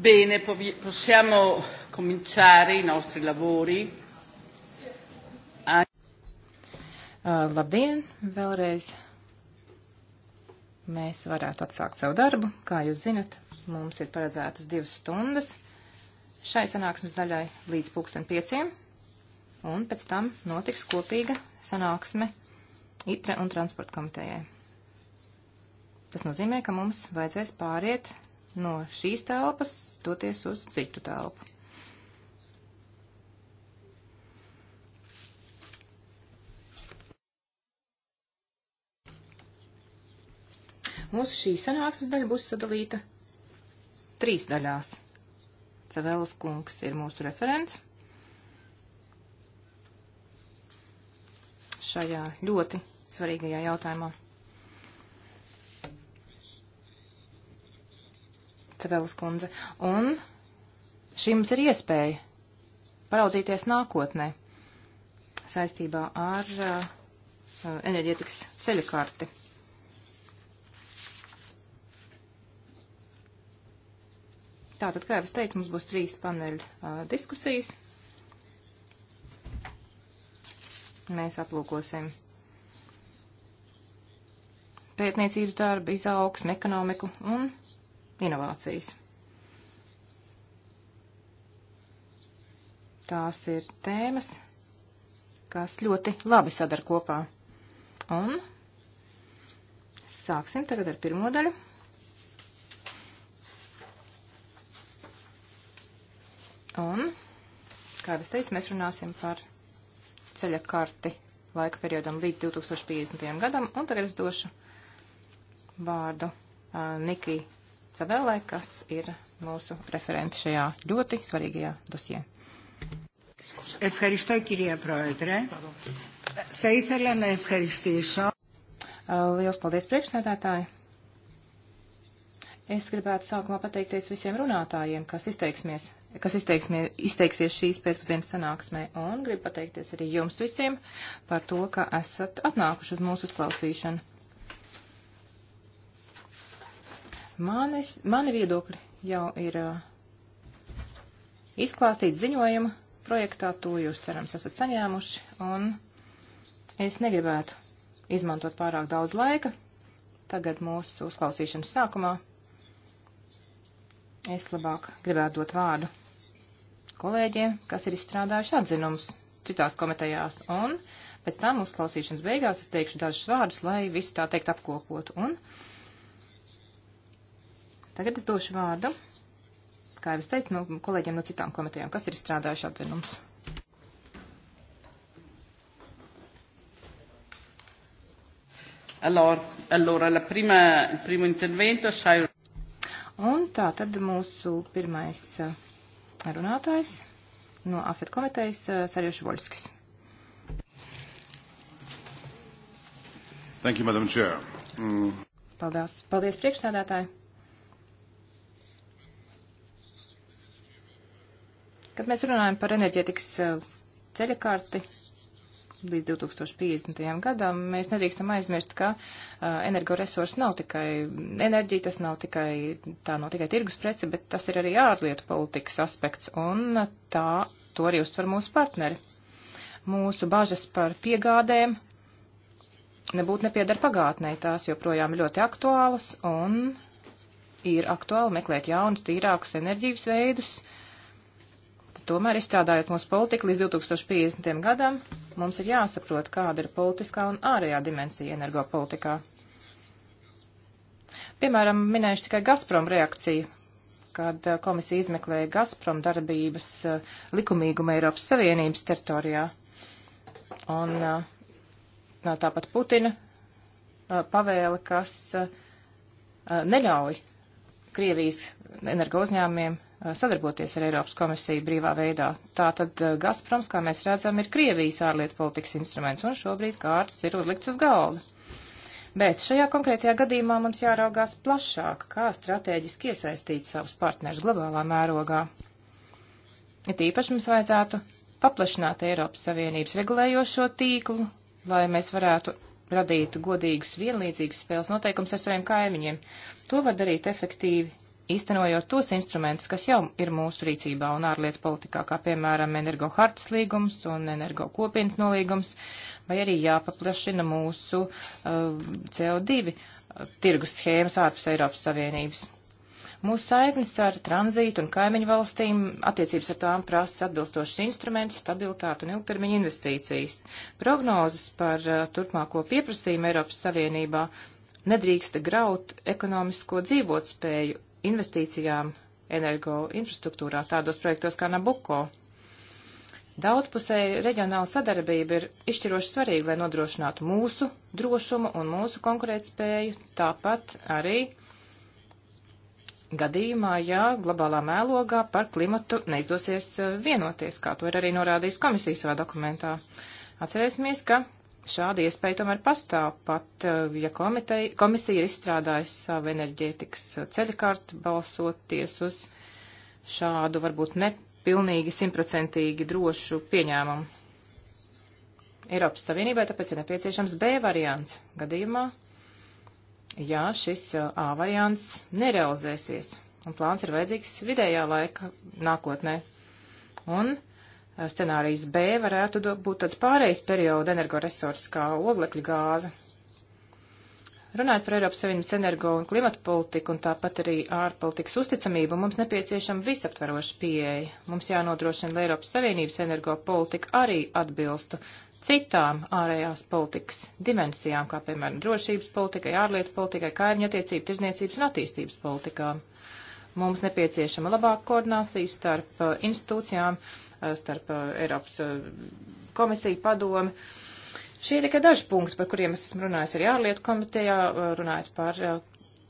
Bene, possiamo cominciare i nostri lavori. Uh, labdien, vēlreiz. Mēs varētu atsākt savu darbu. Kā jūs zinat, mums ir paredzētas divas stundas šai sanāksmes daļai līdz pulksten pieciem, un pēc tam notiks kopīga sanāksme ITRE un transporta komitejai. Tas nozīmē, ka mums vajadzēs pāriet no šīs telpas doties uz citu telpu. Mūsu šī sanāksmes daļa būs sadalīta trīs daļās. Cavēlas kungs ir mūsu referents. Šajā ļoti svarīgajā jautājumā. Cevelas kundze. Un šī mums ir iespēja paraudzīties nākotnē saistībā ar uh, enerģetikas ceļu karti. Tātad, kā jau es teicu, mums būs trīs paneļu uh, diskusijas. Mēs aplūkosim pētniecības darbu, izaugsmu, ekonomiku un inovācijas. Tās ir tēmas, kas ļoti labi sadar kopā. Un sāksim tagad ar pirmo daļu. Un, kā es teicu, mēs runāsim par ceļa karti laika periodam līdz 2050. gadam, un tagad es došu vārdu uh, Nikī Savēlē, kas ir mūsu referenti šajā ļoti svarīgajā dosie. Ευχαριστώ κυρία Πρόεδρε. Θα ήθελα να ευχαριστήσω. Liels paldies priekšsēdētāji. Es gribētu sākumā pateikties visiem runātājiem, kas, izteiksmies, kas izteiksmies, izteiksies šīs pēcpusdienas sanāksmē, un gribu pateikties arī jums visiem par to, ka esat atnākuši uz mūsu uzklausīšanu. Manis, mani viedokļi jau ir uh, izklāstīti ziņojuma projektā, to jūs cerams esat saņēmuši, un es negribētu izmantot pārāk daudz laika. Tagad mūsu uzklausīšanas sākumā es labāk gribētu dot vārdu kolēģiem, kas ir izstrādājuši atzinumus citās komitejās, un pēc tam uzklausīšanas beigās es teikšu dažus vārdus, lai visu tā teikt apkopotu. Un Tagad es došu vārdu, kā jau es teicu, no kolēģiem no citām komitejām, kas ir strādājuši atzinums. Allora, allora la prima, il primo intervento sai... Un tā tad mūsu pirmais eh, runātājs no AFET komitejas eh, Sarjoša Voļskis. Thank you, Madam Chair. Mm. Paldies, paldies priekšsēdētāji. Kad mēs runājam par enerģetikas eh, ceļakārti līdz 2050. gadam, mēs nedrīkstam aizmirst, ka eh, energoresursi nav tikai enerģija, tas nav tikai, tā nav tikai tirgus prece, bet tas ir arī ārlietu politikas aspekts, un tā to arī uztver mūsu partneri. Mūsu bažas par piegādēm nebūtu nepiedara pagātnē, tās joprojām ļoti aktuālas, un ir aktuāli meklēt jaunus, tīrākus enerģijas veidus, uh, Tomēr, izstrādājot mūsu politiku līdz 2050. gadam, mums ir jāsaprot, kāda ir politiskā un ārējā dimensija energopolitikā. Piemēram, minējuši tikai Gazprom reakciju, kad eh, komisija izmeklēja Gazprom darbības eh, likumīgumu Eiropas Savienības teritorijā. Un eh, tāpat Putina pavēle, kas neļauj Krievijas energo uzņēmumiem Uh, sadarboties ar Eiropas komisiju brīvā veidā. Tātad uh, Gazproms, kā mēs redzam, ir Krievijas ārlietu politikas instruments, un šobrīd kārtas ir uzlikts uz galda. Bet šajā konkrētajā gadījumā mums jāraugās plašāk, kā strateģiski iesaistīt savus partnerus globālā mērogā. It īpaši mums vajadzētu paplašināt Eiropas Savienības regulējošo tīklu, lai mēs varētu radīt godīgus, vienlīdzīgus spēles noteikums ar saviem kaimiņiem. To var darīt efektīvi īstenojot tos instrumentus, kas jau ir mūsu rīcībā un ārlietu politikā, kā piemēram energo hartas līgums un energo kopienas nolīgums, vai arī jāpaplašina mūsu uh, CO2 uh, tirgus schēmas ārpus Eiropas Savienības. Mūsu saiknes ar tranzītu un kaimiņu valstīm attiecības ar tām prasa atbilstošas instrumentus, stabilitāti un ilgtermiņa investīcijas. Prognozes par uh, turpmāko pieprasījumu Eiropas Savienībā nedrīksta graut ekonomisko dzīvotspēju investīcijām energo infrastruktūrā, tādos projektos kā Nabuko. Daudzpusēja reģionāla sadarbība ir izšķiroši svarīga, lai nodrošinātu mūsu drošumu un mūsu konkurētspēju, tāpat arī gadījumā, ja globālā mēlogā par klimatu neizdosies eh, vienoties, kā to ir arī norādījis komisija savā dokumentā. Atcerēsimies, ka šāda iespēja tomēr pastāv, pat eh, ja komiteja, komisija ir izstrādājusi savu enerģētikas eh, ceļkārtu, balsoties uz šādu varbūt nepilnīgi simtprocentīgi drošu pieņēmumu. Eiropas Savienībai tāpēc ir nepieciešams B variants gadījumā, ja šis eh, A variants nerealizēsies, un plāns ir vajadzīgs vidējā laika nākotnē. Un scenārijs B varētu būt tāds pārējais perioda energoresurss kā oglekļa gāze. Runājot par Eiropas Savienības energo un klimatu politiku un tāpat arī ārpolitikas uzticamību, mums nepieciešama visaptvaroša pieeja. Mums jānodrošina, lai Eiropas Savienības energo politika arī atbilstu citām ārējās politikas dimensijām, kā piemēram drošības politikai, ārlietu politikai, kaimiņattiecību, tirzniecības un attīstības politikām. Mums nepieciešama labāka koordinācija starp institūcijām, uh, Eh, starp eh, Eiropas eh, komisiju padomi. Šie ir tikai daži punkti, par kuriem es esmu runājis arī ārlietu komitejā, runājot par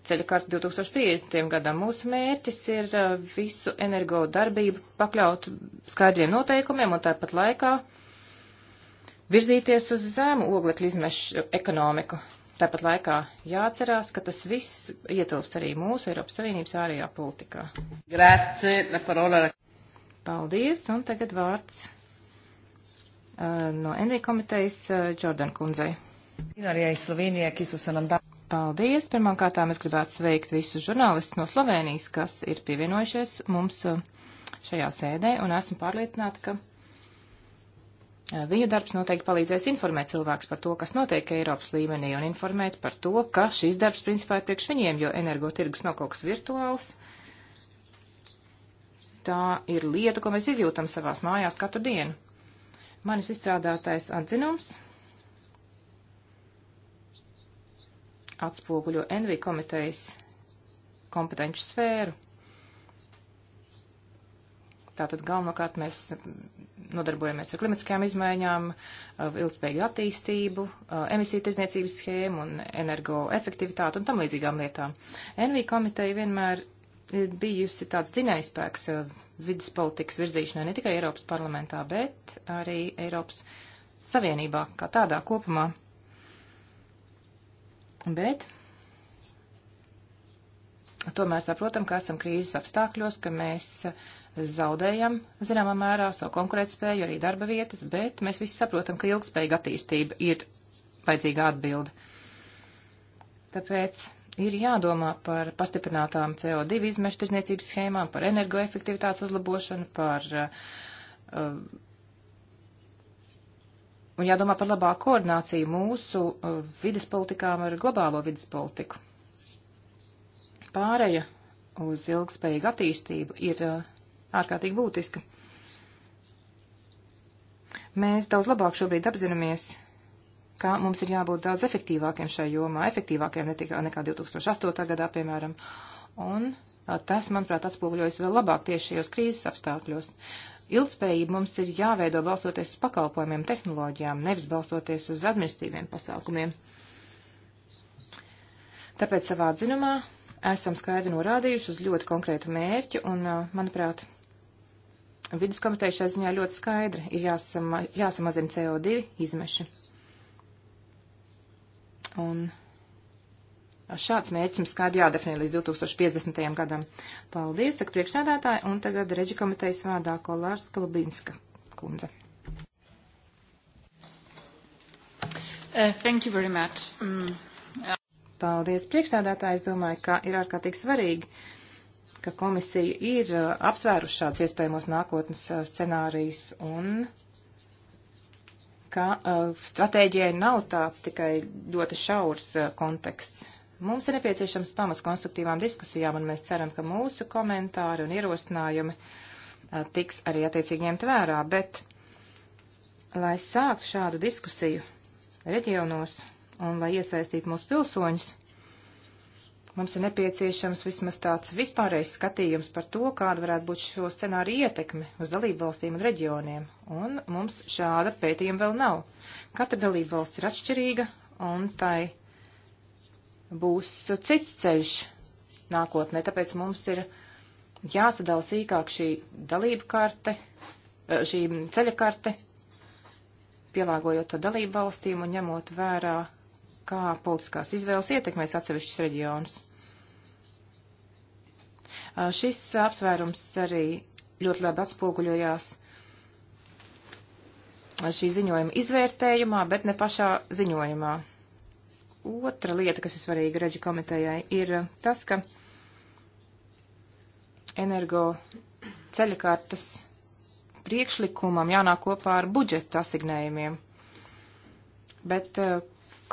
ceļa karti 2050. gadam. Mūsu mērķis ir visu energo darbību pakļaut skaidriem noteikumiem un tāpat laikā virzīties uz zemu oglekļu izmešu ekonomiku. Tāpat laikā jāatcerās, ka tas viss ietilpst arī mūsu Eiropas Savienības ārējā politikā. Grāci, parola. Paldies, un tagad vārds uh, no NV komitejas uh, Jordan Kundzei. Paldies! Pirmkārtām es gribētu sveikt visus žurnālistus no Slovenijas, kas ir pievienojušies mums uh, šajā sēdē, un esmu pārliecināta, ka uh, Viņu darbs noteikti palīdzēs informēt cilvēks par to, kas notiek Eiropas līmenī, un informēt par to, ka šis darbs principā ir priekš viņiem, jo energotirgus nav kaut kas virtuāls. Uh, tā ir lieta, ko mēs izjūtam savās mājās katru dienu. Manis izstrādātais atzinums atspoguļo NV komitejas kompetenci sfēru. Tātad galvenokārt mēs nodarbojamies ar klimatiskajām izmaiņām, uh, ilgspējīgu attīstību, uh, emisiju tirdzniecības schēmu un energoefektivitātu un tam līdzīgām lietām. NV komiteja vienmēr bijusi tāds dzinējspēks eh, vidas politikas virzīšanai ne tikai Eiropas parlamentā, bet arī Eiropas Savienībā kā tādā kopumā. Bet tomēr saprotam, ka esam krīzes apstākļos, ka mēs zaudējam zināmā mērā savu konkurētspēju, arī darba vietas, bet mēs visi saprotam, ka ilgspējīga attīstība ir vajadzīga atbilde. Tāpēc ir jādomā par pastiprinātām CO2 izmešu tirzniecības schēmām, par energoefektivitātes uzlabošanu, par uh, un jādomā par labāku koordināciju mūsu uh, vidas politikām ar globālo vidas politiku. Pāreja uz ilgspējīgu attīstību ir uh, ārkārtīgi būtiska. Mēs daudz labāk šobrīd apzināmies, ka mums ir jābūt daudz efektīvākiem šai jomā, efektīvākiem netika, nekā 2008. gadā, piemēram. Un tas, manuprāt, atspoguļojas vēl labāk tieši šajos krīzes apstākļos. Ilgspējība mums ir jāveido balstoties uz pakalpojumiem, tehnoloģijām, nevis balstoties uz administratīviem pasākumiem. Tāpēc savā atzinumā esam skaidri norādījuši uz ļoti konkrētu mērķu un, manuprāt, vidus komiteja šai ziņā ļoti skaidri ir jāsama, jāsamazina CO2 izmeši. Un šāds mērķis mums kādi jādefinē līdz 2050. gadam. Paldies, saka priekšsēdētāji, un tagad reģi komitejas vārdā Kolārs Kalabinska kundze. Uh, thank you very much. Mm. Paldies, priekšstādātāji. Es domāju, ka ir ārkārtīgi svarīgi, ka komisija ir uh, apsvēruši šāds iespējamos nākotnes uh, scenārijs un ka uh, stratēģijai nav tāds tikai ļoti šaurs uh, konteksts. Mums ir nepieciešams pamats konstruktīvām diskusijām, un mēs ceram, ka mūsu komentāri un ierosinājumi uh, tiks arī attiecīgi ņemt vērā, bet, lai sāktu šādu diskusiju reģionos un lai iesaistītu mūsu pilsoņus, Mums ir nepieciešams vismaz tāds vispārējs skatījums par to, kāda varētu būt šo scenāriju ietekme uz dalību valstīm un reģioniem, un mums šāda pētījuma vēl nav. Katra dalība valsts ir atšķirīga, un tai būs cits ceļš nākotnē, tāpēc mums ir jāsadala sīkāk šī dalība karte, eh, šī ceļa karte, pielāgojot to dalību valstīm un ņemot vērā, kā politiskās izvēles ietekmēs atsevišķus reģionus. Uh, šis apsvērums arī ļoti labi atspoguļojās uh, šī ziņojuma izvērtējumā, bet ne pašā ziņojumā. Otra lieta, kas ir svarīga reģi komitejai, ir uh, tas, ka energo ceļakārtas priekšlikumam jānāk kopā ar budžeta asignējumiem. Bet uh,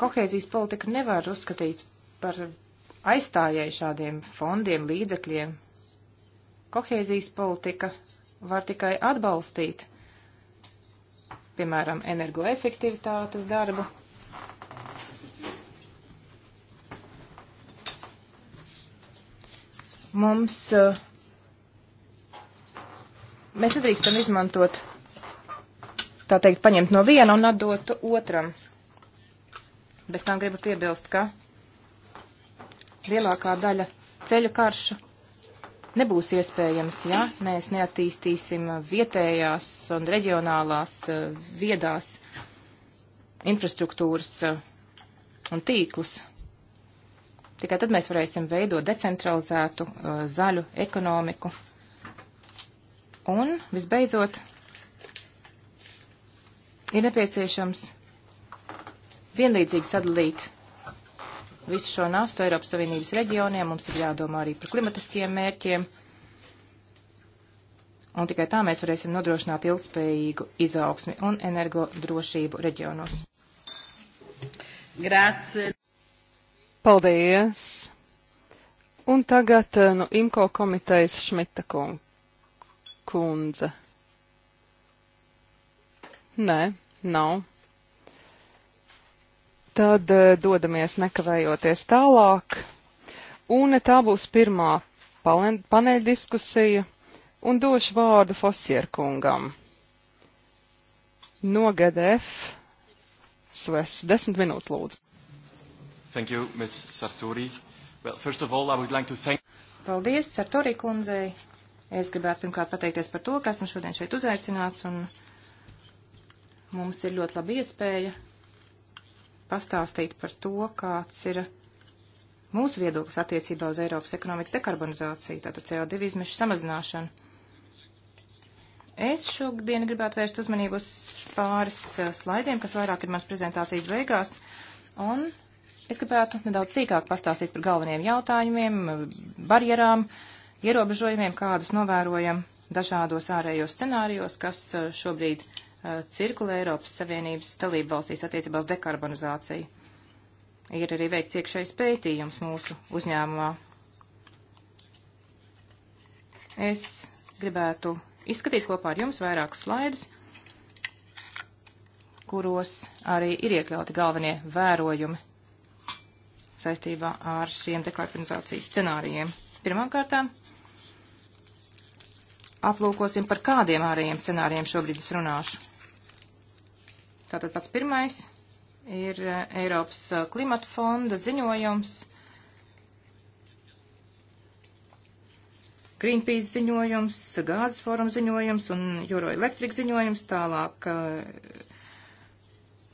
kohēzijas politika nevar uzskatīt par aizstājēji šādiem fondiem, līdzekļiem. Kohēzijas politika var tikai atbalstīt, piemēram, energoefektivitātes darbu. Mums, eh, mēs nedrīkstam izmantot, tā teikt, paņemt no viena un atdot otram. Bez tam gribu piebilst, ka lielākā daļa ceļu karšu nebūs iespējams, ja mēs neattīstīsim vietējās un reģionālās eh, viedās infrastruktūras eh, un tīklus. Tikai tad mēs varēsim veidot decentralizētu eh, zaļu ekonomiku. Un, visbeidzot, ir nepieciešams vienlīdzīgi sadalīt visu šo nastu Eiropas Savienības reģioniem, mums ir jādomā arī par klimatiskiem mērķiem, un tikai tā mēs varēsim nodrošināt ilgspējīgu izaugsmi un energodrošību reģionos. Grāci. Paldies! Un tagad no eh, nu, IMCO komitejas Šmita kundze. Nē, nav. No. Tad eh, dodamies nekavējoties tālāk, un tā būs pirmā paneļdiskusija, un došu vārdu Fosierkungam. No GDF, Sves, desmit minūtes lūdzu. Thank you, Ms. Sartori. Well, first of all, I would like to thank... Paldies, Sartori kundzei. Es gribētu pirmkārt pateikties par to, ka esmu šodien šeit uzaicināts, un mums ir ļoti laba iespēja pastāstīt par to, kāds ir mūsu viedoklis attiecībā uz Eiropas ekonomikas dekarbonizāciju, tātad CO2 izmešu samazināšanu. Es šodien gribētu vērst uzmanību uz pāris uh, slaidiem, kas vairāk ir mans prezentācijas beigās, un es gribētu nedaudz sīkāk pastāstīt par galveniem jautājumiem, barjerām, ierobežojumiem, kādus novērojam dažādos ārējos scenārijos, kas uh, šobrīd ir cirkulē Eiropas Savienības dalību valstīs attiecībā uz dekarbonizāciju. Ir arī veikts iekšējs pētījums mūsu uzņēmumā. Es gribētu izskatīt kopā ar jums vairākus slaidus, kuros arī ir iekļauti galvenie vērojumi saistībā ar šiem dekarbonizācijas scenārijiem. Pirmkārtām, aplūkosim, par kādiem ārējiem scenārijiem šobrīd es runāšu. Tātad pats pirmais ir eh, Eiropas eh, klimata fonda ziņojums. Greenpeace ziņojums, gāzes fóruma ziņojums un Euroelektrika ziņojums, tālāk eh,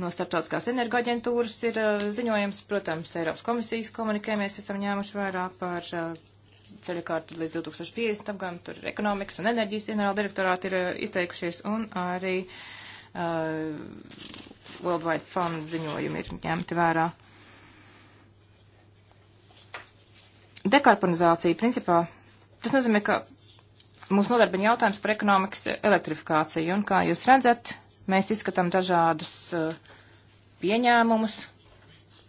no starptautiskās energoaģentūras ir ziņojums, protams, Eiropas komisijas komunikē mēs esam ņēmuši vērā par ceļa kārtu līdz 2050. gadam, tur ekonomikas un enerģijas ģenerāla direktorāti ir izteikušies un arī uh, uh, Worldwide Fund ziņojumi ir ņemti vērā. Dekarbonizācija principā, tas nozīmē, ka mūs nodarbina jautājums par ekonomikas elektrifikāciju, un kā jūs redzat, mēs izskatām dažādus uh, pieņēmumus.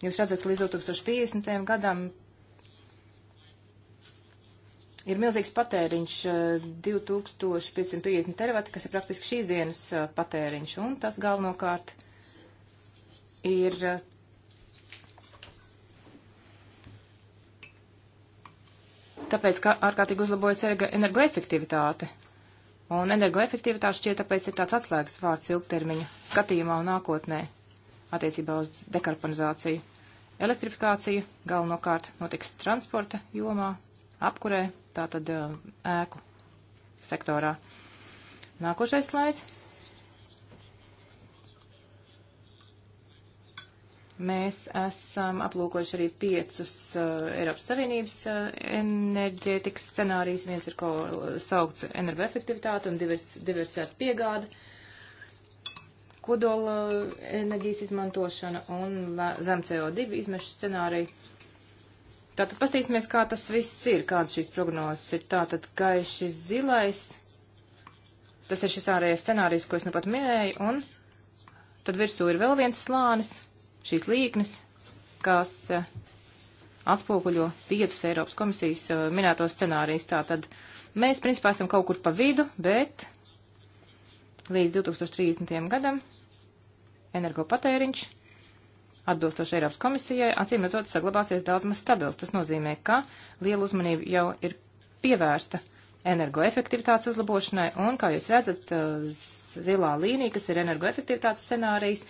Jūs redzat, ka līdz 2050. gadam ir milzīgs patēriņš 2550 eh, teravati, kas ir praktiski šīs dienas eh, patēriņš, un tas galvenokārt ir eh, tāpēc, ka ārkārtīgi uzlabojas energoefektivitāte. Un energoefektivitāte šķiet tāpēc ir tāds atslēgas vārds ilgtermiņa skatījumā un nākotnē attiecībā uz dekarbonizāciju. Elektrifikācija galvenokārt notiks transporta jomā, apkurē, tātad ēku sektorā. Nākošais slaids. Mēs esam aplūkojuši arī piecus uh, Eiropas Savienības uh, enerģētikas scenārijus. Viens ir ko saukts energoefektivitāte un diversificēta piegāda, kodola enerģijas izmantošana un zem CO2 izmešu scenāriju. Tātad pastīsimies, kā tas viss ir, kādas šīs prognozes ir. Tātad gaiši zilais, tas ir šis ārējais scenārijs, ko es nu pat minēju, un tad virsū ir vēl viens slānis, šīs līknes, kas uh, atspoguļo piecus Eiropas komisijas uh, minētos scenārijus. Tātad mēs, principā, esam kaut kur pa vidu, bet līdz 2030. gadam energopatēriņš Atbilstoši Eiropas komisijai, acīm redzot, saglabāsies daudz maz stabils. Tas nozīmē, ka liela uzmanība jau ir pievērsta energoefektivitātes uzlabošanai, un, kā jūs redzat, eh, zilā līnija, kas ir energoefektivitātes scenārijs,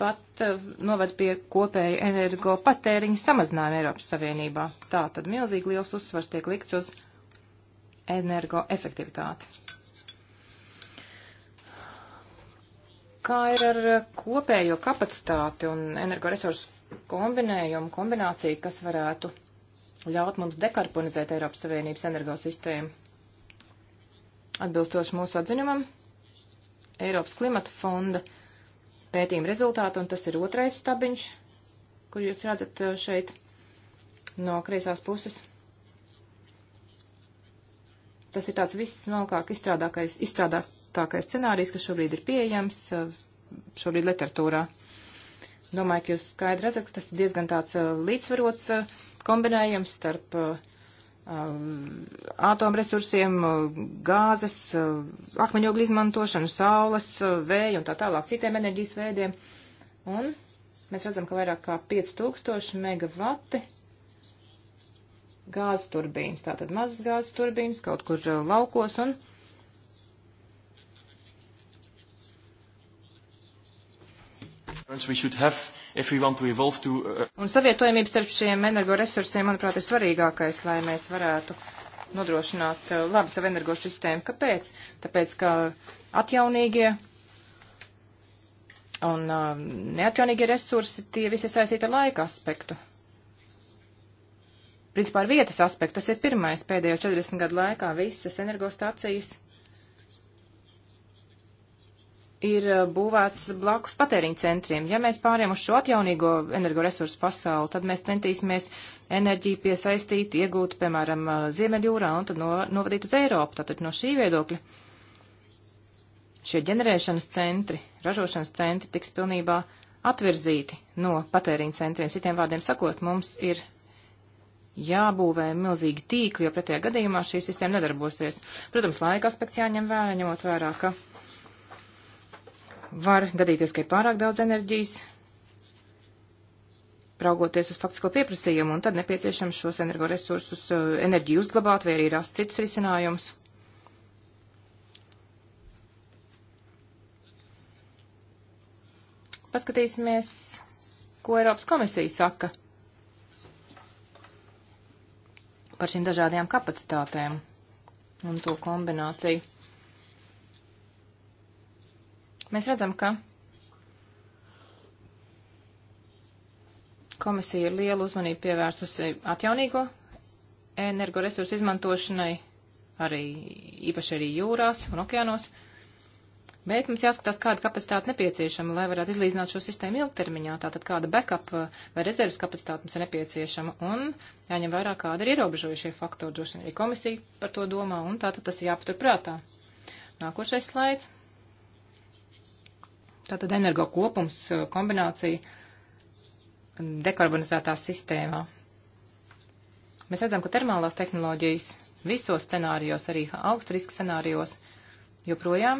pat uh, noved pie kopēja energo patēriņa samazinājuma Eiropas Savienībā. Tā tad milzīgi liels uzsvars tiek likts uz energoefektivitāti. kā ir ar eh, kopējo kapacitāti un energoresursu kombinējumu, kombināciju, kas varētu ļaut mums dekarbonizēt Eiropas Savienības energosistēmu? Atbilstoši mūsu atzinumam, Eiropas klimata fonda pētījuma rezultātu, un tas ir otrais stabiņš, kur jūs redzat eh, šeit no kreisās puses. Tas ir tāds viss smalkāk izstrādātais, izstrādāt vissliktākais scenārijs, kas šobrīd ir pieejams uh, šobrīd literatūrā. Domāju, ka jūs skaidri redzat, ka tas ir diezgan tāds uh, līdzsvarots uh, kombinējums starp um, atomresursiem, gāzes, akmeņogļu izmantošanu, saules, vēju un tā tālāk citiem enerģijas veidiem. Un mēs redzam, ka vairāk kā 5000 megavati gāzes turbīnas, tātad mazas gāzes turbīnas kaut kur laukos un To... Uh, un savietojamība starp šiem energoresursiem, manuprāt, ir svarīgākais, lai mēs varētu nodrošināt uh, labu savu energosistēmu. Kāpēc? Tāpēc, ka atjaunīgie un uh, neatjaunīgie resursi, tie visi ir saistīti ar laika aspektu. Principā ar vietas aspektu, tas ir pirmais pēdējo 40 gadu laikā visas energostācijas ir eh, būvēts blakus patēriņu centriem. Ja mēs pāriem uz šo atjaunīgo energoresursu pasauli, tad mēs centīsimies enerģiju piesaistīt, iegūt, piemēram, eh, Ziemeļjūrā un tad no, novadīt uz Eiropu. Tātad no šī viedokļa šie ģenerēšanas centri, ražošanas centri tiks pilnībā atvirzīti no patēriņu centriem. Citiem vārdiem sakot, mums ir jābūvē milzīgi tīkli, jo pretējā gadījumā šī sistēma nedarbosies. Protams, laika aspekts jāņem vērā, ņemot vērā, ka var gadīties, ka ir pārāk daudz enerģijas, raugoties uz faktisko pieprasījumu, un tad nepieciešams šos energoresursus uh, enerģiju uzglabāt vai arī rast citus risinājumus. Paskatīsimies, ko Eiropas komisija saka par šīm dažādajām kapacitātēm un to kombināciju. Mēs redzam, ka komisija ir lielu uzmanību pievērsusi atjaunīgo energoresursu izmantošanai, arī īpaši arī jūrās un okeānos. Bet mums jāskatās, kāda kapacitāte nepieciešama, lai varētu izlīdzināt šo sistēmu ilgtermiņā, tātad kāda backup vai rezerves kapacitāte mums ir nepieciešama, un jāņem vērā, kāda ir ierobežojušie faktori, droši vien arī komisija par to domā, un tātad tas ir jāpatur prātā. Nākošais slaids. Tātad energo kopums, e, kombinācija dekarbonizētā sistēmā. Mēs redzam, ka termālās tehnoloģijas visos scenārijos, arī augstriska scenārijos, joprojām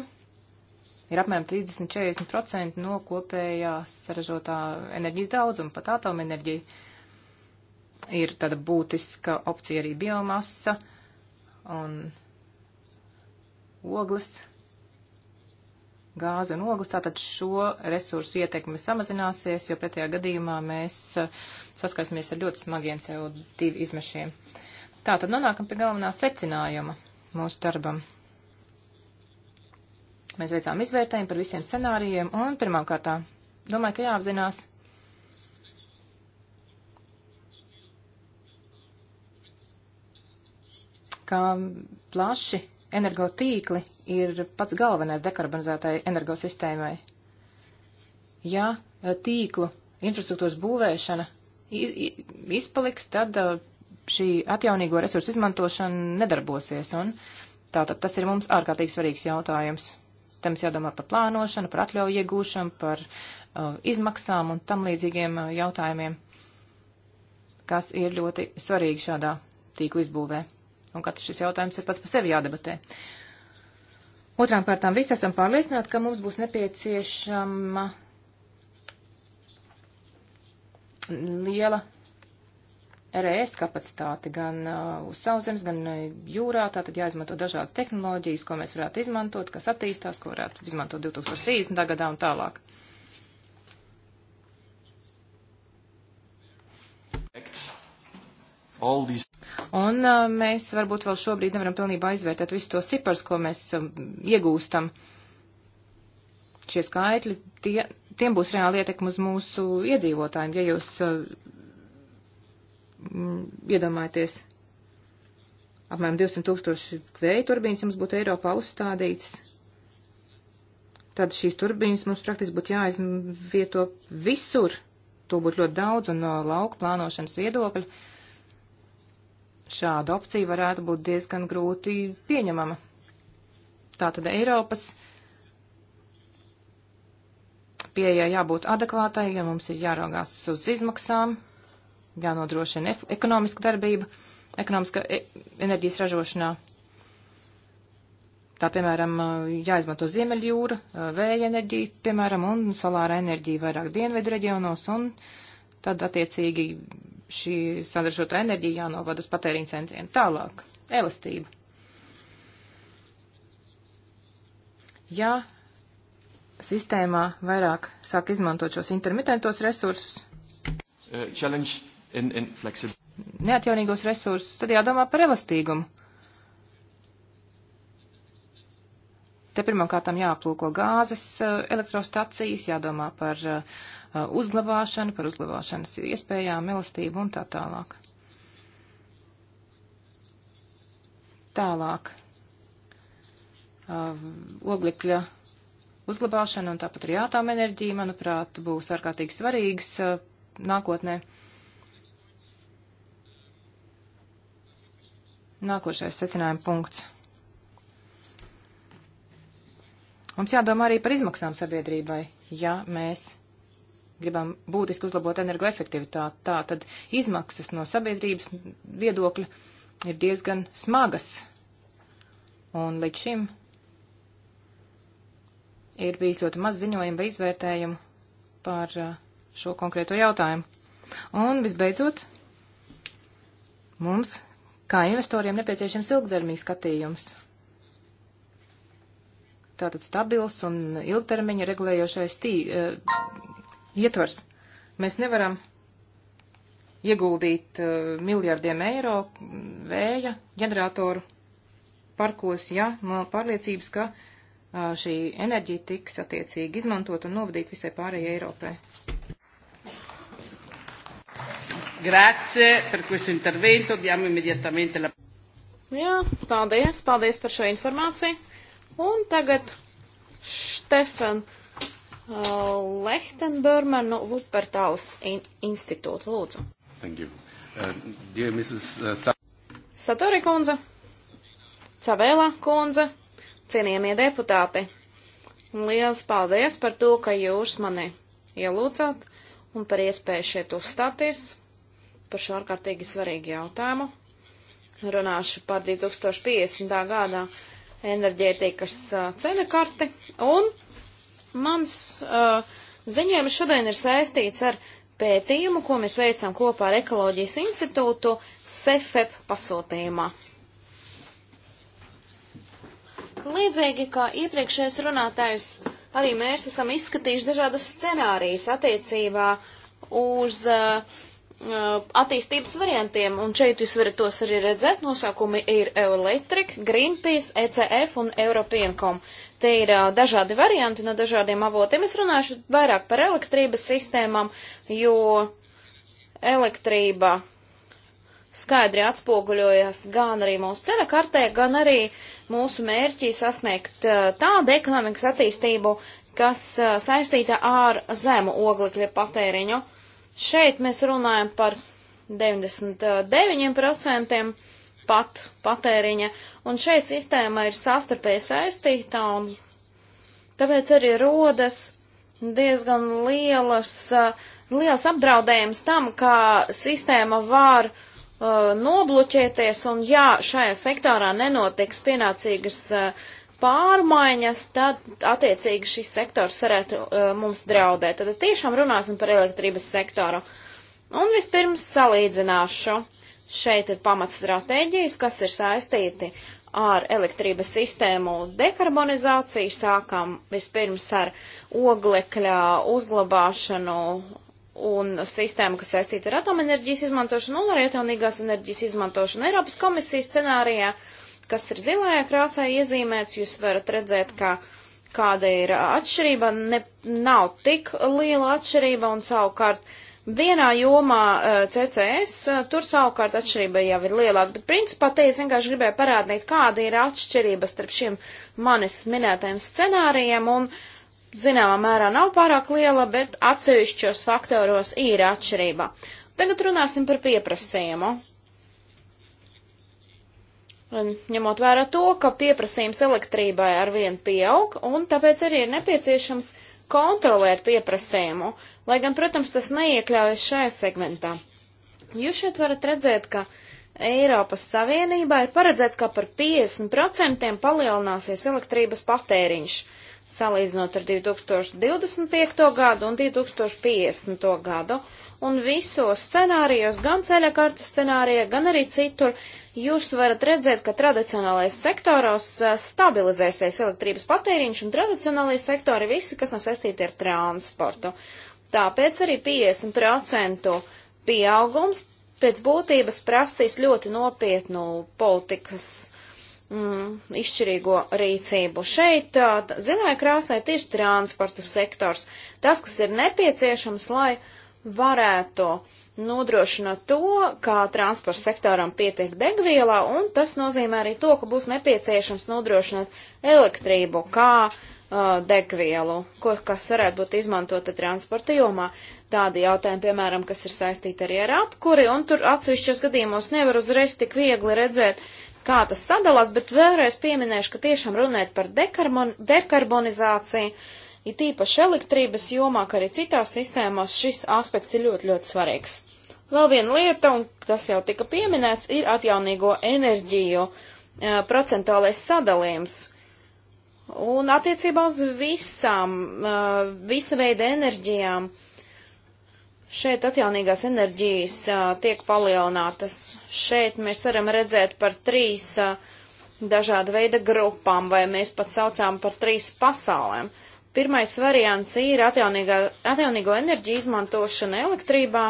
ir apmēram 30-40% no kopējās saražotā enerģijas daudzuma, pat atomenerģija ir tāda būtiska opcija arī biomasa un ogles gāzi un ogles, tātad šo resursu ietekme samazināsies, jo pretējā gadījumā mēs eh, saskarsimies ar ļoti smagiem CO2 izmešiem. Tātad nonākam pie galvenā secinājuma mūsu darbam. Mēs veicām izvērtējumu par visiem scenārijiem un pirmām kārtām domāju, ka jāapzinās. ka plaši energotīkli ir pats galvenais dekarbonizētai energosistēmai. Ja eh, tīklu infrastruktūras būvēšana izpaliks, tad eh, šī atjaunīgo resursu izmantošana nedarbosies. Un tātad tas ir mums ārkārtīgi svarīgs jautājums. Tam ir jādomā par plānošanu, par atļauju iegūšanu, par uh, izmaksām un tam līdzīgiem uh, jautājumiem, kas ir ļoti svarīgi šādā tīkla izbūvē. Un katrs šis jautājums ir pats par sevi jādebatē. Otrām kārtām visi esam pārliecināti, ka mums būs nepieciešama liela RS kapacitāte gan uh, uz sauszemes, gan uh, jūrā. Tātad jāizmanto dažādas tehnoloģijas, ko mēs varētu izmantot, kas attīstās, ko varētu izmantot 2030. gadā un tālāk. Acts These... Un uh, mēs varbūt vēl šobrīd nevaram pilnībā aizvērtēt visus tos ciparus, ko mēs um, iegūstam. Šie skaitļi, tie, tiem būs reāli ietekmi uz mūsu iedzīvotājiem, ja jūs uh, iedomājaties apmēram 200 tūkstoši vēja turbīnas jums būtu Eiropā uzstādītas. Tad šīs turbīnas mums praktiski būtu jāizvieto visur. To būtu ļoti daudz un no lauka plānošanas viedokļa. Uh, šāda opcija varētu būt diezgan grūti pieņemama. Tātad Eiropas pieejai jābūt adekvātai, jo ja mums ir jāraugās uz izmaksām, jānodrošina ekonomiska darbība, ekonomiska e enerģijas ražošanā. Tā, piemēram, jāizmanto ziemeļjūra, vēja enerģija, piemēram, un solāra enerģija vairāk dienvedu reģionos, un tad attiecīgi šī saražotā enerģija jānovada uz patēriņu centriem. Tālāk, elastība. Ja sistēmā vairāk sāk izmantot šos intermitentos resursus, uh, in, in neatjaunīgos resursus, tad jādomā par elastīgumu. Te pirmkārtām jāaplūko gāzes uh, elektrostacijas, jādomā par uh, Uh, uzglabāšanu, par uzglabāšanas iespējām, elastību un tā tālāk. Tālāk. Uh, Oglekļa uzglabāšana un tāpat arī atomenerģija, manuprāt, būs ārkārtīgi svarīgas uh, nākotnē. Nākošais secinājuma punkts. Mums jādomā arī par izmaksām sabiedrībai, ja mēs gribam būtiski uzlabot energoefektivitāti, tā tad izmaksas no sabiedrības viedokļa ir diezgan smagas. Un līdz šim ir bijis ļoti maz ziņojumu vai izvērtējumu par uh, šo konkrēto jautājumu. Un visbeidzot, mums, kā investoriem, nepieciešams ilgtermiņa skatījums. Tātad stabils un ilgtermiņa regulējošais tī, uh, ietvars. Mēs nevaram ieguldīt uh, miljardiem eiro vēja ģeneratoru parkos, ja no pārliecības, ka uh, šī enerģija tiks attiecīgi izmantot un novadīt visai pārējai Eiropai. Grazie par questo intervento, diamo immediatamente la. Jā, paldies, paldies par šo informāciju. Un tagad Štefan Uh, Lehtenbörmanu Vupertāls in institūtu. Lūdzu. Thank you. Uh, dear Mrs. Uh, Sa Satori kundze, Cavēlā kundze, cienījamie deputāti, liels paldies par to, ka jūs mani ielūdzāt un par iespēju šeit uzstāties par šo ārkārtīgi svarīgu jautājumu. Runāšu par 2050. gadā enerģētikas uh, cenu karti un Mans uh, ziņojums šodien ir saistīts ar pētījumu, ko mēs veicam kopā ar Ekoloģijas institūtu SEFEP pasūtījumā. Līdzīgi kā iepriekšējais runātājs, arī mēs esam izskatījuši dažādas scenārijas attiecībā uz uh, uh attīstības variantiem, un šeit jūs varat tos arī redzēt. Nosākumi ir Electric, Greenpeace, ECF un Europeancom. Te ir uh, dažādi varianti no dažādiem avotiem. Es runāšu vairāk par elektrības sistēmām, jo elektrība skaidri atspoguļojas gan arī mūsu ceļa kartē, gan arī mūsu mērķī sasniegt uh, tādu ekonomikas attīstību, kas uh, saistīta ar zemu oglekļa patēriņu. Šeit mēs runājam par 99% pat patēriņa. Un šeit sistēma ir sastarpēji saistīta un tāpēc arī rodas diezgan lielas, uh, liels apdraudējums tam, ka sistēma var uh, nobloķēties un ja šajā sektorā nenotiks pienācīgas uh, pārmaiņas, tad attiecīgi šis sektors varētu uh, mums draudēt. Tad tiešām runāsim par elektrības sektoru. Un vispirms salīdzināšu. Uh, Šeit ir pamatstratēģijas, kas ir saistīti ar elektrības sistēmu dekarbonizāciju. Sākam vispirms ar oglekļa uzglabāšanu un sistēmu, kas saistīta ar atomenerģijas izmantošanu un arī atjaunīgās enerģijas izmantošanu Eiropas komisijas scenārijā, kas ir zilajā krāsā iezīmēts. Jūs varat redzēt, ka kāda ir atšķirība, ne, nav tik liela atšķirība un savukārt uh, Vienā jomā eh, CCS, eh, tur savukārt atšķirība jau ir lielāka, bet principā te es vienkārši gribēju parādīt, kāda ir atšķirība starp šiem manis minētajiem scenārijiem, un zināmā mērā nav pārāk liela, bet atsevišķos faktoros ir atšķirība. Tagad runāsim par pieprasījumu. Un, ņemot vērā to, ka pieprasījums elektrībai arvien pieaug, un tāpēc arī ir nepieciešams uh, kontrolēt pieprasējumu, lai gan, protams, tas neiekļaujas šajā segmentā. Jūs šeit varat redzēt, ka Eiropas Savienībā ir paredzēts, ka par 50% palielināsies elektrības patēriņš, salīdzinot ar 2025. gadu un 2050. gadu, un visos scenārijos, gan ceļakarta scenārijā, gan arī citur, jūs varat redzēt, ka tradicionālais sektoros stabilizēsies elektrības patēriņš un tradicionālajie sektori visi, kas nav saistīti ar transportu. Tāpēc arī 50% pieaugums pēc būtības prasīs ļoti nopietnu politikas mm, izšķirīgo rīcību. Šeit zilajā krāsā ir tieši transporta sektors, tas, kas ir nepieciešams, lai uh, varētu nodrošināt to, ka transporta sektoram pietiek degvielā, un tas nozīmē arī to, ka būs nepieciešams nodrošināt elektrību kā uh, degvielu, ko, kas varētu būt izmantota transporta jomā. Tādi jautājumi, piemēram, kas ir saistīti arī ar apkuri, un tur atsevišķos gadījumos nevar uzreiz tik viegli redzēt, kā tas sadalās, bet vēlreiz pieminēšu, ka tiešām runēt par dekarbon dekarbonizāciju It īpaši elektrības jomā, kā arī citās sistēmās, šis aspekts ir ļoti, ļoti svarīgs. Vēl viena lieta, un tas jau tika pieminēts, ir atjaunīgo enerģiju e, procentuālais sadalījums. Un attiecībā uz visām, e, visa veida enerģijām, šeit atjaunīgās enerģijas e, tiek palielinātas. Šeit mēs varam redzēt par trīs dažāda veida grupām, vai mēs pat saucām par trīs pasaulēm. Pirmais variants ir atjaunīgā, atjaunīgo enerģiju izmantošana elektrībā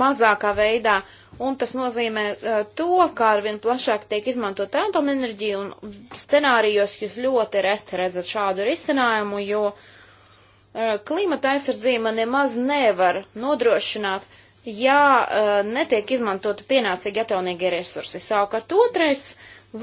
mazākā veidā, un tas nozīmē uh, to, kā arvien plašāk tiek izmantot atomenerģija, un scenārijos jūs ļoti reti redzat šādu risinājumu, jo uh, klimata aizsardzība nemaz nevar nodrošināt, ja uh, netiek izmantota pienācīgi atjaunīgie resursi. Savukārt otrais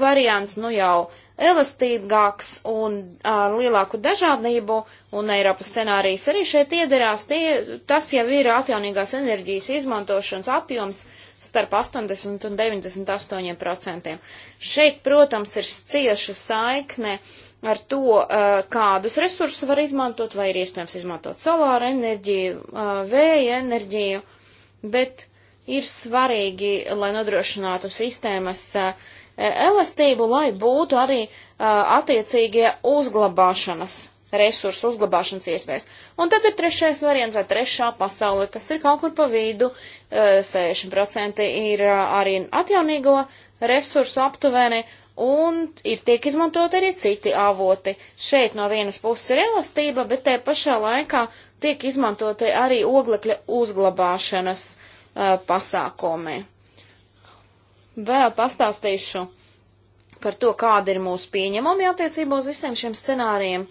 variants, nu jau uh, elastīgāks un ar lielāku dažādību, un Eiropas scenārijs arī šeit iederās, tie, tas jau ir atjaunīgās enerģijas izmantošanas apjoms starp 80 un 98 procentiem. Šeit, protams, ir cieša saikne ar to, kādus resursus var izmantot, vai ir iespējams izmantot solāru enerģiju, vēja enerģiju, bet ir svarīgi, lai nodrošinātu sistēmas uh, E, elastību, lai būtu arī uh, attiecīgie uzglabāšanas resursu uzglabāšanas iespējas. Un tad ir trešais variants vai trešā pasaule, kas ir kaut kur pa vidu. Uh, e, 60% ir arī atjaunīgo resursu aptuveni, un ir tiek izmantot arī citi avoti. Šeit no vienas puses ir elastība, bet te pašā laikā tiek izmantoti arī oglekļa uzglabāšanas uh, pasākumi vēl pastāstīšu par to, kāda ir mūsu pieņemumi attiecībā uz visiem šiem scenārijiem.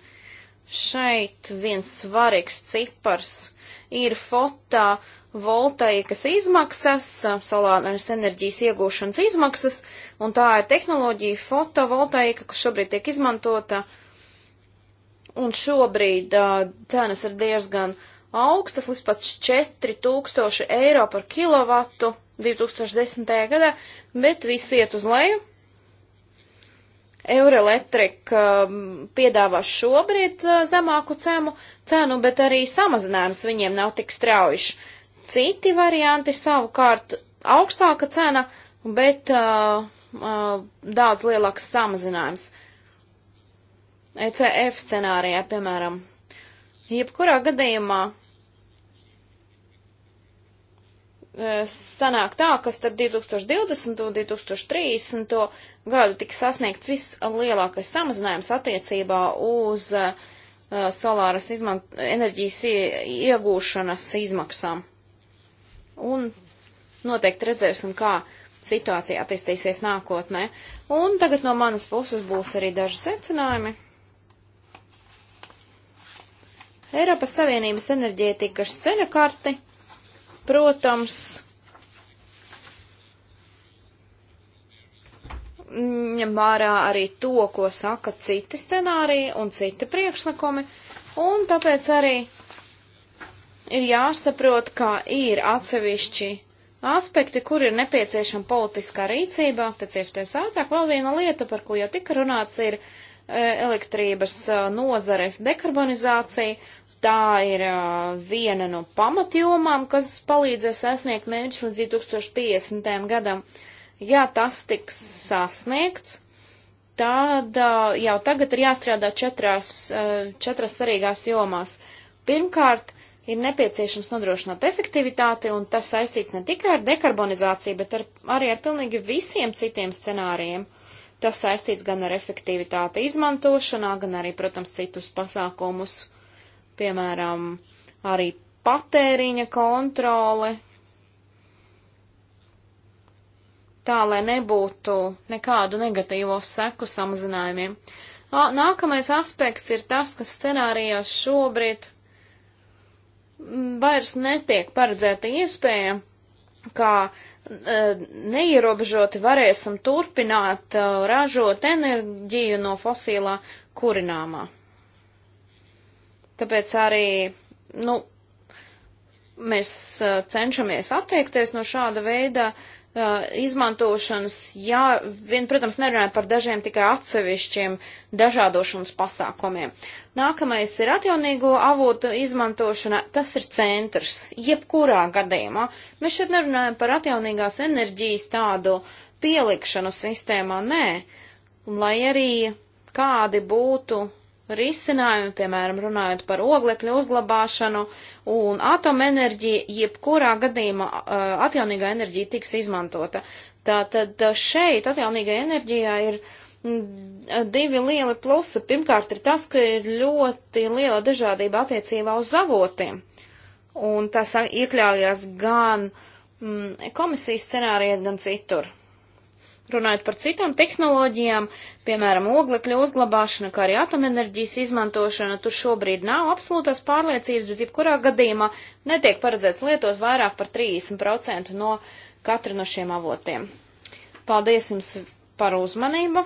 Šeit viens svarīgs cipars ir fotā voltaikas izmaksas, solāras enerģijas iegūšanas izmaksas, un tā ir tehnoloģija fotovoltaika, kas šobrīd tiek izmantota, un šobrīd uh, cenas ir diezgan augstas, līdz pat 4000 eiro par kilovatu 2010. gadā, bet viss iet uz leju. Eurelektrik um, piedāvā šobrīd uh, zemāku cenu, cenu, bet arī samazinājums viņiem nav tik straujiš. Citi varianti savukārt augstāka cena, bet uh, uh, daudz lielāks samazinājums. ECF scenārijā, piemēram. Jebkurā gadījumā Eh, sanāk tā, ka starp 2020 un 2030 gadu tika sasniegts vislielākais samazinājums attiecībā uz uh, solāras izmant, enerģijas iegūšanas izmaksām. Un noteikti redzēsim, kā situācija attīstīsies nākotnē. Un tagad no manas puses būs arī daži secinājumi. Eiropas Savienības enerģētikas ceļa karti Protams, ņem vērā arī to, ko saka citi scenāriji un citi priekšlikumi, un tāpēc arī ir jāsaprot, kā ir atsevišķi aspekti, kur ir nepieciešama politiskā rīcība, pēc iespējas ātrāk. Vēl viena lieta, par ko jau tika runāts, ir e, elektrības e, nozares dekarbonizācija, Tā ir uh, viena no pamatjomām, kas palīdzēs sasniegt mērķus līdz 2050. gadam. Ja tas tiks sasniegts, tad uh, jau tagad ir jāstrādā četrās, uh, četras svarīgās jomās. Pirmkārt, ir nepieciešams nodrošināt efektivitāti, un tas saistīts ne tikai ar dekarbonizāciju, bet ar, arī ar pilnīgi visiem citiem scenārijiem. Tas saistīts gan ar efektivitāti izmantošanā, gan arī, protams, citus pasākumus piemēram, arī patēriņa kontrole, tā lai nebūtu nekādu negatīvo seku samazinājumiem. Nākamais aspekts ir tas, ka scenārijos šobrīd vairs netiek paredzēta iespēja, kā e, neierobežoti varēsim turpināt e, ražot enerģiju no fosilā kurināmā. Tāpēc arī, nu, mēs uh, cenšamies atteikties no šāda veida uh, izmantošanas, jā, vien, protams, nerunājam par dažiem tikai atsevišķiem dažādošanas pasākumiem. Nākamais ir atjaunīgo avotu izmantošana, tas ir centrs, jebkurā gadījumā. Mēs šeit nerunājam par atjaunīgās enerģijas tādu pielikšanu sistēmā, nē, un lai arī kādi būtu risinājumi, piemēram, runājot par oglekļu uzglabāšanu un atomenerģiju, jebkurā gadījumā uh, atjaunīgā enerģija tiks izmantota. Tātad uh, šeit atjaunīgā enerģijā ir mm, divi lieli plusi. Pirmkārt ir tas, ka ir ļoti liela dažādība attiecībā uz avotiem. Un tas iekļaujās gan mm, komisijas scenārijā, gan citur. Runājot par citām tehnoloģijām, piemēram, oglekļa uzglabāšana, kā arī atomenerģijas izmantošana, tur šobrīd nav absolūtās pārliecības, bet jebkurā gadījumā netiek paredzēts lietot vairāk par 30% no katra no šiem avotiem. Paldies jums par uzmanību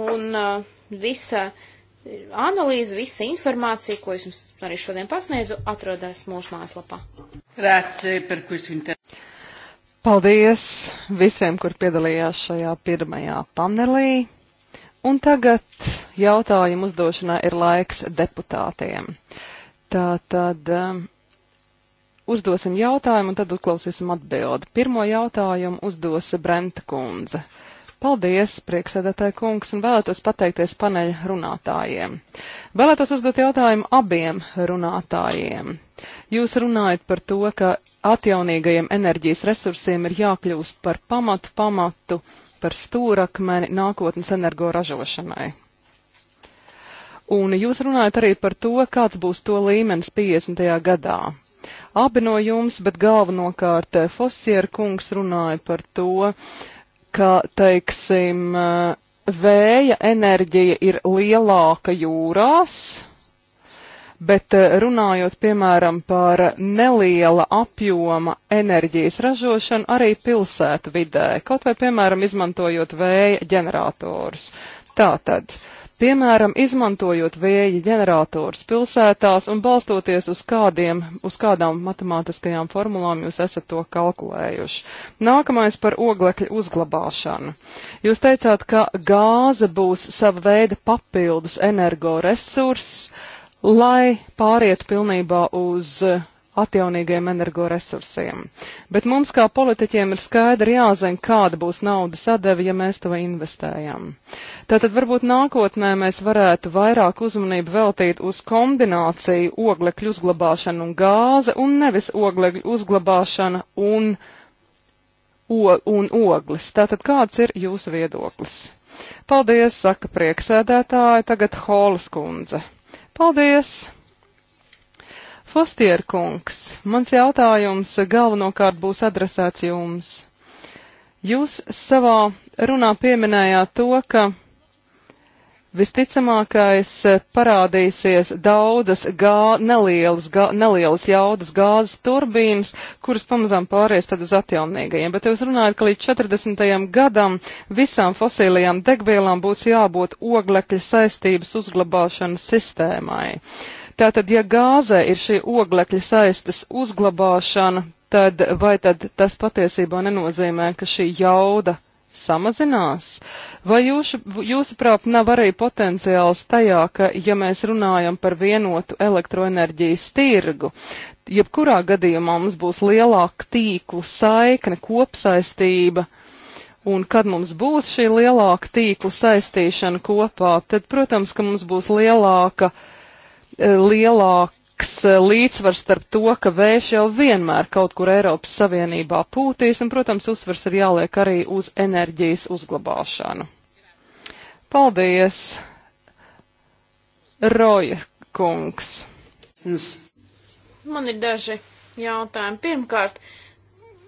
un uh, visa analīze, visa informācija, ko es jums arī šodien pasniedzu, atrodas mūsu mājaslapā. Grazie par questo interviju. Paldies visiem, kur piedalījās šajā pirmajā panelī. Un tagad jautājumu uzdošanā ir laiks deputātiem. Tā tad um, uzdosim jautājumu un tad uzklausīsim atbildi. Pirmo jautājumu uzdos Brenta kundze. Paldies, prieksēdētāji kungs, un vēlētos pateikties paneļa runātājiem. Vēlētos uzdot jautājumu abiem runātājiem. Jūs runājat par to, ka atjaunīgajiem enerģijas resursiem ir jākļūst par pamatu pamatu, par stūrakmeni nākotnes energoražošanai. Un jūs runājat arī par to, kāds būs to līmenis 50. gadā. Abi no jums, bet galvenokārt Fosier kungs runāja par to, ka, teiksim, vēja enerģija ir lielāka jūrās, bet eh, runājot, piemēram, par neliela apjoma enerģijas ražošanu arī pilsētu vidē, kaut vai, piemēram, izmantojot vēja ģeneratorus. Tātad. Piemēram, izmantojot vēja ģenerators pilsētās un balstoties uz, kādiem, uz kādām matemātiskajām formulām jūs esat to kalkulējuši. Nākamais par oglekļa uzglabāšanu. Jūs teicāt, ka gāze būs sava veida papildus energoresurss, lai pāriet pilnībā uz atjaunīgiem energoresursiem. Bet mums kā politiķiem ir skaidri jāzina, kāda būs naudas sadeve, ja mēs to investējam. Tātad varbūt nākotnē mēs varētu vairāk uzmanību veltīt uz kombināciju oglekļu uzglabāšanu un gāze un nevis oglekļu uzglabāšana un, o, un oglis. Tātad kāds ir jūsu viedoklis? Paldies, saka prieksēdētāji, tagad Holas kundze. Paldies! Fostierkungs, mans jautājums galvenokārt būs adresēts jums. Jūs savā runā pieminējāt to, ka Visticamākais eh, parādīsies daudzas gā, nelielas, gā, nelielas jaudas gāzes turbīnas, kuras pamazām pāries tad uz atjaunīgajiem. Bet jūs runājat, ka līdz 40. gadam visām fosīlajām degvielām būs jābūt oglekļa saistības uzglabāšanas sistēmai. Tātad, ja gāzē ir šī oglekļa saistas uzglabāšana, tad vai tad tas patiesībā nenozīmē, ka šī jauda samazinās? Vai jūs, jūsuprāt nav arī potenciāls tajā, ka, ja mēs runājam par vienotu elektroenerģijas tirgu, jebkurā gadījumā mums būs lielāka tīklu saikne, kopsaistība, un kad mums būs šī lielāka tīklu saistīšana kopā, tad, protams, ka mums būs lielāka, eh, lielāka liekas eh, līdzsvars starp to, ka vējš jau vienmēr kaut kur Eiropas Savienībā pūtīs, un, protams, uzsvars ir jāliek arī uz enerģijas uzglabāšanu. Paldies, Roja kungs! Man ir daži jautājumi. Pirmkārt,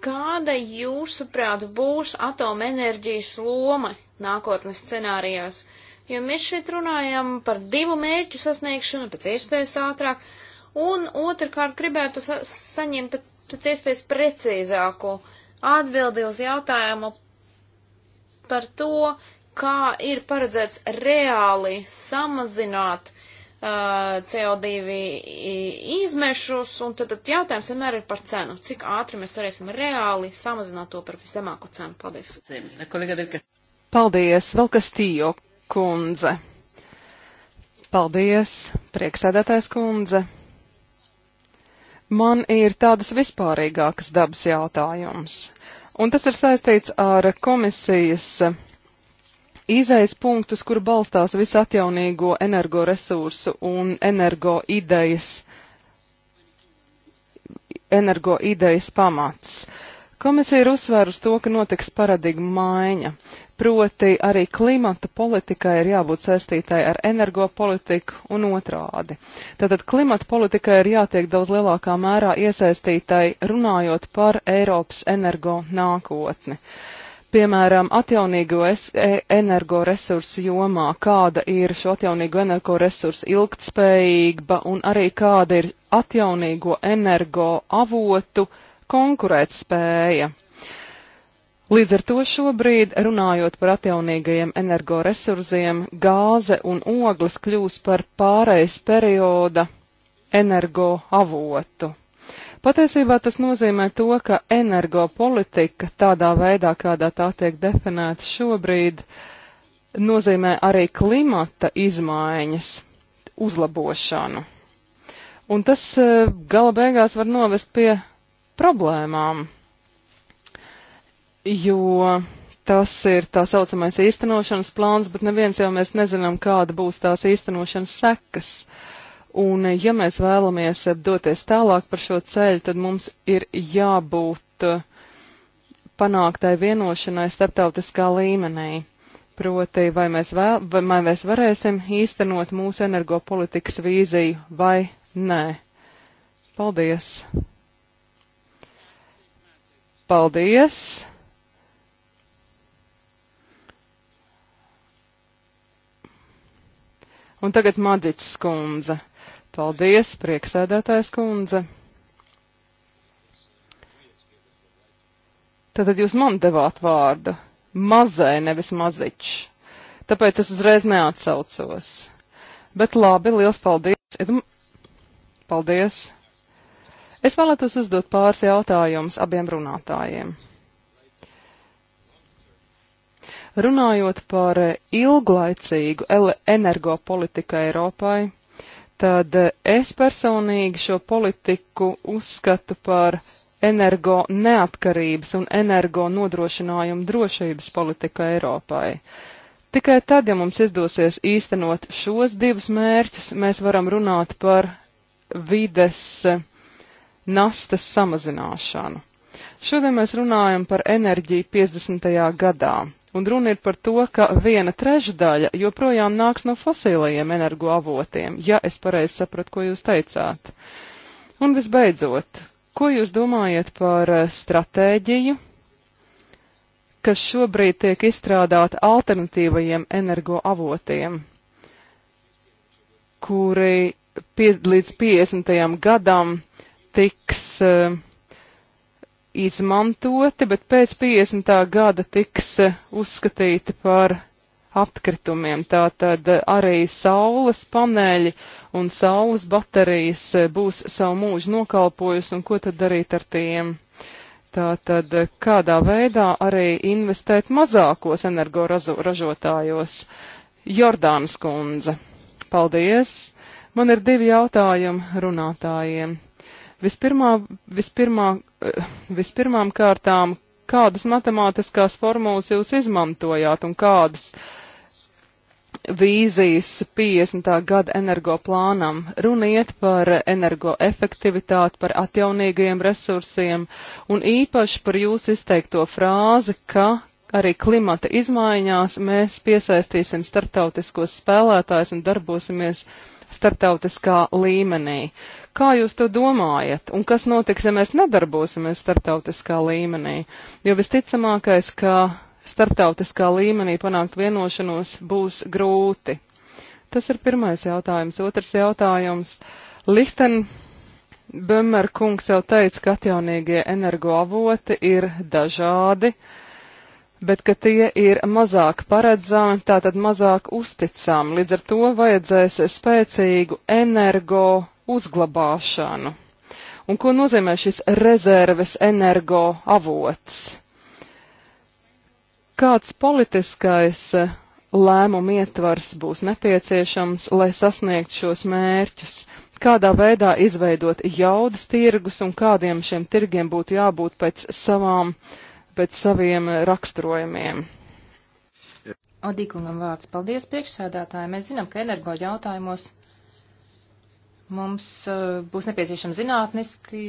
kāda jūsuprāt būs atomenerģijas loma nākotnes scenārijos? Jo mēs šeit runājam par divu mērķu sasniegšanu, pēc iespējas ātrāk, Un otrkārt gribētu sa saņemt pēc iespējas precīzāku atbildi uz jautājumu par to, kā ir paredzēts reāli samazināt uh, CO2 izmešus, un tad, tad jautājums vienmēr ir par cenu. Cik ātri mēs varēsim reāli samazināt to par viszemāko cenu? Paldies. Paldies, vēl kas tījo, kundze. Paldies, priekšsēdētājs kundze. Man ir tādas vispārīgākas dabas jautājums. Un tas ir saistīts ar komisijas izējas punktus, kur balstās visu atjaunīgo energoresursu un energo idejas, energo idejas pamats. Komisija ir uzsvērusi to, ka notiks paradigma maiņa. Proti arī klimata politikai ir jābūt saistītai ar energopolitiku un otrādi. Tātad klimata politikai ir jātiek daudz lielākā mērā iesaistītai runājot par Eiropas energo nākotni. Piemēram, atjaunīgo es, e, energoresursu jomā, kāda ir šo atjaunīgo energoresursu ilgtspējība un arī kāda ir atjaunīgo energo avotu konkurētspēja. Līdz ar to šobrīd, runājot par atjaunīgajiem energoresursiem, gāze un ogles kļūs par pārejas perioda energo avotu. Patiesībā tas nozīmē to, ka energopolitika tādā veidā, kādā tā tiek definēta šobrīd, nozīmē arī klimata izmaiņas uzlabošanu. Un tas eh, gala beigās var novest pie problēmām jo tas ir tā saucamais īstenošanas plāns, bet neviens jau mēs nezinām, kāda būs tās īstenošanas sekas. Un ja mēs vēlamies doties tālāk par šo ceļu, tad mums ir jābūt uh, panāktai vienošanai starptautiskā līmenī. Proti, vai mēs, vēl, vai mēs varēsim īstenot mūsu energopolitikas vīziju vai nē. Paldies! Paldies! Un tagad Madzits skundze. Paldies, prieksēdētājs skundze. Tātad jūs man devāt vārdu. Mazai, nevis maziņš. Tāpēc es uzreiz neatsaucos. Bet labi, liels paldies. Paldies. Es vēlētos uzdot pāris jautājumus abiem runātājiem. Runājot par eh, ilglaicīgu energopolitiku Eiropai, tad eh, es personīgi šo politiku uzskatu par energo neatkarības un energo nodrošinājumu drošības politiku Eiropai. Tikai tad, ja mums izdosies īstenot šos divus mērķus, mēs varam runāt par vides eh, nastas samazināšanu. Šodien mēs runājam par enerģiju 50. gadā. Un runa ir par to, ka viena trešdaļa joprojām nāks no fosilajiem energoavotiem, ja es pareizi sapratu, ko jūs teicāt. Un visbeidzot, ko jūs domājat par eh, stratēģiju, kas šobrīd tiek izstrādāta alternatīvajiem energoavotiem, kuri pie, līdz 50. gadam tiks uh, izmantoti, bet pēc 50. gada tiks e, uzskatīti par atkritumiem. Tātad e, arī saules paneļi un saules baterijas e, būs savu mūžu nokalpojusi un ko tad darīt ar tiem? Tātad kādā veidā arī investēt mazākos energoražotājos? Jordānas kundze. Paldies! Man ir divi jautājumi runātājiem. Vispirmā, vispirmā, eh, vispirmām kārtām, kādas matemātiskās formulas jūs izmantojāt un kādas vīzijas 50. gada energoplānam. Runiet par energoefektivitāti, par atjaunīgajiem resursiem un īpaši par jūsu izteikto frāzi, ka arī klimata izmaiņās mēs piesaistīsim starptautiskos spēlētājus un darbosimies starptautiskā līmenī. Uh, Kā jūs to domājat? Un kas notiks, ja mēs nedarbosimies starptautiskā līmenī? Jo visticamākais, ka starptautiskā līmenī panākt vienošanos būs grūti. Tas ir pirmais jautājums. Otrs jautājums. Lichten Bemmer kungs jau teica, ka atjaunīgie energoavoti ir dažādi, bet ka tie ir mazāk paredzami, tātad mazāk uzticami. Līdz ar to vajadzēs spēcīgu energo uzglabāšanu. Un ko nozīmē šis rezerves energo avots? Kāds politiskais eh, lēmumu ietvars būs nepieciešams, lai sasniegtu šos mērķus? Kādā veidā izveidot jaudas tirgus un kādiem šiem tirgiem būtu jābūt pēc, savām, pēc saviem eh, raksturojumiem? Odīkungam vārds. Paldies priekšsēdētāji. Mēs zinām, ka energo jautājumos Mums eh, būs nepieciešama zinātniski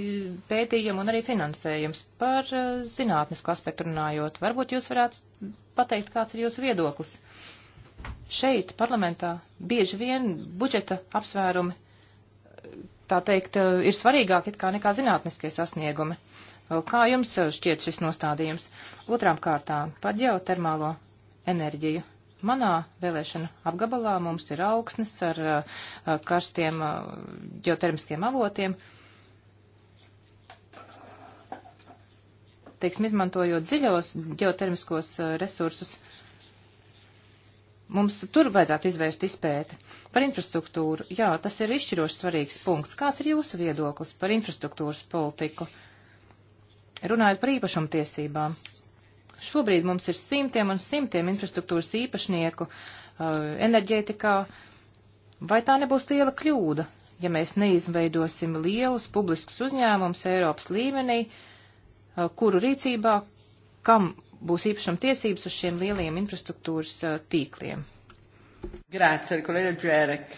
pētījumi un arī finansējums. Par eh, zinātnisku aspektu runājot, varbūt jūs varētu pateikt, kāds ir jūsu viedoklis. Šeit, parlamentā, bieži vien budžeta apsvērumi, eh, tā teikt, ir svarīgāki kā nekā zinātniskie sasniegumi. Kā jums šķiet šis nostādījums? Otrām kārtām par ģeotermālo enerģiju. Manā vēlēšana apgabalā mums ir augsnes ar uh, karstiem uh, ģeotermiskiem avotiem. Teiksim, izmantojot dziļos ģeotermiskos uh, resursus, mums tur vajadzētu izvērst izpēti. Par infrastruktūru, jā, tas ir izšķiroši svarīgs punkts. Kāds ir jūsu viedoklis par infrastruktūras politiku? Runājot par īpašumtiesībām. tiesībām Šobrīd mums ir simtiem un simtiem infrastruktūras īpašnieku uh, enerģētikā. Vai tā nebūs liela kļūda, ja mēs neizveidosim lielus publiskus uzņēmumus Eiropas līmenī, uh, kuru rīcībā, kam būs īpašam tiesības uz šiem lieliem infrastruktūras uh, tīkliem? Grāci, kolēģi Džērek.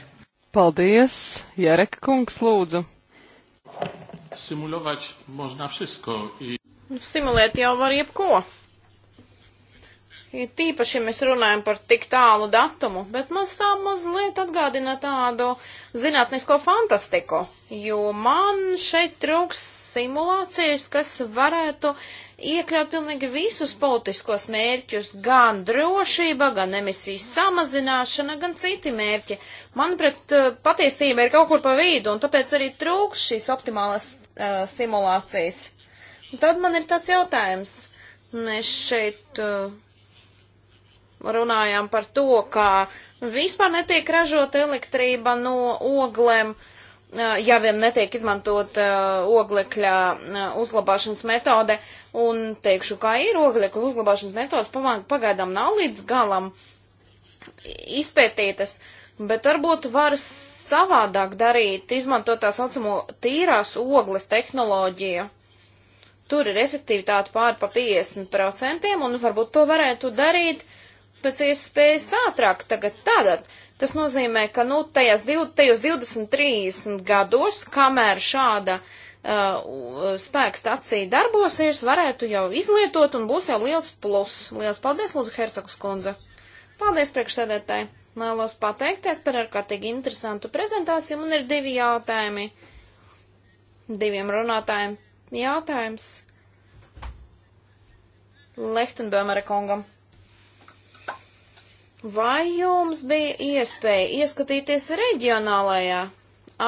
Paldies, Jerek kungs, lūdzu. Simulovač možnā visko. Simulēt jau var jebko ja tīpaši, ja mēs runājam par tik tālu datumu, bet man tā mazliet atgādina tādu zinātnisko fantastiku, jo man šeit trūks simulācijas, kas varētu iekļaut pilnīgi visus politiskos mērķus, gan drošība, gan emisijas samazināšana, gan citi mērķi. Manuprāt, eh, patiesība ir kaut kur pa vidu, un tāpēc arī trūks šīs optimālās uh, simulācijas. Un tad man ir tāds jautājums. Mēs šeit uh, runājām par to, ka vispār netiek ražota elektrība no oglēm, ja vien netiek izmantot oglekļa uzglabāšanas metode. Un teikšu, kā ir oglekļa uzglabāšanas metodas pagaidām nav līdz galam izpētītas, bet varbūt var savādāk darīt, izmantot tā saucamo tīrās ogles tehnoloģiju tur ir efektivitāte pāri pa 50%, un varbūt to varētu darīt pēc iespējas ātrāk tagad. Tātad tas nozīmē, ka nu, tajās div, tajos 20, 30 gados, kamēr šāda uh, spēka stacija darbosies, varētu jau izlietot un būs jau liels plus. Liels paldies, Lūdzu, Hercogs kundze. Paldies, priekšsēdētāji. Vēlos pateikties par ārkārtīgi interesantu prezentāciju. Man ir divi jautājumi. Diviem runātājiem jautājums. Lehtenbēmera kungam. Vai jums bija iespēja ieskatīties reģionālajā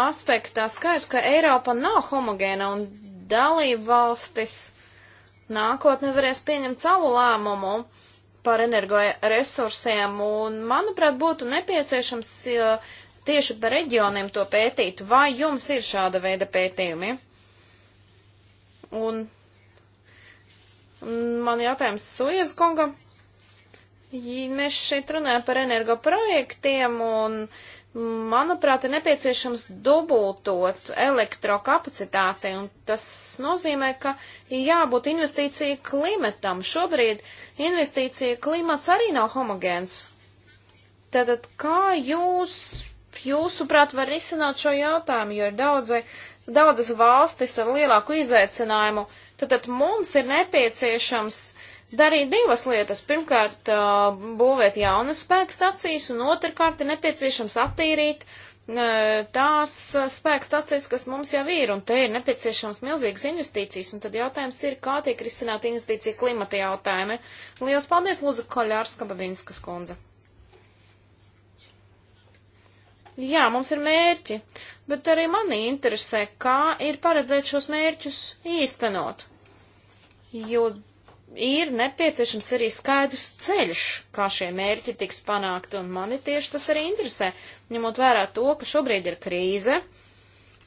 aspektā? Skaidrs, ka Eiropa nav homogēna un dalību valstis nākotnē varēs pieņemt savu lēmumu par energoresursiem, un, manuprāt, būtu nepieciešams uh, tieši par reģioniem to pētīt. Vai jums ir šāda veida pētījumi? Un man jautājums Suiez kungam. Mēs šeit runājam par energoprojektiem un, manuprāt, ir nepieciešams dubultot elektrokapacitāti, un tas nozīmē, ka jābūt investīcija klimatam. Šobrīd investīcija klimats arī nav homogēns. Tātad, kā jūs, jūsuprāt, var risināt šo jautājumu, jo ir daudzi, daudzas valstis ar lielāku izaicinājumu, tātad mums ir nepieciešams uh, darīt divas lietas. Pirmkārt, būvēt jaunas spēkstacijas, un otrkārt ir nepieciešams attīrīt tās spēkstacijas, kas mums jau ir, un te ir nepieciešams milzīgas investīcijas, un tad jautājums ir, kā tiek risināti investīcija klimata jautājumi. Lielas paldies, Lūdzu, Koļārska Babinskas kundze. Jā, mums ir mērķi, bet arī mani interesē, kā ir paredzēt šos mērķus īstenot. Jo ir nepieciešams arī skaidrs ceļš, kā šie mērķi tiks panākt, un mani tieši tas arī interesē, ņemot vērā to, ka šobrīd ir krīze,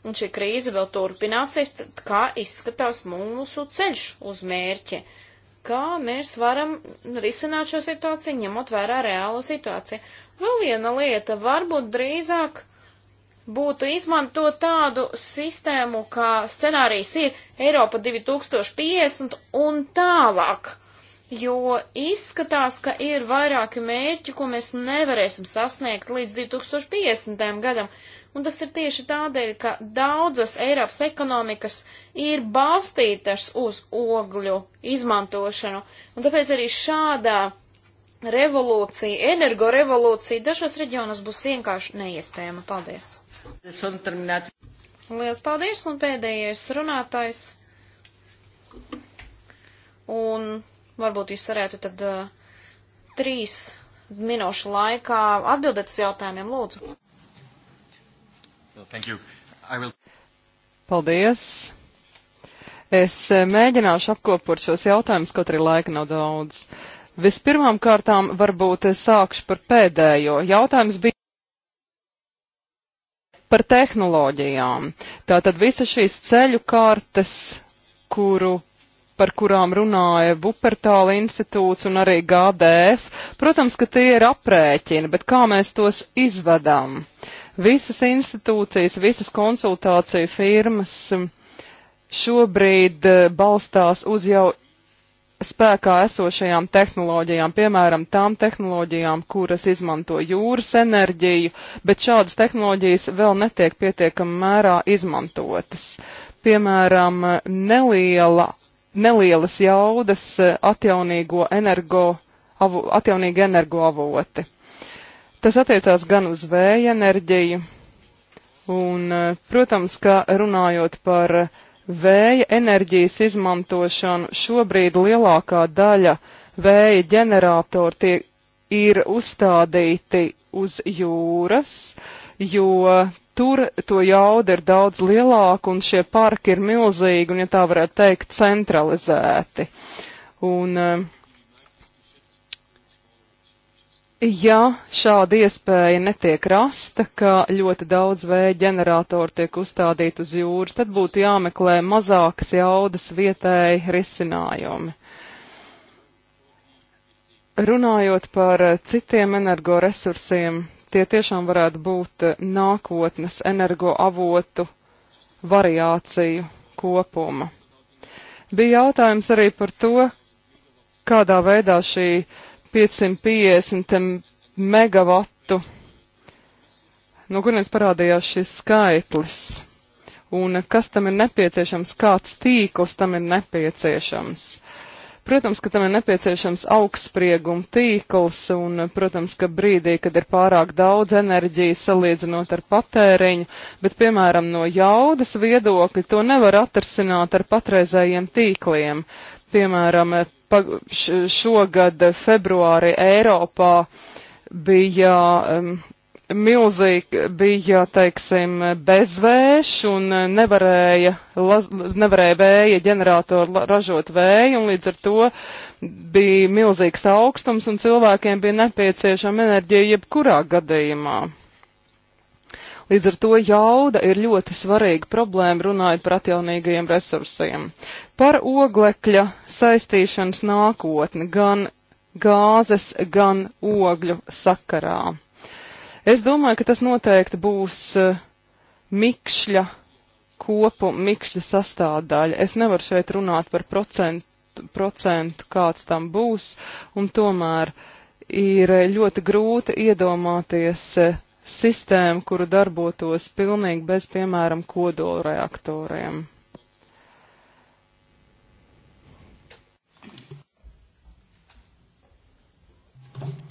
un šī krīze vēl turpināsies, tad kā izskatās mūsu ceļš uz mērķi, kā mēs varam risināt šo situāciju, ņemot vērā reālo situāciju. Vēl viena lieta, varbūt drīzāk būtu izmantot tādu sistēmu, kā scenārijs ir Eiropa 2050 un tālāk, jo izskatās, ka ir vairāki mērķi, ko mēs nevarēsim sasniegt līdz 2050. gadam. Un tas ir tieši tādēļ, ka daudzas Eiropas ekonomikas ir balstītas uz ogļu izmantošanu. Un tāpēc arī šādā revolūcija, energorevolūcija dažos reģionos būs vienkārši neiespējama. Paldies! Lielas paldies un pēdējais runātājs. Un varbūt jūs varētu tad uh, trīs minūšu laikā atbildēt uz jautājumiem, lūdzu. Thank you. I will... Paldies! Es uh, mēģināšu apkopot šos jautājumus, kaut arī laika nav daudz. Vispirmām kārtām varbūt sākšu par pēdējo. Jautājums bija par tehnoloģijām. Tātad visa šīs ceļu kartes, kuru par kurām runāja Bupertāla institūts un arī GDF. Protams, ka tie ir aprēķini, bet kā mēs tos izvedam? Visas institūcijas, visas konsultāciju firmas šobrīd eh, balstās uz jau spēkā esošajām tehnoloģijām, piemēram, tām tehnoloģijām, kuras izmanto jūras enerģiju, bet šādas tehnoloģijas vēl netiek pietiekama mērā izmantotas. Piemēram, neliela, nelielas jaudas e, atjaunīgo energo, avu, atjaunīgi energoavoti. Tas attiecās gan uz vēja enerģiju, un, e, protams, ka runājot par uh, Vēja enerģijas izmantošanu šobrīd lielākā daļa vēja ģeneratoru tiek ir uzstādīti uz jūras, jo tur to jauda ir daudz lielāka un šie parki ir milzīgi un, ja tā varētu teikt, centralizēti. Un, uh, ja šāda iespēja netiek rasta, ka ļoti daudz vēja ģeneratoru tiek uzstādīti uz jūras, tad būtu jāmeklē mazākas jaudas vietēji risinājumi. Runājot par citiem energoresursiem, tie tiešām varētu būt nākotnes energoavotu variāciju kopuma. Bija jautājums arī par to, kādā veidā šī uh, 550 megavatu. No kurienes parādījās šis skaitlis? Un kas tam ir nepieciešams, kāds tīkls tam ir nepieciešams? Protams, ka tam ir nepieciešams augstsprieguma tīkls, un, protams, ka brīdī, kad ir pārāk daudz enerģijas salīdzinot ar patēriņu, bet, piemēram, no jaudas viedokļa to nevar atrasināt ar patreizējiem tīkliem. Piemēram, šogad eh, februāri Eiropā bija um, milzīgi, bija, teiksim, bezvējš un eh, nevarēja, laz, nevarēja vēja ģeneratoru ražot vēju, un līdz ar to bija milzīgs augstums, un cilvēkiem bija nepieciešama enerģija jebkurā gadījumā. Līdz ar to jauda ir ļoti svarīga problēma runājot par atjaunīgajiem resursiem. Par oglekļa saistīšanas nākotni gan gāzes, gan ogļu sakarā. Es domāju, ka tas noteikti būs eh, mikšļa kopu, mikšļa sastāvdaļa. Es nevaru šeit runāt par procentu, procentu kāds tam būs, un tomēr ir ļoti grūti iedomāties eh, sistēmu, kura darbotos pilnīgi bez, piemēram, kodolreaktoriem.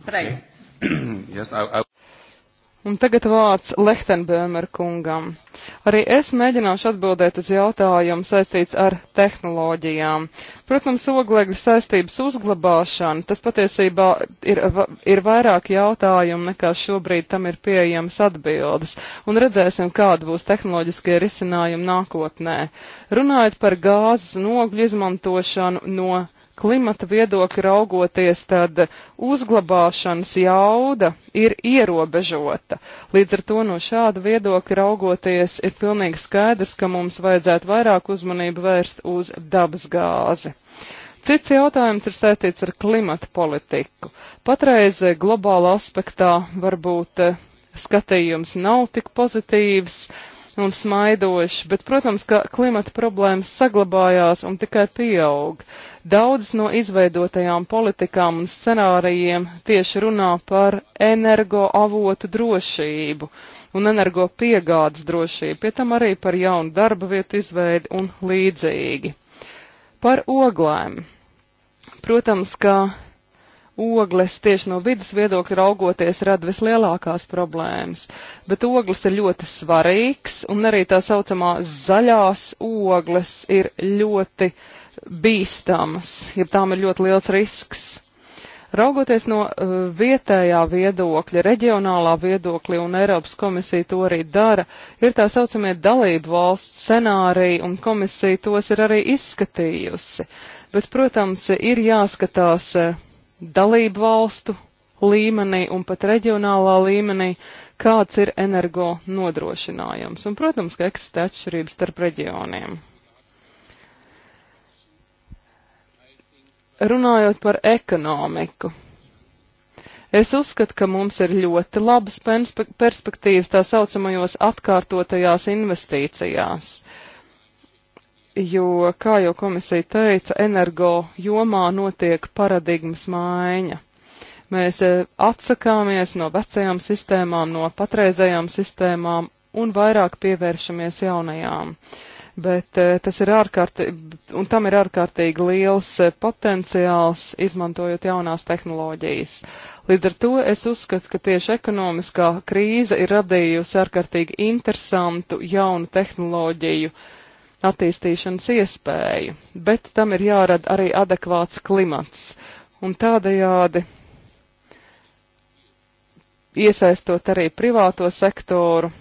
Prego. Yes, I, I... Un tagad vārds Lehtenbēmer kungam. Arī es mēģināšu atbildēt uz jautājumu saistīts ar tehnoloģijām. Protams, oglekļa saistības uzglabāšana, tas patiesībā ir, ir vairāk jautājumu nekā šobrīd tam ir pieejamas atbildes. Un redzēsim, kāda būs tehnoloģiskie risinājumi nākotnē. Runājot par gāzes un ogļu izmantošanu no klimata viedokļa raugoties, tad uzglabāšanas jauda ir ierobežota. Līdz ar to no šāda viedokļa raugoties ir pilnīgi skaidrs, ka mums vajadzētu vairāk uzmanību vērst uz dabas gāzi. Cits jautājums ir saistīts ar klimata politiku. Patreiz globāla aspektā varbūt eh, skatījums nav tik pozitīvs un smaidošs, bet, protams, ka klimata problēmas saglabājās un tikai pieaug. Daudz no izveidotajām politikām un scenārijiem tieši runā par energoavotu drošību un energo piegādes drošību, pie tam arī par jaunu darba vietu izveidi un līdzīgi. Par oglēm. Protams, ka ogles tieši no vidas viedokļa raugoties rada vislielākās problēmas, bet ogles ir ļoti svarīgs, un arī tā saucamā zaļās ogles ir ļoti bīstamas, ja tām ir ļoti liels risks. Raugoties no uh, vietējā viedokļa, reģionālā viedokļa, un Eiropas komisija to arī dara, ir tā saucamie dalību valsts scenāriji, un komisija tos ir arī izskatījusi. Bet, protams, ir jāskatās uh, dalību valstu līmenī un pat reģionālā līmenī, kāds ir energo nodrošinājums. Un, protams, ka eksistē atšķirības starp reģioniem. runājot par ekonomiku. Es uzskatu, ka mums ir ļoti labas perspektīvas tā saucamajos atkārtotajās investīcijās, jo, kā jau komisija teica, energo jomā notiek paradigmas maiņa. Mēs e, atsakāmies no vecajām sistēmām, no patreizējām sistēmām un vairāk pievēršamies jaunajām. Uh, bet eh, tas ir ārkārtīgi, un tam ir ārkārtīgi liels eh, potenciāls, izmantojot jaunās tehnoloģijas. Līdz ar to es uzskatu, ka tieši ekonomiskā krīze ir radījusi ārkārtīgi interesantu jaunu tehnoloģiju attīstīšanas iespēju, bet tam ir jārada arī adekvāts klimats. Un tādējādi iesaistot arī privāto sektoru,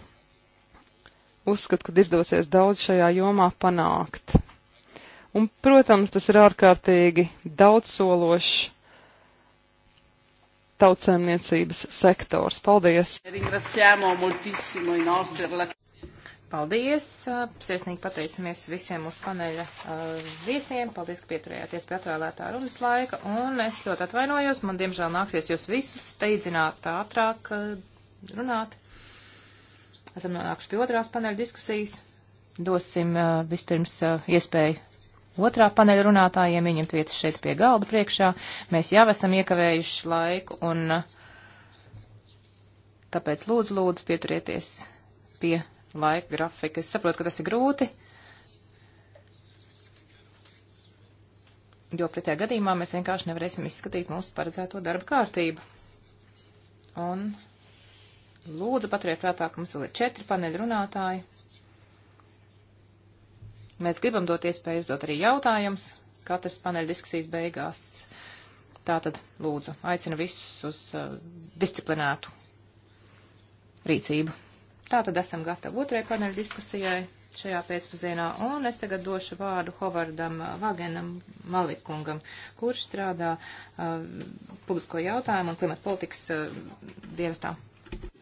uzskatu, ka izdosies daudz šajā jomā panākt. Un, protams, tas ir ārkārtīgi daudzsološs tautsēmniecības sektors. Paldies! Paldies! Sirsnīgi pateicamies visiem mūsu paneļa viesiem. Paldies, ka pieturējāties pie atvēlētā runas laika. Un es ļoti atvainojos. Man, diemžēl, nāksies jūs visus steidzināt ātrāk runāt. Esam nonākuši pie otrās paneļa diskusijas. Dosim uh, vispirms uh, iespēju otrā paneļa runātājiem ieņemt vietas šeit pie galda priekšā. Mēs jau esam iekavējuši laiku un uh, tāpēc lūdzu, lūdzu, pieturieties pie laika grafika. Es saprotu, ka tas ir grūti. jo pretējā gadījumā mēs vienkārši nevarēsim izskatīt mūsu paredzēto darba kārtību. Un Lūdzu, paturiet prātā, ka mums vēl ir četri paneļu runātāji. Mēs gribam dot iespēju uzdot arī jautājumus katras paneļa diskusijas beigās. Tātad, lūdzu, aicinu visus uz uh, disciplinētu rīcību. Tātad esam gatavi otrai paneļa diskusijai šajā pēcpusdienā, un es tagad došu vārdu Hovardam Vagenam Malikungam, kurš strādā uh, publisko jautājumu un klimata politikas uh, dienestā.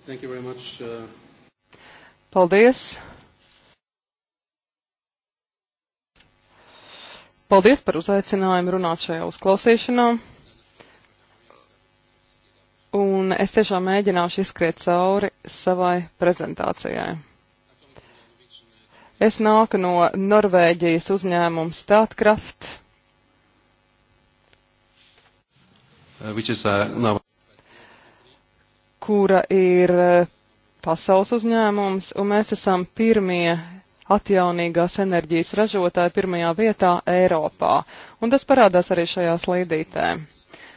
Thank you very much. Uh... Paldies! Paldies par uzaicinājumu runāt šajā uzklausīšanā. Un es tiešām mēģināšu izskriet cauri savai prezentācijai. Es nāku no Norvēģijas uzņēmuma Statkraft. Uh, which is, uh, now kura ir eh, pasaules uzņēmums, un mēs esam pirmie atjaunīgās enerģijas ražotāji pirmajā vietā Eiropā. Un tas parādās arī šajā slīdītē.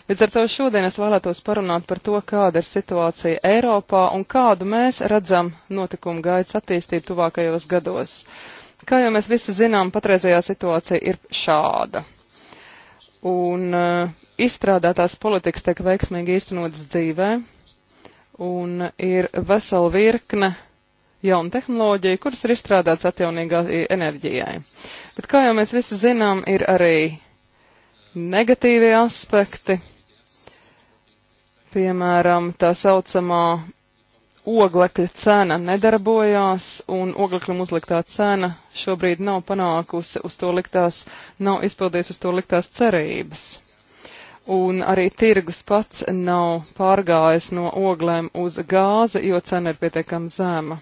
Līdz ar to šodien es vēlētos parunāt par to, kāda ir situācija Eiropā un kādu mēs redzam notikumu gaidas attīstību tuvākajos gados. Kā jau mēs visi zinām, patreizējā situācija ir šāda. Un uh, izstrādātās politikas tiek veiksmīgi īstenotas dzīvē, un ir vesela virkne jaunu tehnoloģiju, kuras ir izstrādāts atjaunīgā enerģijai. Bet kā jau mēs visi zinām, ir arī negatīvie aspekti, piemēram, tā saucamā oglekļa cena nedarbojās, un oglekļam uzliktā cena šobrīd nav panākusi uz to liktās, nav izpildījusi uz to liktās cerības un arī tirgus pats nav pārgājis no oglēm uz gāzi, jo cena ir pietiekami zema.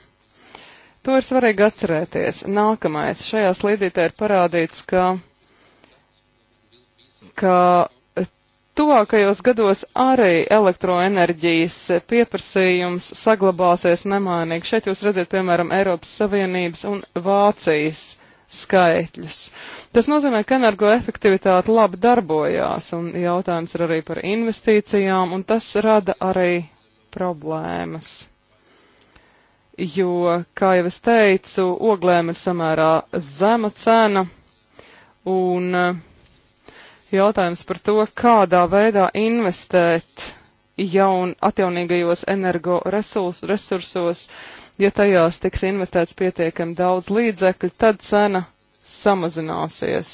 To ir svarīgi atcerēties. Nākamais. Šajā slīdītē ir parādīts, ka, ka tuvākajos gados arī elektroenerģijas pieprasījums saglabāsies nemainīgi. Šeit jūs redzat, piemēram, Eiropas Savienības un Vācijas skaitļus. Tas nozīmē, ka energoefektivitāte labi darbojās, un jautājums ir arī par investīcijām, un tas rada arī problēmas. Jo, kā jau es teicu, oglēm ir samērā zema cena, un eh, jautājums par to, kādā veidā investēt jaun atjaunīgajos energoresursos, Ja tajās tiks investēts pietiekami daudz līdzekļu, tad cena samazināsies.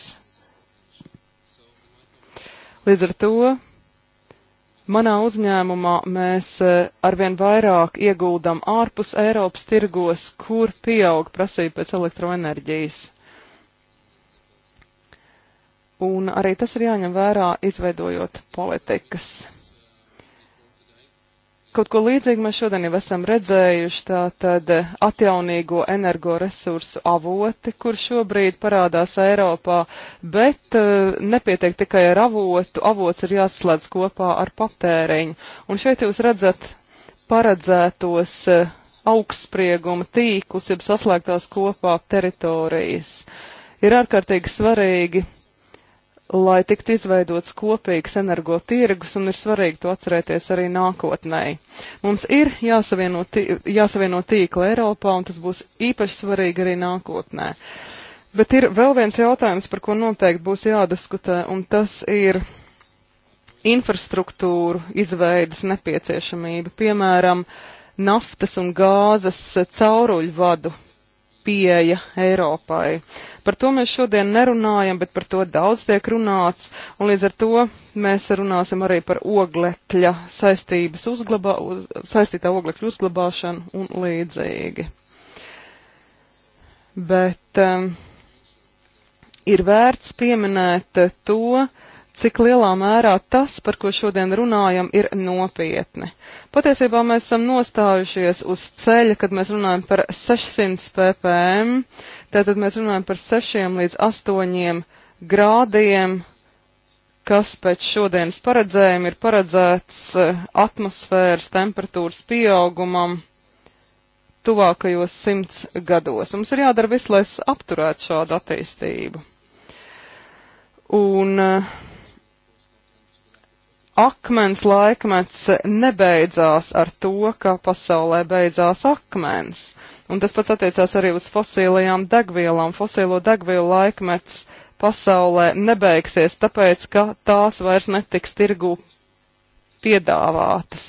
Līdz ar to manā uzņēmumā mēs e, arvien vairāk ieguldam ārpus Eiropas tirgos, kur pieaug prasība pēc elektroenerģijas. Un arī tas ir jāņem vērā, izveidojot politikas. Kaut ko līdzīgu mēs šodien jau esam redzējuši, tātad eh, atjaunīgo energoresursu avoti, kur šobrīd parādās Eiropā, bet uh, nepietiek tikai ar avotu, avots ir jāslēdz kopā ar patēriņu. Un šeit jūs redzat paredzētos uh, augstsprieguma tīklus, jeb saslēgtās kopā teritorijas. Ir ārkārtīgi svarīgi lai tiktu izveidots kopīgs energo tirgus, un ir svarīgi to atcerēties arī nākotnē. Mums ir jāsavieno, tī, jāsavieno tīkla Eiropā, un tas būs īpaši svarīgi arī nākotnē. Bet ir vēl viens jautājums, par ko noteikti būs jādiskutē, un tas ir infrastruktūru izveidas nepieciešamība, piemēram, naftas un gāzes cauruļvadu pieeja Eiropai. Par to mēs šodien nerunājam, bet par to daudz tiek runāts, un līdz ar to mēs runāsim arī par oglekļa saistības uzglabā, uz, saistītā oglekļa uzglabāšanu un līdzīgi. Bet um, ir vērts pieminēt to, cik lielā mērā tas, par ko šodien runājam, ir nopietni. Patiesībā mēs esam nostājušies uz ceļa, kad mēs runājam par 600 ppm, tātad mēs runājam par 6 līdz 8 grādiem, kas pēc šodienas paredzējuma ir paredzēts eh, atmosfēras temperatūras pieaugumam tuvākajos simts gados. Mums ir jādara viss, lai apturētu šādu attīstību. Un uh, akmens laikmets nebeidzās ar to, ka pasaulē beidzās akmens. Un tas pats attiecās arī uz fosīlajām degvielām. Fosīlo degvielu laikmets pasaulē nebeigsies, tāpēc, ka tās vairs netiks tirgu piedāvātas.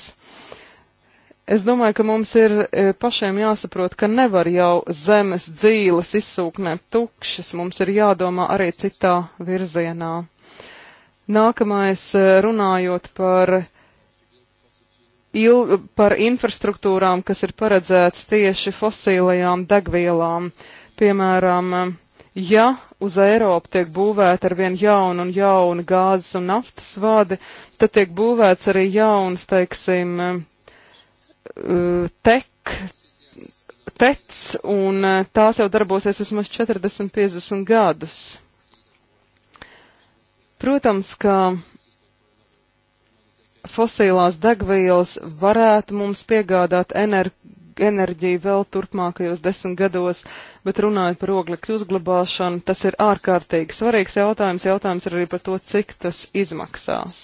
Es domāju, ka mums ir e, pašiem jāsaprot, ka nevar jau zemes dzīles izsūknēt tukšas, mums ir jādomā arī citā virzienā. Nākamais eh, runājot par, il, par infrastruktūrām, kas ir paredzēts tieši fosīlajām degvielām. Piemēram, ja uz Eiropu tiek būvēta ar vien jaunu un jaunu gāzes un naftas vadi, tad tiek būvēts arī jauns, teiksim, eh, tek, tec, un eh, tās jau darbosies vismaz 40-50 gadus. Protams, ka fosilās degvielas varētu mums piegādāt ener enerģiju vēl turpmākajos desmit gados, bet runājot par oglekļu uzglabāšanu, tas ir ārkārtīgi svarīgs jautājums. Jautājums ir arī par to, cik tas izmaksās.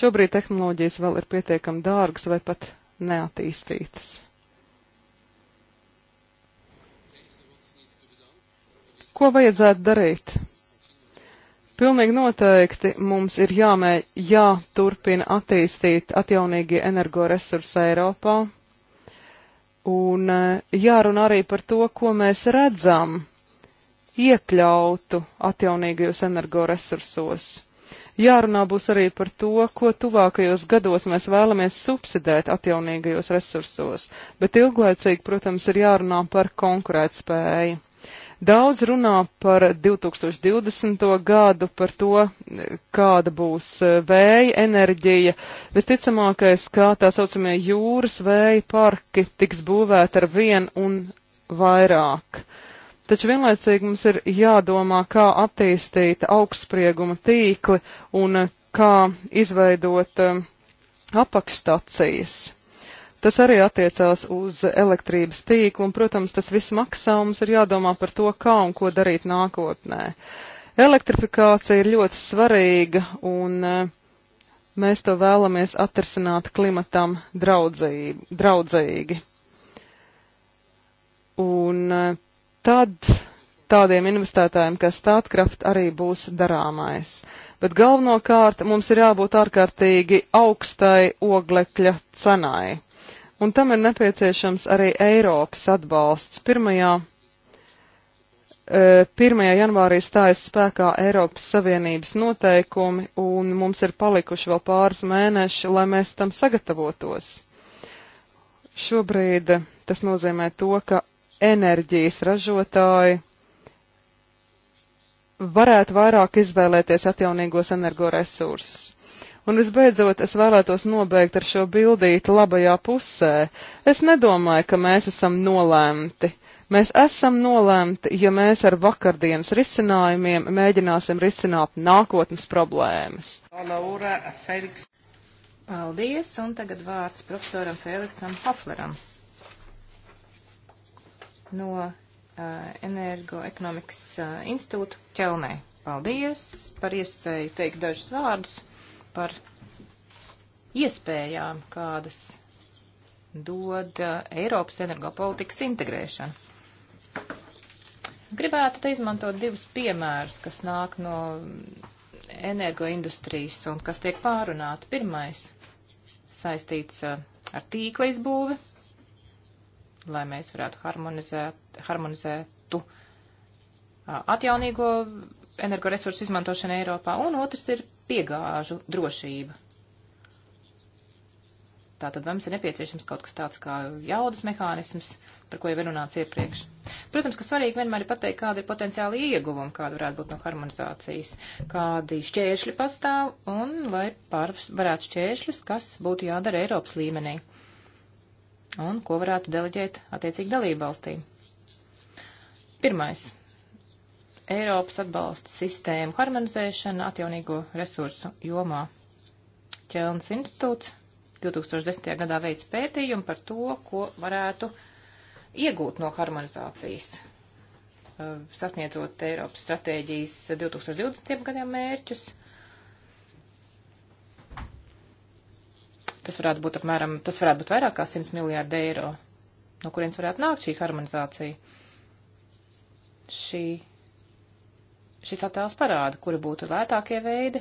Šobrīd tehnoloģijas vēl ir pietiekami dārgas vai pat neattīstītas. Ko vajadzētu darīt? Pilnīgi noteikti mums ir jāmē, jāturpina attīstīt atjaunīgie energoresursi Eiropā. Un e, jārunā arī par to, ko mēs redzam iekļautu atjaunīgajos energoresursos. Jārunā būs arī par to, ko tuvākajos gados mēs vēlamies subsidēt atjaunīgajos resursos, bet ilglaicīgi, protams, ir jārunā par konkurētspēju. Daudz runā par 2020. gadu, par to, kāda būs e, vēja enerģija. Visticamākais, kā tā saucamie jūras vēja parki tiks būvēti ar vien un vairāk. Taču vienlaicīgi mums ir jādomā, kā attīstīt augstsprieguma tīkli un e, kā izveidot e, apakšstacijas. Tas arī attiecās uz elektrības tīklu, un, protams, tas viss maksā, mums ir jādomā par to, kā un ko darīt nākotnē. Elektrifikācija ir ļoti svarīga, un e, mēs to vēlamies atrisināt klimatam draudzīgi. draudzīgi. Un e, tad tādiem investētājiem, kā Statkraft, arī būs darāmais. Bet galvenokārt mums ir jābūt ārkārtīgi augstai oglekļa cenai un tam ir nepieciešams arī Eiropas atbalsts. Pirmajā 1. E, janvārī stājas spēkā Eiropas Savienības noteikumi, un mums ir palikuši vēl pāris mēneši, lai mēs tam sagatavotos. Šobrīd tas nozīmē to, ka enerģijas ražotāji varētu vairāk izvēlēties atjaunīgos energoresursus. Un visbeidzot, es vēlētos nobeigt ar šo bildīti labajā pusē. Es nedomāju, ka mēs esam nolēmti. Mēs esam nolēmti, ja mēs ar vakardienas risinājumiem mēģināsim risināt nākotnes problēmas. Laura, Feliks. Paldies, un tagad vārds profesoram Feliksam Hofleram no uh, Energoekonomikas uh, institūta Ķelnē. Paldies par iespēju teikt dažus vārdus par iespējām, kādas dod uh, Eiropas energopolitikas integrēšana. Gribētu te izmantot divus piemērus, kas nāk no energoindustrijas un kas tiek pārunāti. Pirmais saistīts uh, ar tīkla izbūvi, lai mēs varētu harmonizēt, harmonizētu uh, atjaunīgo energoresursu izmantošanu Eiropā, un otrs ir piegāžu drošība. Tātad mums ir nepieciešams kaut kas tāds kā jaudas mehānisms, par ko jau ir runāts iepriekš. Protams, ka svarīgi vienmēr ir pateikt, kāda ir potenciāla ieguvuma, kāda varētu būt no harmonizācijas, kādi šķēršļi pastāv un lai pārvarētu šķēršļus, kas būtu jādara Eiropas līmenī un ko varētu deleģēt attiecīgi dalību valstīm. Pirmais Eiropas atbalsta sistēmu harmonizēšana atjaunīgo resursu jomā. Ķelns institūts 2010. gadā veids pētījumu par to, ko varētu iegūt no harmonizācijas, eh, sasniedzot Eiropas stratēģijas 2020. gadiem mērķus. Tas varētu būt apmēram, tas varētu būt vairāk kā 100 miljārdi eiro, no kurienes varētu nākt šī harmonizācija. Šī šis attēls parāda, kuri būtu lētākie veidi,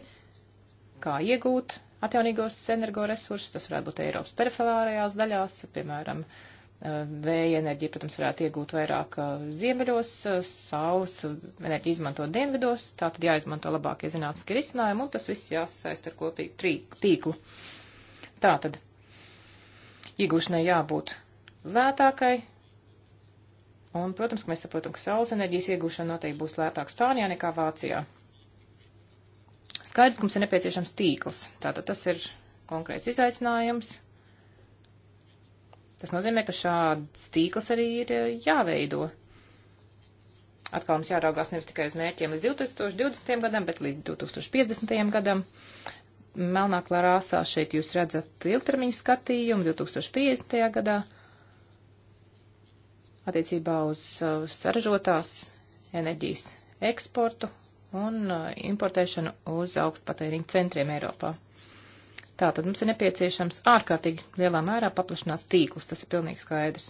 kā iegūt atjaunīgos energoresursus. Tas varētu būt Eiropas periferārajās daļās, piemēram, eh, vēja enerģija, protams, varētu iegūt vairāk eh, ziemeļos, eh, saules enerģija izmanto dienvidos, tātad jāizmanto labākie zinātniski risinājumi, un tas viss jāsasaist ar kopīgu tīklu. Tātad, iegūšanai jābūt lētākai, Un, protams, ka mēs saprotam, ka saules enerģijas iegūšana noteikti būs lētāka Spānijā nekā Vācijā. Skaidrs, ka mums ir nepieciešams tīkls. Tātad tas ir konkrēts izaicinājums. Tas nozīmē, ka šāds tīkls arī ir eh, jāveido. Atkal mums jāraugās nevis tikai uz mērķiem līdz 2020. gadam, bet līdz 2050. gadam. Melnā klārāsā šeit jūs redzat ilgtermiņu skatījumu 2050. gadā attiecībā uz uh, saražotās enerģijas eksportu un uh, importēšanu uz augstpatēriņu centriem Eiropā. Tātad mums ir nepieciešams ārkārtīgi lielā mērā paplašināt tīklus, tas ir pilnīgi skaidrs.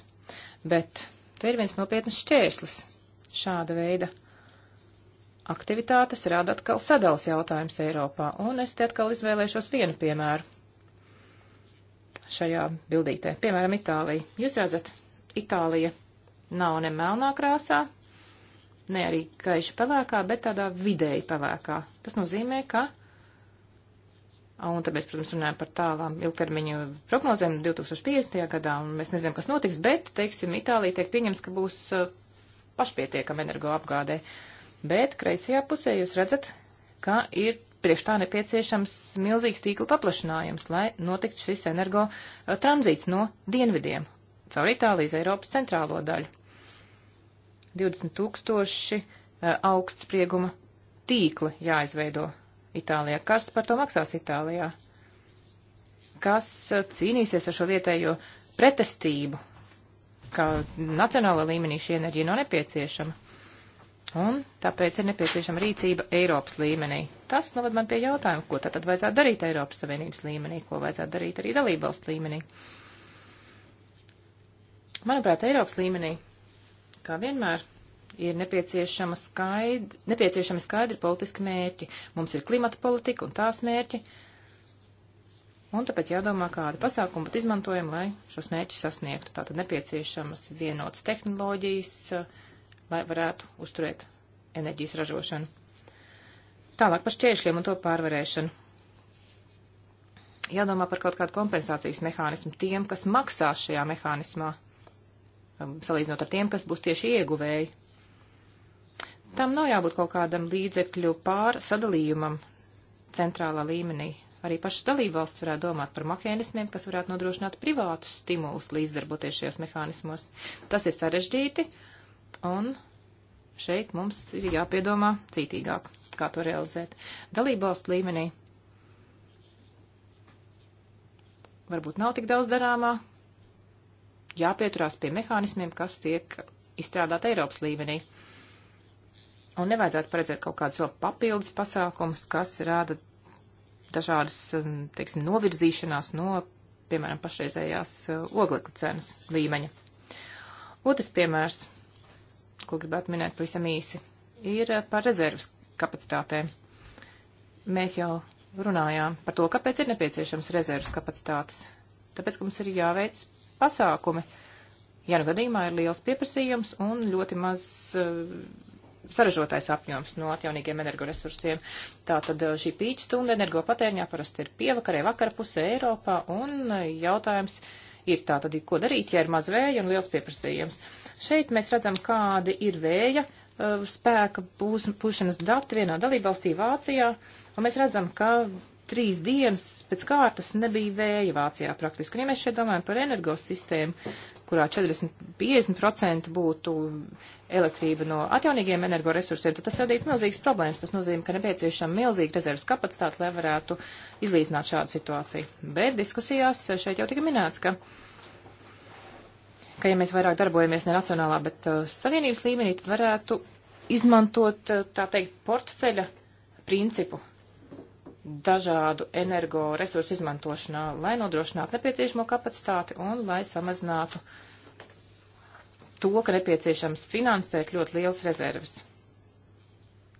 Bet te ir viens nopietnas šķērslis. Šāda veida aktivitātes rada atkal sadalas jautājums Eiropā, un es te atkal izvēlēšos vienu piemēru šajā bildītē. Piemēram, Itālija. Jūs redzat, Itālija nav ne melnā krāsā, ne arī gaiši pelēkā, bet tādā vidēji pelēkā. Tas nozīmē, ka, un tad mēs, protams, runājam par tālām ilgtermiņu prognozēm 2050. gadā, un mēs nezinām, kas notiks, bet, teiksim, Itālija tiek pieņems, ka būs uh, pašpietiekama energoapgādē. Bet kreisajā pusē jūs redzat, ka ir priekš tā nepieciešams milzīgs tīkla paplašinājums, lai notiktu šis energo uh, tranzīts no dienvidiem caur Itālijas Eiropas centrālo daļu. 20 tūkstoši eh, augstsprieguma tīkli jāizveido Itālijā. Kas par to maksās Itālijā? Kas eh, cīnīsies ar šo vietējo pretestību, ka nacionāla līmenī šī enerģija nav nepieciešama? Un tāpēc ir nepieciešama rīcība Eiropas līmenī. Tas noved nu, man pie jautājuma, ko tad vajadzētu darīt Eiropas Savienības līmenī, ko vajadzētu darīt arī dalībvalstu līmenī. Manuprāt, Eiropas līmenī Kā vienmēr, ir nepieciešama skaidri, nepieciešama skaidri politiski mērķi. Mums ir klimata politika un tās mērķi. Un tāpēc jādomā, kādu pasākumu pat izmantojam, lai šos mērķus sasniegtu. Tātad nepieciešamas vienotas tehnoloģijas, eh, lai varētu uzturēt enerģijas ražošanu. Tālāk par šķēršļiem un to pārvarēšanu. Jādomā par kaut kādu kompensācijas mehānismu tiem, kas maksā šajā mehānismā, Um, salīdzinot ar tiem, kas būs tieši ieguvēji. Tam nav jābūt kaut kādam līdzekļu pārsadalījumam centrālā līmenī. Arī pašas dalībvalsts varētu domāt par mehānismiem, kas varētu nodrošināt privātus stimulus līdzdarboties šajos mehānismos. Tas ir sarežģīti, un šeit mums ir jāpiedomā cītīgāk, kā to realizēt. Dalībvalstu līmenī varbūt nav tik daudz darāmā, jāpieturās pie mehānismiem, kas tiek izstrādāt Eiropas līmenī. Un nevajadzētu paredzēt kaut kādus vēl papildus pasākumus, kas rāda dažādas, um, teiksim, novirzīšanās no, piemēram, pašreizējās uh, oglekļa cenas līmeņa. Otrs piemērs, ko gribētu minēt pavisam īsi, ir uh, par rezervas kapacitātēm. Mēs jau runājām par to, kāpēc ir nepieciešams rezervas kapacitātes. Tāpēc, ka mums ir jāveic pasākumi, ja nu gadījumā ir liels pieprasījums un ļoti maz uh, saražotais apjoms no atjaunīgiem energoresursiem. Tātad eh, šī pīķa stunda energopatēriņā parasti ir pievakarē vakara pusē Eiropā un eh, jautājums ir tātad, ko darīt, ja ir maz vēja un liels pieprasījums. Šeit mēs redzam, kādi ir vēja uh, spēka būs, pušanas dati vienā dalībvalstī Vācijā, un mēs redzam, ka trīs dienas pēc kārtas nebija vēja Vācijā praktiski. Un, ja mēs šeit domājam par energosistēmu, kurā 40-50% būtu elektrība no atjaunīgiem energoresursiem, tad tas radītu milzīgas problēmas. Tas nozīmē, ka nepieciešama milzīga rezerves kapacitāte, lai varētu izlīdzināt šādu situāciju. Bet diskusijās šeit jau tika minēts, ka ka ja mēs vairāk darbojamies ne nacionālā, bet uh, savienības līmenī, tad varētu izmantot, uh, tā teikt, portfeļa principu, dažādu energoresursu izmantošanā, lai nodrošinātu nepieciešamo kapacitāti un lai samazinātu to, ka nepieciešams finansēt ļoti liels rezerves.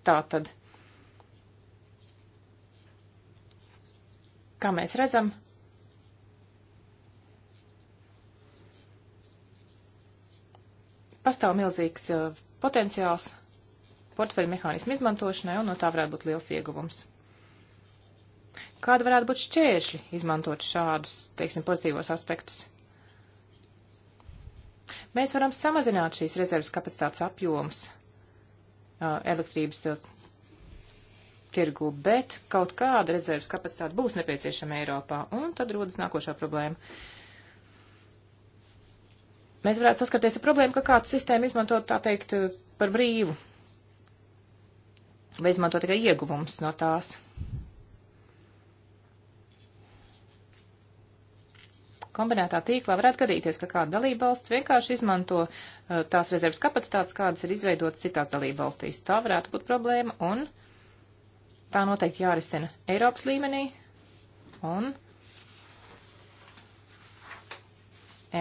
Tātad, kā mēs redzam, pastāv milzīgs uh, potenciāls portfeļu mehānismu izmantošanai, un no tā varētu būt liels ieguvums. Kāda varētu būt šķēršļi izmantot šādus, teiksim, pozitīvos aspektus? Mēs varam samazināt šīs rezerves kapacitātes apjomus elektrības tirgu, bet kaut kāda rezerves kapacitāte būs nepieciešama Eiropā, un tad rodas nākošā problēma. Mēs varētu saskarties ar problēmu, ka kāda sistēma izmanto tā teikt par brīvu, vai izmanto tikai ieguvums no tās. kombinētā tīklā varētu gadīties, ka kāda dalībvalsts vienkārši izmanto uh, tās rezerves kapacitātes, kādas ir izveidotas citās dalībvalstīs. Tā varētu būt problēma un tā noteikti jārisina Eiropas līmenī un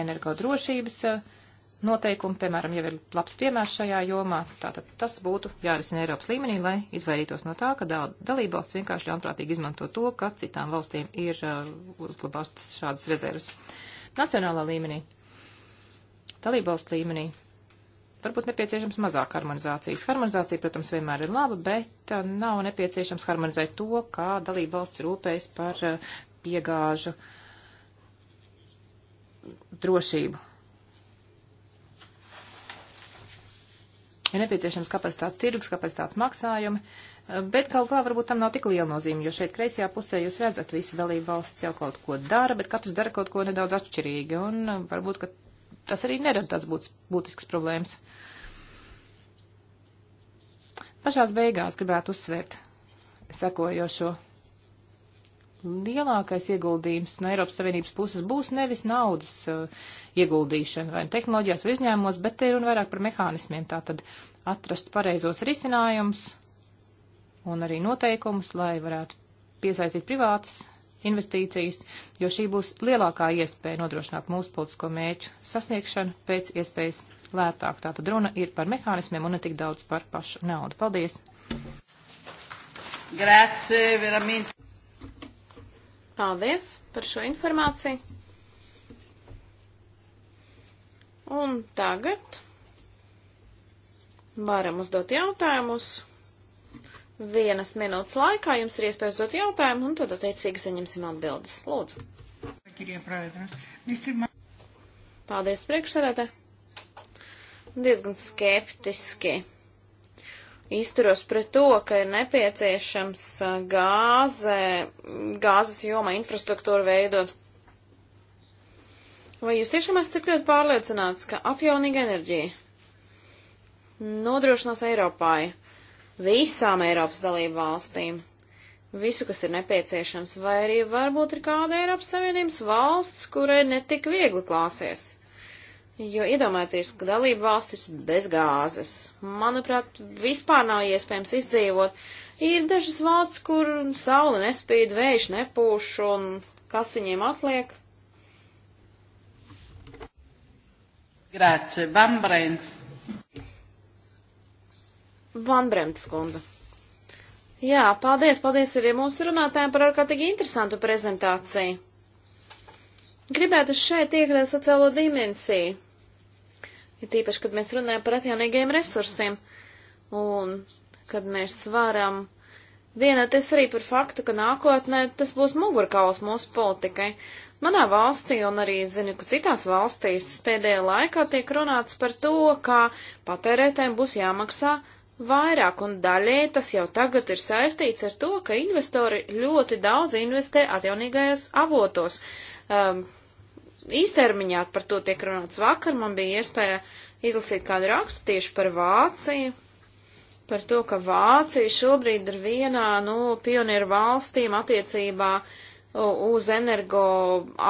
energodrošības uh, noteikumi, piemēram, jau ir labs piemērs šajā jomā, tātad tas būtu jārisina Eiropas līmenī, lai izvairītos no tā, ka dalībvalsts vienkārši ļaunprātīgi izmanto to, ka citām valstīm ir uh, uzglabātas šādas rezervas. Nacionālā līmenī, dalībvalsts līmenī, varbūt nepieciešams mazāk harmonizācijas. Harmonizācija, protams, vienmēr ir laba, bet uh, nav nepieciešams harmonizēt to, kā dalībvalsts rūpējas par uh, piegāžu drošību ir nepieciešams kapacitātes tirgus, kapacitātes maksājumi, eh, bet kaut kā varbūt tam nav tik liela nozīme, jo šeit kreisajā pusē jūs redzat, visi dalība valsts jau kaut ko dara, bet katrs dara kaut ko nedaudz atšķirīgi, un eh, varbūt, ka tas arī nerada tāds būtis, būtisks problēmas. Pašās beigās gribētu uzsvērt sekojošo lielākais ieguldījums no Eiropas Savienības puses būs nevis naudas uh, ieguldīšana vai tehnoloģijās vai izņēmumos, bet te ir un vairāk par mehānismiem. Tātad atrast pareizos risinājumus un arī noteikumus, lai varētu piesaistīt privātas investīcijas, jo šī būs lielākā iespēja nodrošināt mūsu politisko mēķu sasniegšanu pēc iespējas lētāk. Tātad runa ir par mehānismiem un ne tik daudz par pašu naudu. Paldies! Grazie, veramente. Paldies par šo informāciju. Un tagad varam uzdot jautājumus. Vienas minūtes laikā jums ir iespējas dot jautājumu, un tad attiecīgi saņemsim atbildes. Lūdzu. Paldies, priekšsarētē. Diezgan skeptiski izturos pret to, ka ir nepieciešams gāze, gāzes joma infrastruktūra veidot. Vai jūs tiešām esat tik ļoti pārliecināts, ka atjaunīga enerģija nodrošinās Eiropai, visām Eiropas dalību valstīm, visu, kas ir nepieciešams, vai arī varbūt ir kāda Eiropas Savienības valsts, kurai netik viegli klāsies? Jo iedomājieties, ka dalība valstis bez gāzes, manuprāt, vispār nav iespējams izdzīvot. Ir dažas valsts, kur saule nespīd, vējš nepūš, un kas viņiem atliek? Grāce, Bambrēns. Vanbremts kundze. Jā, paldies, paldies arī mūsu runātājiem par ārkārtīgi interesantu prezentāciju. Gribētu šeit iekļaut sociālo dimensiju, ir ja tīpaši, kad mēs runājam par atjaunīgiem resursiem un kad mēs varam vienoties arī par faktu, ka nākotnē tas būs mugurkauls mūsu politikai. Manā valstī un arī zinu, ka citās valstīs pēdējā laikā tiek runāts par to, ka patērētēm būs jāmaksā vairāk, un daļēji tas jau tagad ir saistīts ar to, ka investori ļoti daudz investē atjaunīgajos avotos. Um, īstermiņā par to tiek runāts vakar. Man bija iespēja izlasīt kādu rakstu tieši par Vāciju, par to, ka Vācija šobrīd ir vienā no nu, pionieru valstīm attiecībā uz energo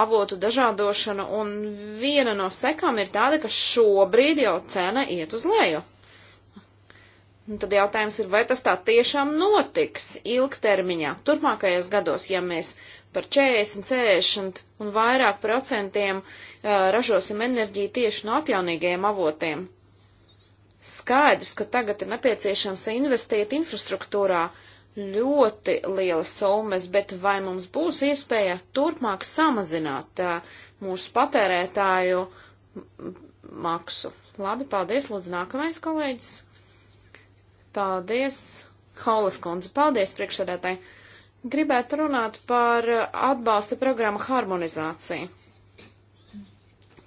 avotu dažādošanu, un viena no sekām ir tāda, ka šobrīd jau cena iet uz leju. Un tad jautājums ir, vai tas tā tiešām notiks ilgtermiņā, turpmākajos gados, ja mēs par 40, 60 un vairāk procentiem ražosim enerģiju tieši no atjaunīgajiem avotiem. Skaidrs, ka tagad ir nepieciešams investēt infrastruktūrā ļoti lielas summas, bet vai mums būs iespēja turpmāk samazināt mūsu patērētāju maksu? Labi, paldies, lūdzu, nākamais kolēģis. Paldies, Holas kundze, paldies priekšsēdētāji. Gribētu runāt par atbalsta programmu harmonizāciju.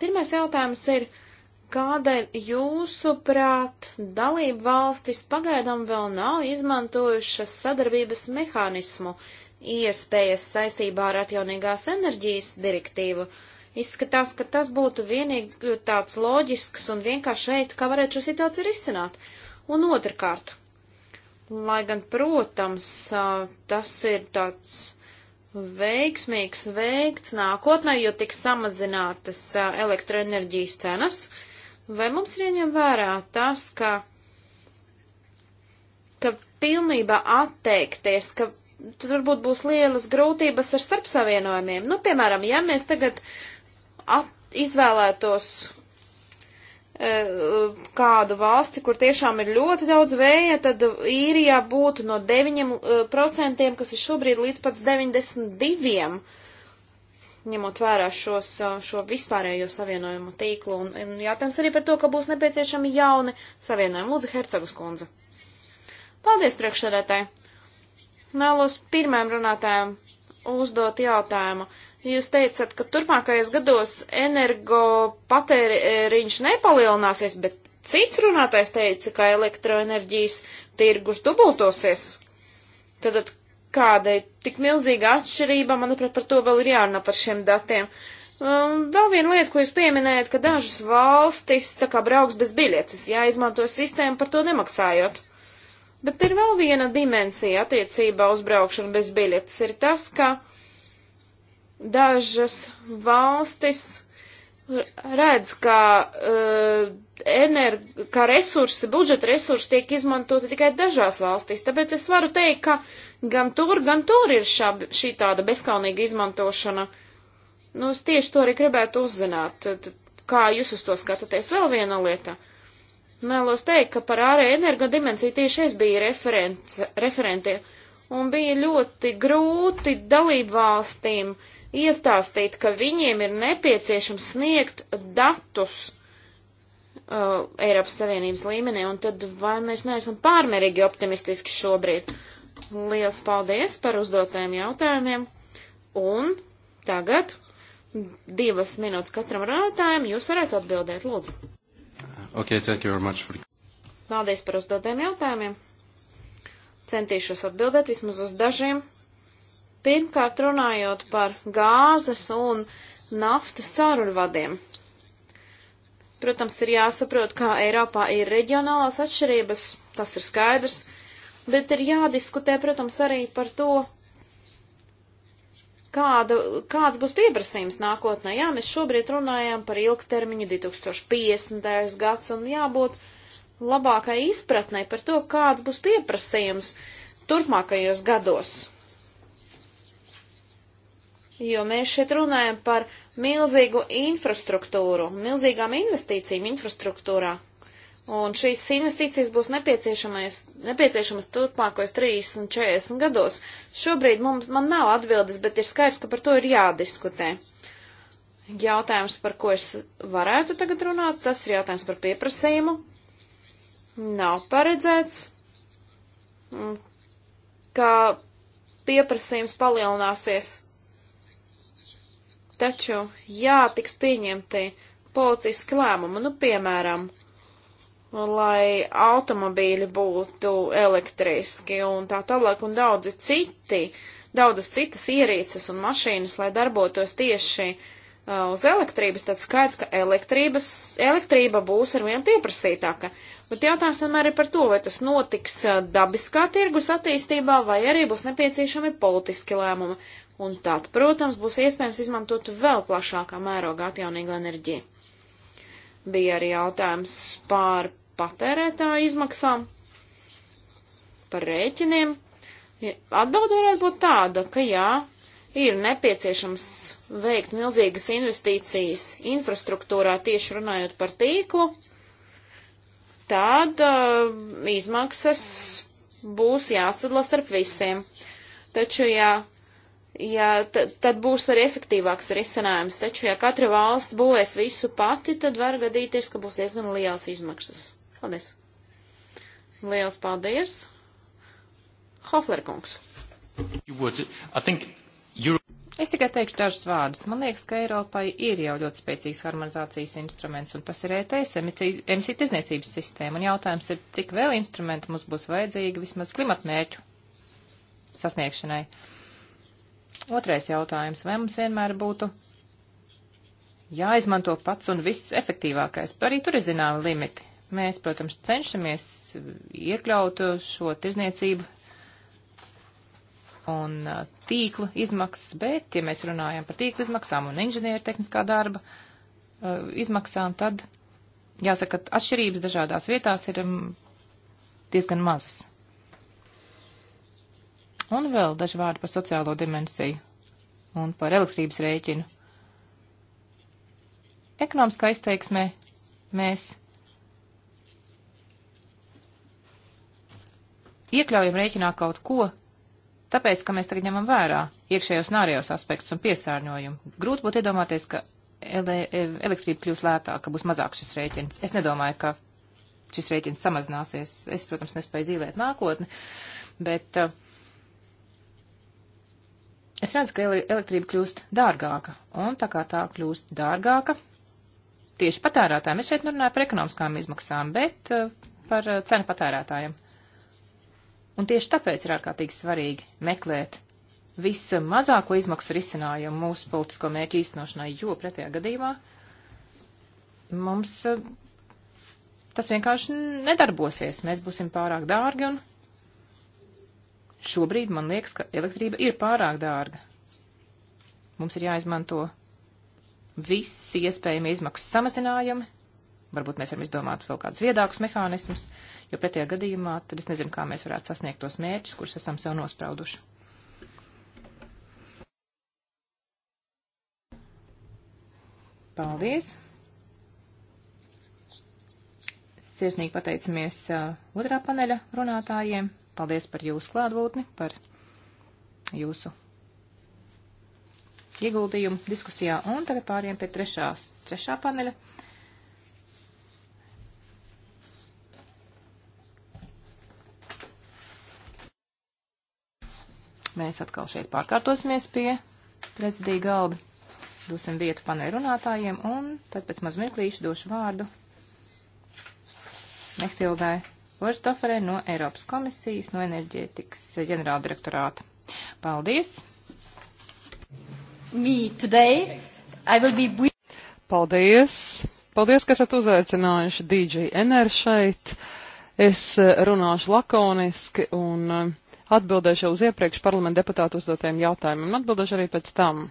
Pirmais jautājums ir, kādēļ jūsuprāt dalību valstis pagaidām vēl nav izmantojušas sadarbības mehānismu iespējas saistībā ar atjaunīgās enerģijas direktīvu? Izskatās, ka tas būtu vienīgi tāds loģisks un vienkārši veids, kā varētu šo situāciju risināt. Un otrkārt, Lai gan, protams, tas ir tāds veiksmīgs veikts nākotnē, jo tiks samazinātas elektroenerģijas cenas. Vai mums ir jāņem vērā tas, ka, ka pilnībā atteikties, ka tur varbūt būs lielas grūtības ar starpsavienojumiem? Nu, piemēram, ja mēs tagad at, izvēlētos E, kādu valsti, kur tiešām ir ļoti daudz vēja, tad īrijā būtu no 9%, e, kas ir šobrīd līdz pat 92%, ņemot vērā šos, e, šo vispārējo savienojumu tīklu. Un, un jātājums arī par to, ka būs nepieciešami jauni savienojumi. Lūdzu, Hercogas kundze. Paldies, priekšsēdētāji! Mēlos pirmajam runātājam uzdot jautājumu. Jūs teicat, ka turpmākajos gados energo patēriņš nepalielināsies, bet cits runātājs teica, ka elektroenerģijas tirgus dubultosies. Tad kādai tik milzīga atšķirība, manuprāt, par to vēl ir jārunā par šiem datiem. Um, vēl viena lieta, ko jūs pieminējat, ka dažas valstis tā kā brauks bez biļetes, jāizmanto sistēmu par to nemaksājot. Bet ir vēl viena dimensija attiecībā uz braukšanu bez biļetes, ir tas, ka uh, Dažas valstis redz, ka, uh, eh, energi, ka resursi, budžeta resursi tiek izmantoti tikai dažās valstīs. Tāpēc es varu teikt, ka gan tur, gan tur ir šā, šī tāda bezkalnīga izmantošana. Nu, es tieši to arī gribētu uzzināt. Tad, kā jūs uz to skatāties? Vēl viena lieta. Vēlos teikt, ka par ārēju energo dimensiju tieši es biju referents, referentie, un bija ļoti grūti dalību valstīm uh, iestāstīt, ka viņiem ir nepieciešams sniegt datus uh, Eiropas Savienības līmenī, un tad vai mēs neesam pārmērīgi optimistiski šobrīd? Liels paldies par uzdotajiem jautājumiem, un tagad divas minūtes katram runātājam, jūs varētu atbildēt, lūdzu. Okay, thank you very much for... Paldies par uzdotajiem jautājumiem. Centīšos atbildēt vismaz uz dažiem. Pirmkārt, runājot par gāzes un naftas cauruļvadiem. Protams, ir jāsaprot, kā Eiropā ir reģionālās atšķirības, tas ir skaidrs, bet ir jādiskutē, protams, arī par to, kāda, kāds būs pieprasījums nākotnē. Jā, mēs šobrīd runājam par ilgtermiņu 2050. gads un jābūt labākai izpratnē par to, kāds būs pieprasījums turpmākajos gados jo mēs šeit runājam par milzīgu infrastruktūru, milzīgām investīcijām infrastruktūrā. Un šīs investīcijas būs nepieciešamas turpmākos 30, 40 gados. Šobrīd mums, man nav atbildes, bet ir skaidrs, ka par to ir jādiskutē. Jautājums, par ko es varētu tagad runāt, tas ir jautājums par pieprasījumu. Nav paredzēts, mm, ka pieprasījums palielināsies Taču, jā, tiks pieņemti politiski lēmumi, nu, piemēram, lai automobīļi būtu elektriski un tā tālāk un daudzi citi, daudzas citas ierīces un mašīnas, lai darbotos tieši uh, uz elektrības, tad skaidrs, ka elektrības, elektrība būs arvien pieprasītāka. Bet jautājums vienmēr ir par to, vai tas notiks uh, dabiskā tirgus attīstībā, vai arī būs nepieciešami politiski lēmumi un tad, protams, būs iespējams izmantot vēl plašākā mēroga atjaunīgo enerģiju. Bija arī jautājums par patērētāju izmaksām, par rēķiniem. Atbilde varētu būt tāda, ka jā, ir nepieciešams veikt milzīgas investīcijas infrastruktūrā, tieši runājot par tīklu, tad uh, izmaksas būs jāsadala starp visiem. Taču, ja ja tad būs arī efektīvāks risinājums. Taču, ja katra valsts būvēs visu pati, tad var gadīties, ka būs diezgan liels izmaksas. Paldies! Liels paldies! Hoflerkungs! Es tikai teikšu dažus vārdus. Man liekas, ka Eiropai ir jau ļoti spēcīgs harmonizācijas instruments, un tas ir ETS, emisiju tirzniecības sistēma. Un jautājums ir, cik vēl instrumenti mums būs vajadzīgi vismaz klimatmērķu sasniegšanai. Uh, Otrais jautājums. Vai mums vienmēr būtu jāizmanto pats un viss efektīvākais? Arī tur ir zināmi limiti. Mēs, protams, cenšamies iekļaut šo tirzniecību un uh, tīkla izmaksas, bet, ja mēs runājam par tīkla izmaksām un inženieru tehniskā darba uh, izmaksām, tad jāsaka, atšķirības dažādās vietās ir um, diezgan mazas. Un vēl daži vārdi par sociālo dimensiju un par elektrības rēķinu. Ekonomiskā izteiksmē mēs iekļaujam rēķinā kaut ko, tāpēc, ka mēs tagad ņemam vērā iekšējos un ārējos aspektus un piesārņojumu. Grūti būtu iedomāties, ka ele e, elektrība kļūs lētāka, būs mazāk šis rēķins. Es nedomāju, ka šis rēķins samazināsies. Es, protams, nespēju zīmēt nākotni, bet uh, Es redzu, ka elektrība kļūst dārgāka, un tā kā tā kļūst dārgāka, tieši patērētājiem, es šeit nerunāju par ekonomiskām izmaksām, bet uh, par eh, cenu patērētājiem. Un tieši tāpēc ir ārkārtīgi svarīgi meklēt vismazāko izmaksu risinājumu mūsu politisko mērķu īstenošanai, jo pretējā gadījumā mums uh, tas vienkārši nedarbosies. Mēs būsim pārāk dārgi un Šobrīd man liekas, ka elektrība ir pārāk dārga. Mums ir jāizmanto visi iespējami izmaksu samazinājumi, varbūt mēs varam izdomāt vēl kādus viedākus mehānismus, jo pretējā gadījumā tad es nezinu, kā mēs varētu sasniegt tos mērķus, kurus esam sev nosprauduši. Paldies! Sirsnīgi pateicamies uh, otrā paneļa runātājiem. Paldies par jūsu klātbūtni, par jūsu ieguldījumu diskusijā. Un tagad pāriem pie trešās, trešā paneļa. Mēs atkal šeit pārkārtosimies pie prezidija galda. Dosim vietu panerunātājiem un tad pēc maz mirklīšu došu vārdu Mehtildai Vorstoferē no Eiropas komisijas no enerģētikas ģenerāldirektorāta. Paldies! Me today, I will be... Paldies! Paldies, ka esat uzaicinājuši DJ NR šeit. Es eh, runāšu lakoniski un eh, atbildēšu uz iepriekš parlamenta deputātu uzdotiem jautājumiem un atbildēšu arī pēc tam.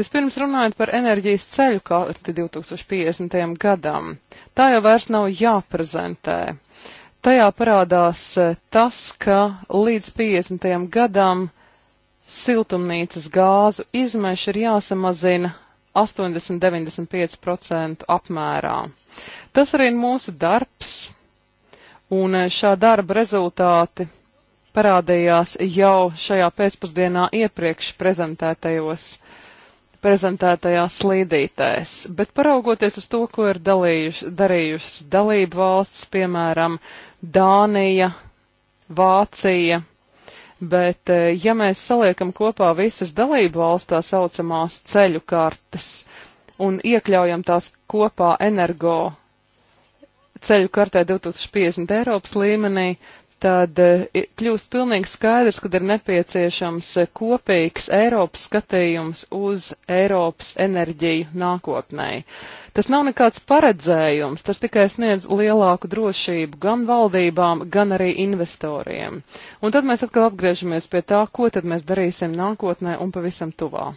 Vispirms runājot par enerģijas ceļu karti 2050. gadam. Tā jau vairs nav jāprezentē tajā parādās eh, tas, ka līdz 50. gadam siltumnīcas gāzu izmeši ir jāsamazina 80-95% apmērā. Tas arī ir mūsu darbs, un eh, šā darba rezultāti parādījās jau šajā pēcpusdienā iepriekš prezentētajos prezentētajās slīdītēs, bet paraugoties uz to, ko ir dalījuši, darījušas dalību valsts, piemēram, Dānija, Vācija. Bet, eh, ja mēs saliekam kopā visas dalību valsts tā saucamās ceļu kartes un iekļaujam tās kopā energo ceļu kartē 2050 Eiropas līmenī, tad eh, kļūst pilnīgi skaidrs, ka ir nepieciešams eh, kopīgs Eiropas skatījums uz Eiropas enerģiju nākotnēji. Tas nav nekāds paredzējums, tas tikai sniedz lielāku drošību gan valdībām, gan arī investoriem. Un tad mēs atkal atgriežamies pie tā, ko tad mēs darīsim nākotnē un pavisam tuvā. E,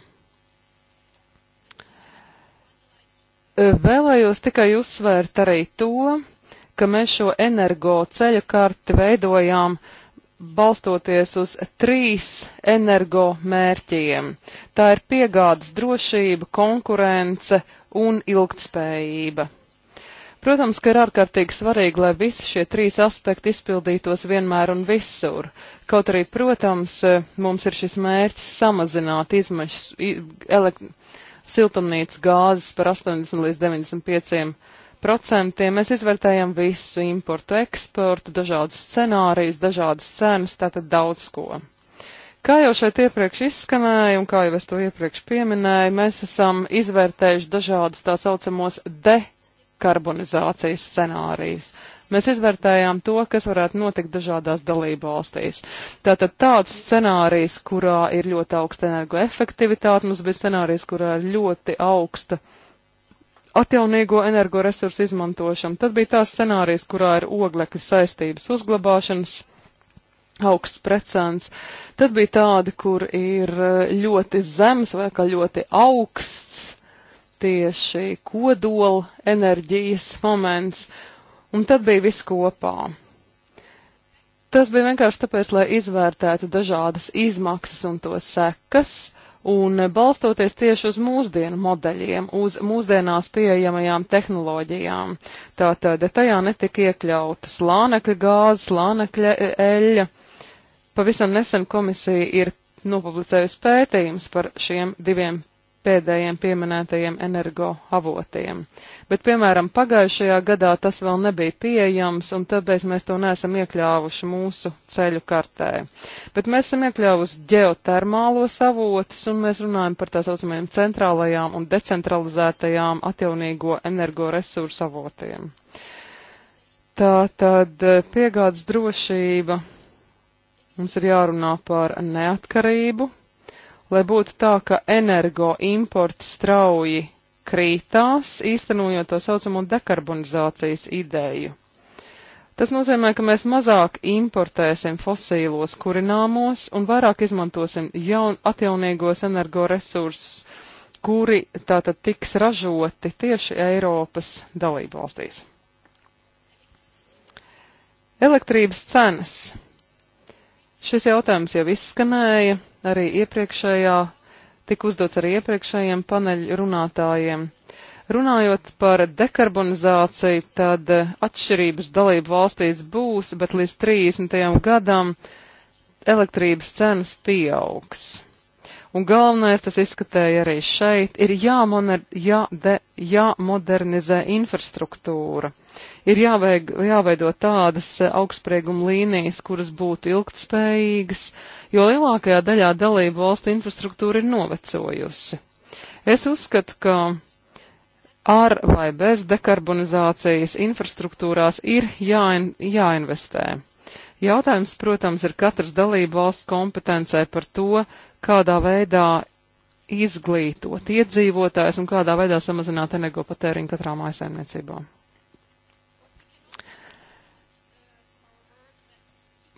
vēlējos tikai uzsvērt arī to, ka mēs šo energo ceļu karti veidojām balstoties uz trīs energo mērķiem. Tā ir piegādes drošība, konkurence un ilgtspējība. Protams, ka ir ārkārtīgi svarīgi, lai visi šie trīs aspekti izpildītos vienmēr un visur. Kaut arī, protams, mums ir šis mērķis samazināt izmešas elekt... siltumnīcu gāzes par 80 līdz 95 procentiem. Mēs izvērtējam visu importu, eksportu, dažādas scenārijas, dažādas cenas, tātad daudz ko. Kā jau šeit iepriekš izskanēja un kā jau es to iepriekš pieminēju, mēs esam izvērtējuši dažādus tā saucamos dekarbonizācijas scenārijus. Mēs izvērtējām to, kas varētu notikt dažādās dalību valstīs. Tātad tāds scenārijs, kurā ir ļoti augsta energoefektivitāte, mums bija scenārijs, kurā ir ļoti augsta atjaunīgo energoresursu izmantošana. Tad bija tās scenārijas, kurā ir oglekļa saistības uzglabāšanas augsts precents. Tad bija tādi, kur ir e, ļoti zems vai kā ļoti augsts tieši kodola enerģijas moments, un tad bija viss kopā. Tas bija vienkārši tāpēc, lai izvērtētu dažādas izmaksas un to sekas, un balstoties tieši uz mūsdienu modeļiem, uz mūsdienās pieejamajām tehnoloģijām. Tātad tajā netika iekļautas lānekļa gāzes, lānekļa e- eļļa Pavisam nesen komisija ir nopublicējusi pētījums par šiem diviem pēdējiem pieminētajiem energo avotiem. Bet, piemēram, pagājušajā gadā tas vēl nebija pieejams, un tāpēc mēs to neesam iekļāvuši mūsu ceļu kartē. Bet mēs esam iekļāvuši ģeotermālos avotus, un mēs runājam par tā saucamajām centrālajām un decentralizētajām atjaunīgo energoresursu avotiem. Tā tad eh, piegādes drošība Mums ir jārunā par neatkarību, lai būtu tā, ka energo imports strauji krītās, īstenojot to saucamo dekarbonizācijas ideju. Tas nozīmē, ka mēs mazāk importēsim fosīlos kurināmos un vairāk izmantosim jaun, atjaunīgos energoresursus, kuri tātad tiks ražoti tieši Eiropas dalību valstīs. Elektrības cenas. Šis jautājums jau izskanēja arī iepriekšējā, tik uzdots arī iepriekšējiem paneļu runātājiem. Runājot par dekarbonizāciju, tad eh, atšķirības dalību valstīs būs, bet līdz 30. gadam elektrības cenas pieaugs. Un galvenais, tas izskatēja arī šeit, ir jāmoner, jāde, jāmodernizē infrastruktūra. Ir jāveig, jāveido tādas eh, augstsprieguma līnijas, kuras būtu ilgtspējīgas, jo lielākajā daļā dalību valstu infrastruktūra ir novecojusi. Es uzskatu, ka ar vai bez dekarbonizācijas infrastruktūrās ir jāin, jāinvestē. Jautājums, protams, ir katras dalību valsts kompetencē par to, kādā veidā izglītot iedzīvotājs un kādā veidā samazināt energo patēriņu katrā mājasaimniecībā.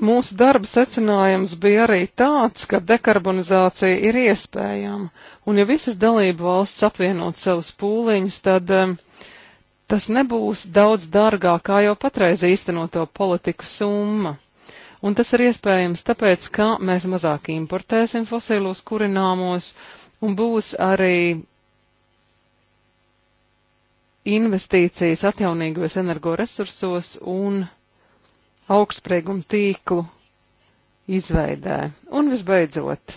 Mūsu darba secinājums bija arī tāds, ka dekarbonizācija ir iespējama, un ja visas dalību valsts apvienot savus pūliņus, tad um, tas nebūs daudz dārgāk kā jau patreiz īstenoto politiku summa. Un tas ir iespējams tāpēc, ka mēs mazāk importēsim fosilos kurināmos un būs arī investīcijas atjaunīgos energoresursos un augstsprieguma tīklu izveidē. Un visbeidzot,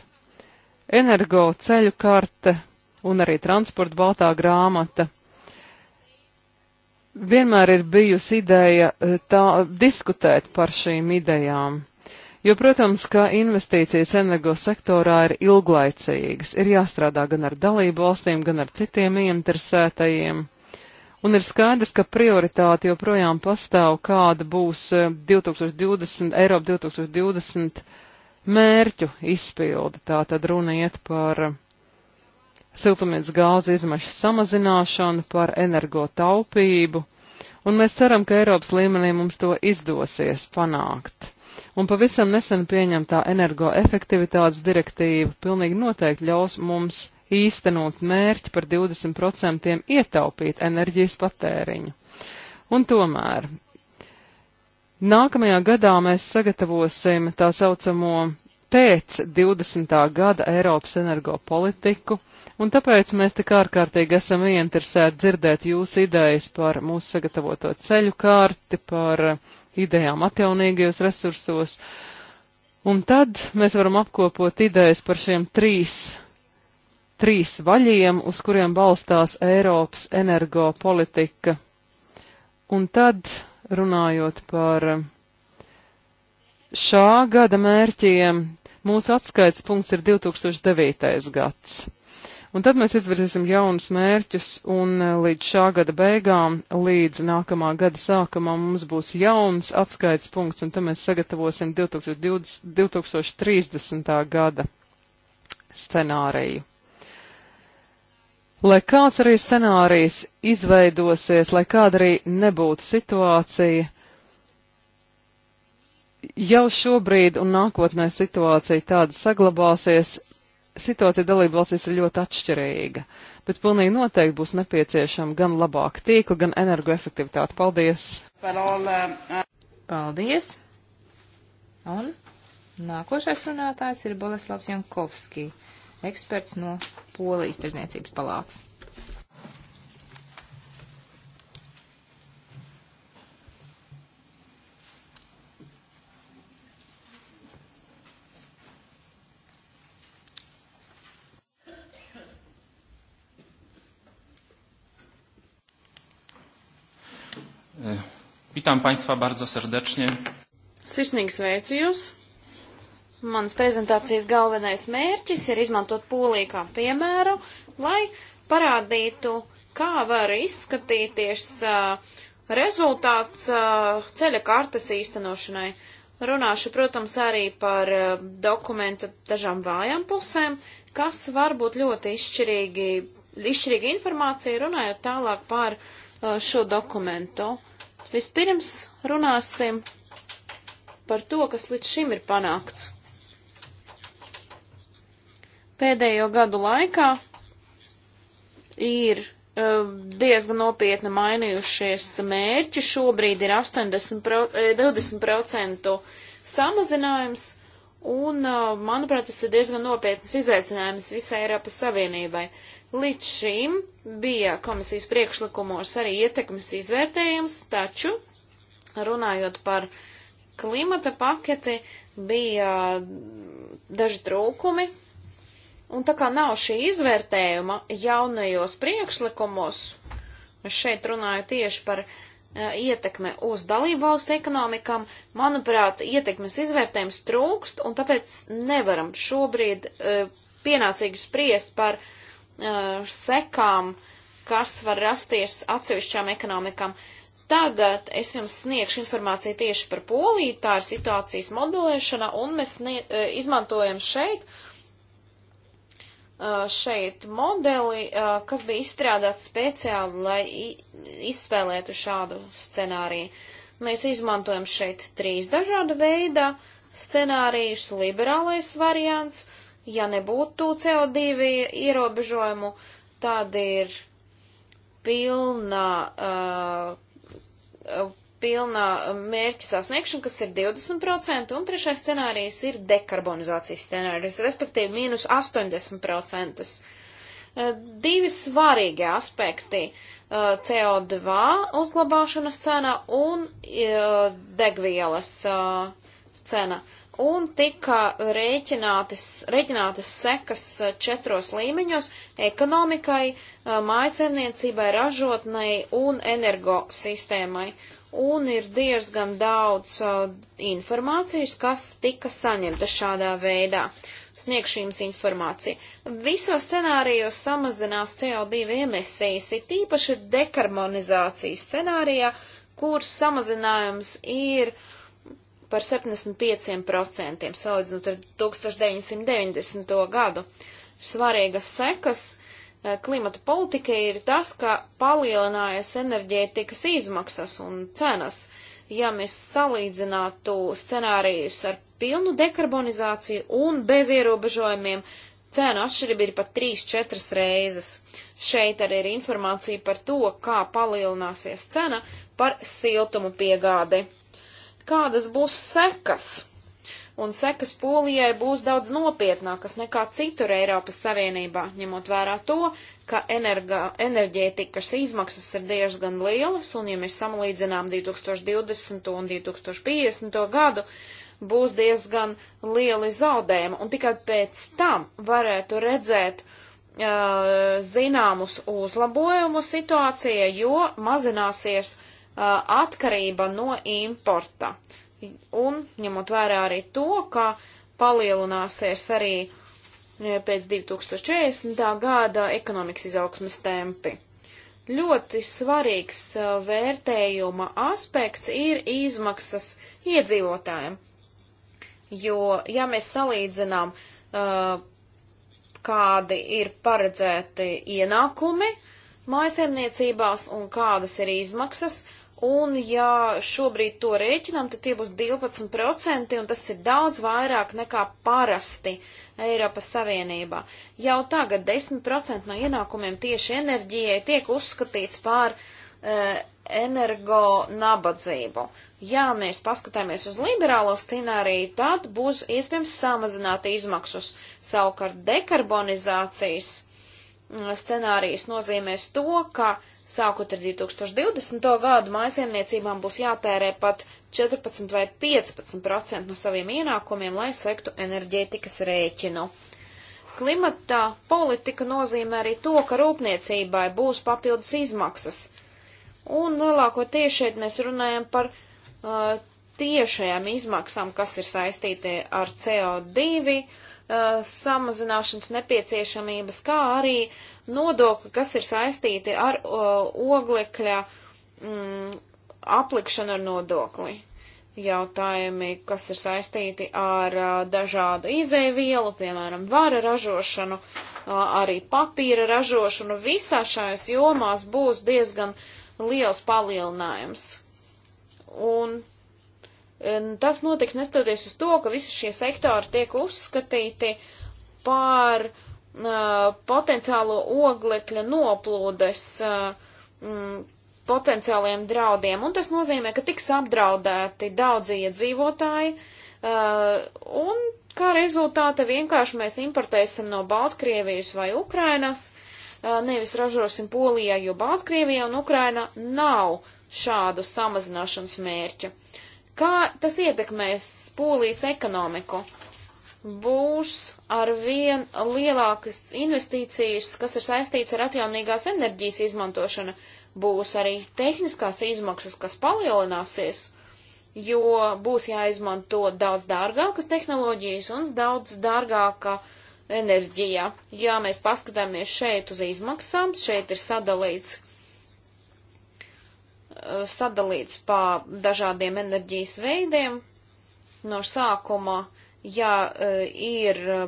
energo ceļu karte un arī transporta baltā grāmata. Vienmēr ir bijusi ideja eh, tā diskutēt par šīm idejām, jo, protams, ka investīcijas energo sektorā ir ilglaicīgas, ir jāstrādā gan ar dalību valstīm, gan ar citiem ieinteresētajiem un ir skaidrs, ka prioritāte joprojām pastāv, kāda būs 2020, e, Eiropa 2020 mērķu izpildi. Tā tad runa iet par e, siltumnīcas gāzu izmešu samazināšanu, par energo taupību, un mēs ceram, ka Eiropas līmenī mums to izdosies panākt. Un pavisam nesen pieņemtā energoefektivitātes direktīva pilnīgi noteikti ļaus mums īstenot mērķi par 20% ietaupīt enerģijas patēriņu. Un tomēr nākamajā gadā mēs sagatavosim tā saucamo pēc 20. gada Eiropas energopolitiku, un tāpēc mēs tik ārkārtīgi esam ieinteresēti dzirdēt jūsu idejas par mūsu sagatavoto ceļu kārti, par idejām atjaunīgajos resursos, un tad mēs varam apkopot idejas par šiem trīs trīs vaļiem, uz kuriem balstās Eiropas energopolitika. Un tad, runājot par šā gada mērķiem, mūsu atskaits punkts ir 2009. gads. Un tad mēs izvirzīsim jaunus mērķus, un e, līdz šā gada beigām, līdz nākamā gada sākumam mums būs jauns atskaits punkts, un tad mēs sagatavosim 2020, 2030. gada scenāriju. Lai kāds arī scenārijs izveidosies, lai kāda arī nebūtu situācija, jau šobrīd un nākotnē situācija tāda saglabāsies, situācija dalībvalstīs ir ļoti atšķirīga, bet pilnīgi noteikti būs nepieciešama gan labāka tīkla, gan energoefektivitāte. Paldies! Paldies! Un nākošais runātājs ir Boleslavs Jankovski, eksperts no Polijas tirzniecības palātas. E, witam Państwa bardzo serdecznie. Sycznik Sveicu jūs! Mans prezentācijas galvenais mērķis ir izmantot poliju kā piemēru, lai parādītu, kā var izskatīties uh, rezultāts uh, ceļa kartas īstenošanai. Runāšu, protams, arī par uh, dokumenta dažām vājām pusēm, kas var būt ļoti izšķirīgi, izšķirīga informācija, runājot tālāk par uh, šo dokumentu. Vispirms runāsim par to, kas līdz šim ir panākts. Pēdējo gadu laikā ir um, diezgan nopietni mainījušies mērķi. Šobrīd ir 80, pro, 20% eh, samazinājums, un, uh, manuprāt, tas ir diezgan nopietnas izaicinājums visai Eiropas Savienībai. Līdz šim bija komisijas priekšlikumos arī ietekmes izvērtējums, taču, runājot par klimata paketi, bija daži trūkumi, Un tā kā nav šī izvērtējuma jaunajos priekšlikumos, es šeit runāju tieši par uh, ietekme uz dalību valstu ekonomikam, manuprāt, ietekmes izvērtējums trūkst, un tāpēc nevaram šobrīd uh, pienācīgi spriest par uh, sekām, kas var rasties atsevišķām ekonomikām. Tagad es jums sniegšu informāciju tieši par poliju, tā ir situācijas modelēšana, un mēs ne, izmantojam šeit uh, šeit modeli, kas bija izstrādāts speciāli, lai izspēlētu šādu scenāriju. Mēs izmantojam šeit trīs dažāda veida scenārijus - liberālais variants, ja nebūtu CO2 ierobežojumu, tad ir pilna uh, pilnā mērķa sasniegšana, kas ir 20%, un trešais scenārijs ir dekarbonizācijas scenārijs, respektīvi mīnus 80%. Eh, divi svarīgi aspekti eh, - CO2 uzglabāšanas cena un eh, degvielas cena. Un tika rēķinātas, rēķinātas sekas četros līmeņos - ekonomikai, mājasemniecībai, ražotnei un energosistēmai. Uh, un ir diezgan daudz uh, informācijas, kas tika saņemta šādā veidā. Sniegšu jums informāciju. Visos scenārijos samazinās CO2 emisijas, ir tīpaši dekarbonizācijas scenārijā, kur samazinājums ir par 75% salīdzinot ar 1990. gadu. Svarīgas sekas Eh, klimata politika ir tas, ka palielinājas enerģētikas izmaksas un cenas. Ja mēs salīdzinātu scenārijus ar pilnu dekarbonizāciju un bez ierobežojumiem, cēnu atšķirība ir pat 3-4 reizes. Šeit arī ir informācija par to, kā palielināsies cena par siltumu piegādi. Kādas būs sekas? un sekas Polijai būs daudz nopietnākas nekā citur Eiropas Savienībā, ņemot vērā to, ka energa, enerģētikas izmaksas ir diezgan lielas, un ja mēs samalīdzinām 2020. un 2050. gadu, būs diezgan lieli zaudējumi, un tikai pēc tam varētu redzēt, zināmus uzlabojumus situācijai, jo mazināsies uh, Uh, atkarība no importa. Un ņemot vērā arī to, ka palielināsies arī e, pēc 2040. gada ekonomikas izaugsmes tempi. Ļoti svarīgs e, vērtējuma aspekts ir izmaksas iedzīvotājiem, jo, ja mēs salīdzinām, e, kādi ir paredzēti ienākumi, mājasēmniecībās un kādas ir izmaksas, Un, ja šobrīd to rēķinām, tad tie būs 12%, un tas ir daudz vairāk nekā parasti Eiropas Savienībā. Jau tagad 10% no ienākumiem tieši enerģijai tiek uzskatīts par uh, energo nabadzību. Ja mēs paskatāmies uz liberālo scenāriju, tad būs iespējams samazināt izmaksus. Savukārt dekarbonizācijas mm, scenārijs nozīmēs to, ka uh, Sākot ar 2020. gadu, mājasēmniecībām būs jātērē pat 14 vai 15% no saviem ienākumiem, lai sektu enerģētikas rēķinu. Klimatā politika nozīmē arī to, ka rūpniecībai būs papildus izmaksas. Un lielākoties šeit mēs runājam par uh, tiešajām izmaksām, kas ir saistīti ar CO2 uh, samazināšanas nepieciešamības, kā arī uh, nodokļi, kas ir saistīti ar o, oglekļa mm, aplikšanu ar nodokli. Jautājumi, kas ir saistīti ar a, dažādu izēvielu, piemēram, vara ražošanu, a, arī papīra ražošanu, visā šajās jomās būs diezgan liels palielinājums. Un tas notiks nestoties uz to, ka visi šie sektori tiek uzskatīti par uh, potenciālo oglekļa noplūdes m, mm, potenciāliem draudiem, un tas nozīmē, ka tiks apdraudēti daudzi iedzīvotāji, un kā rezultāta vienkārši mēs importēsim no Baltkrievijas vai Ukrainas, nevis ražosim Polijā, jo Baltkrievija un Ukraina nav šādu samazināšanas mērķu. Kā tas ietekmēs Polijas ekonomiku? Uh, būs ar vien lielākas investīcijas, kas ir saistīts ar atjaunīgās enerģijas izmantošanu. Būs arī tehniskās izmaksas, kas palielināsies, jo būs jāizmanto daudz dārgākas tehnoloģijas un daudz dārgāka enerģija. Ja mēs paskatāmies šeit uz izmaksām, šeit ir sadalīts eh, sadalīts pa dažādiem enerģijas veidiem. No sākuma uh, jā, eh, ir, eh,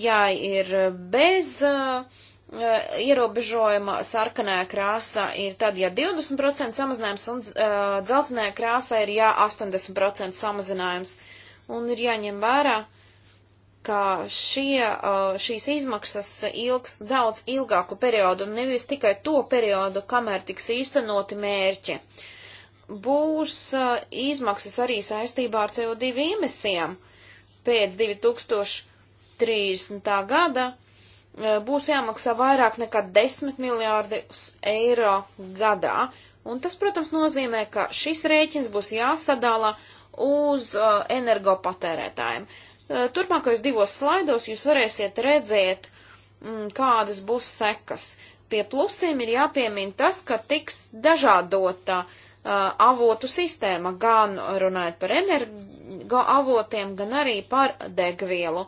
jā, ir bez eh, ierobežojuma sarkanā krāsā ir tad, ja 20% samazinājums un dzeltenā krāsā ir jā, 80% samazinājums. Un ir jāņem vērā, ka šie, šīs izmaksas ilgs daudz ilgāku periodu un nevis tikai to periodu, kamēr tiks īstenoti mērķi. Uh, būs uh, izmaksas arī saistībā ar CO2 emisijām pēc 2030. gada uh, būs jāmaksā vairāk nekā 10 miljārdus eiro gadā. Un tas, protams, nozīmē, ka šis rēķins būs jāsadala uz uh, energopatērētājiem. Uh, turpmākajos divos slaidos jūs varēsiet redzēt, mm, kādas būs sekas. Pie plusiem ir jāpiemina tas, ka tiks dažādota uh, Uh, avotu sistēma, gan runājot par energoavotiem, gan arī par degvielu.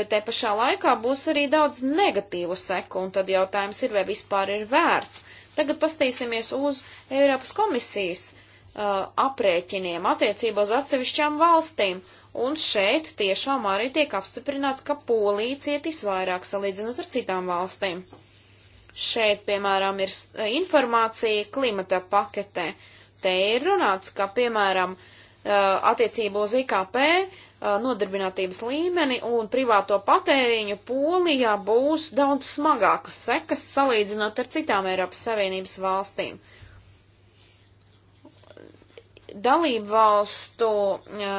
Bet te pašā laikā būs arī daudz negatīvu seku, un tad jautājums ir, vai vispār ir vērts. Tagad pastīsimies uz Eiropas komisijas uh, aprēķiniem attiecībā uz atsevišķām valstīm, un šeit tiešām arī tiek apstiprināts, ka Polija cietīs vairāk salīdzinot ar citām valstīm. Šeit, piemēram, ir informācija klimata paketē. Uh, te ir runāts, ka, piemēram, attiecību uz IKP nodarbinātības līmeni un privāto patēriņu Polijā būs daudz smagākas sekas salīdzinot ar citām Eiropas Savienības valstīm. Dalību valstu uh,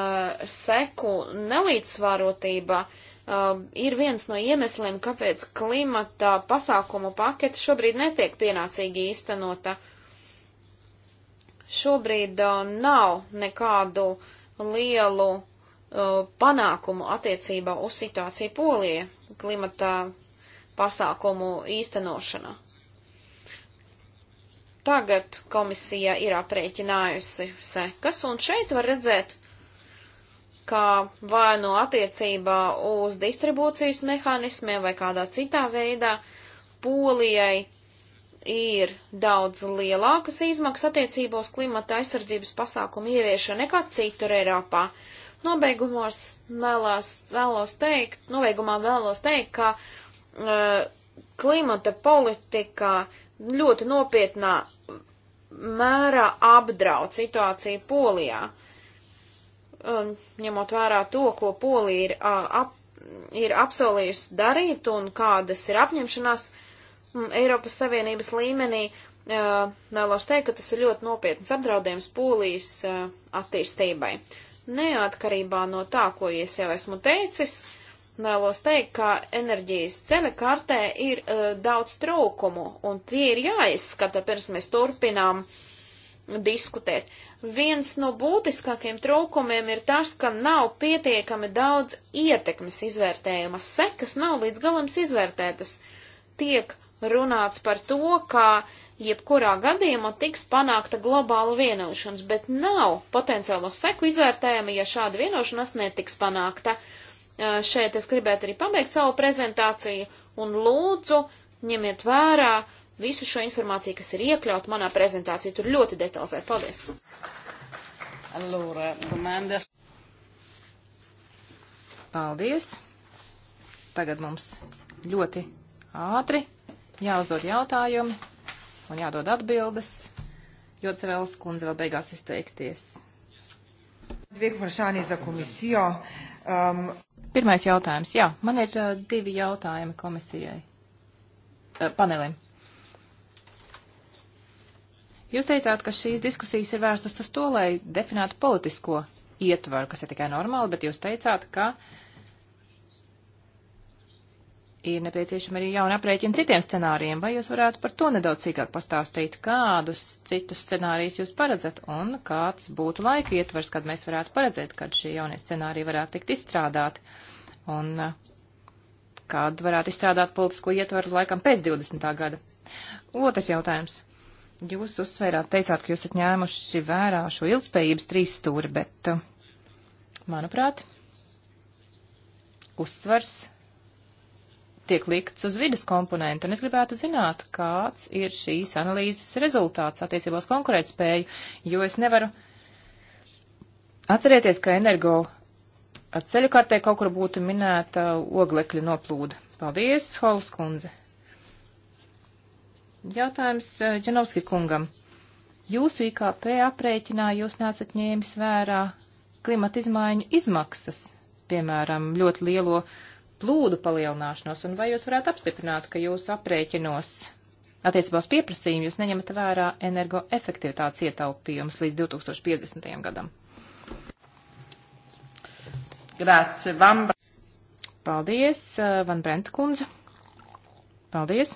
seku nelīdzsvarotība uh, ir viens no iemesliem, kāpēc klimata pasākumu pakete šobrīd netiek pienācīgi īstenota. Uh, Šobrīd uh, nav nekādu lielu uh, panākumu attiecībā uz situāciju Polijā klimata pasākumu īstenošanā. Tagad komisija ir aprēķinājusi sekas, un šeit var redzēt, kā vai no nu attiecībā uz distribūcijas mehānismiem vai kādā citā veidā Polijai ir daudz lielākas izmaksas attiecībos klimata aizsardzības pasākumu ieviešana nekā citur Eiropā. Nobeigumos vēlās, vēlos teikt, nobeigumā vēlos teikt, ka uh, klimata politika ļoti nopietnā mērā apdraud situāciju Polijā. Um, ņemot vērā to, ko Polija ir, uh, ap, ir apsolījusi darīt un kādas ir apņemšanās uh, Mm, Eiropas Savienības līmenī. Uh, Vēlos teikt, ka tas ir ļoti nopietns apdraudējums Polijas uh, attīstībai. Neatkarībā no tā, ko es jau esmu teicis, vēlos teikt, ka enerģijas ceļa kartē ir uh, daudz trūkumu, un tie ir jāizskata, pirms mēs turpinām diskutēt. Viens no būtiskākiem trūkumiem ir tas, ka nav pietiekami daudz ietekmes izvērtējuma. Sekas nav līdz galam izvērtētas. Tiek runāts par to, ka jebkurā gadījumā tiks panākta globāla vienošanās, bet nav potenciālo seku izvērtējuma, ja šāda vienošanās netiks panākta. Šeit es gribētu arī pabeigt savu prezentāciju un lūdzu ņemiet vērā visu šo informāciju, kas ir iekļaut manā prezentācijā. Tur ļoti detalizēti. Paldies! Allora, domanda. Paldies! Tagad mums ļoti ātri jāuzdod jautājumi un jādod atbildes, jo Cevels kundze vēl beigās izteikties. Um... Pirmais jautājums. Jā, man ir uh, divi jautājumi komisijai, uh, panelim. Jūs teicāt, ka šīs diskusijas ir vērstas uz to, lai definētu politisko ietvaru, kas ir tikai normāli, bet jūs teicāt, ka uh, ir nepieciešama arī jauna aprēķina citiem scenārijiem. Vai jūs varētu par to nedaudz sīkāk pastāstīt, kādus citus scenārijus jūs paredzat un kāds būtu laika ietvers, kad mēs varētu paredzēt, kad šie jaunie scenāriji varētu tikt izstrādāti un uh, kādu varētu izstrādāt politisko ietvaru laikam pēc 20. gada? Otrs jautājums. Jūs uzsvērāt, teicāt, ka jūs esat ņēmuši vērā šo ilgspējības trīs stūri, bet, uh, manuprāt, uzsvars tiek likts uz vidas komponentu, un es gribētu zināt, kāds ir šīs analīzes rezultāts attiecībā uz konkurētspēju, jo es nevaru atcerieties, ka energo ceļu kartē kaut kur būtu minēta oglekļa noplūda. Paldies, Holas kundze. Jautājums eh, Džanovski kungam. Jūsu IKP aprēķinā jūs nesat ņēmis vērā klimata izmaiņu izmaksas, piemēram, ļoti lielo uh, plūdu palielināšanos, un vai jūs varētu apstiprināt, ka jūsu aprēķinos attiecībā uz pieprasījumu jūs neņemat vērā energoefektivitātes ietaupījums līdz 2050. gadam? Grāci, Van. Paldies, uh, Van Brenta kundze. Paldies.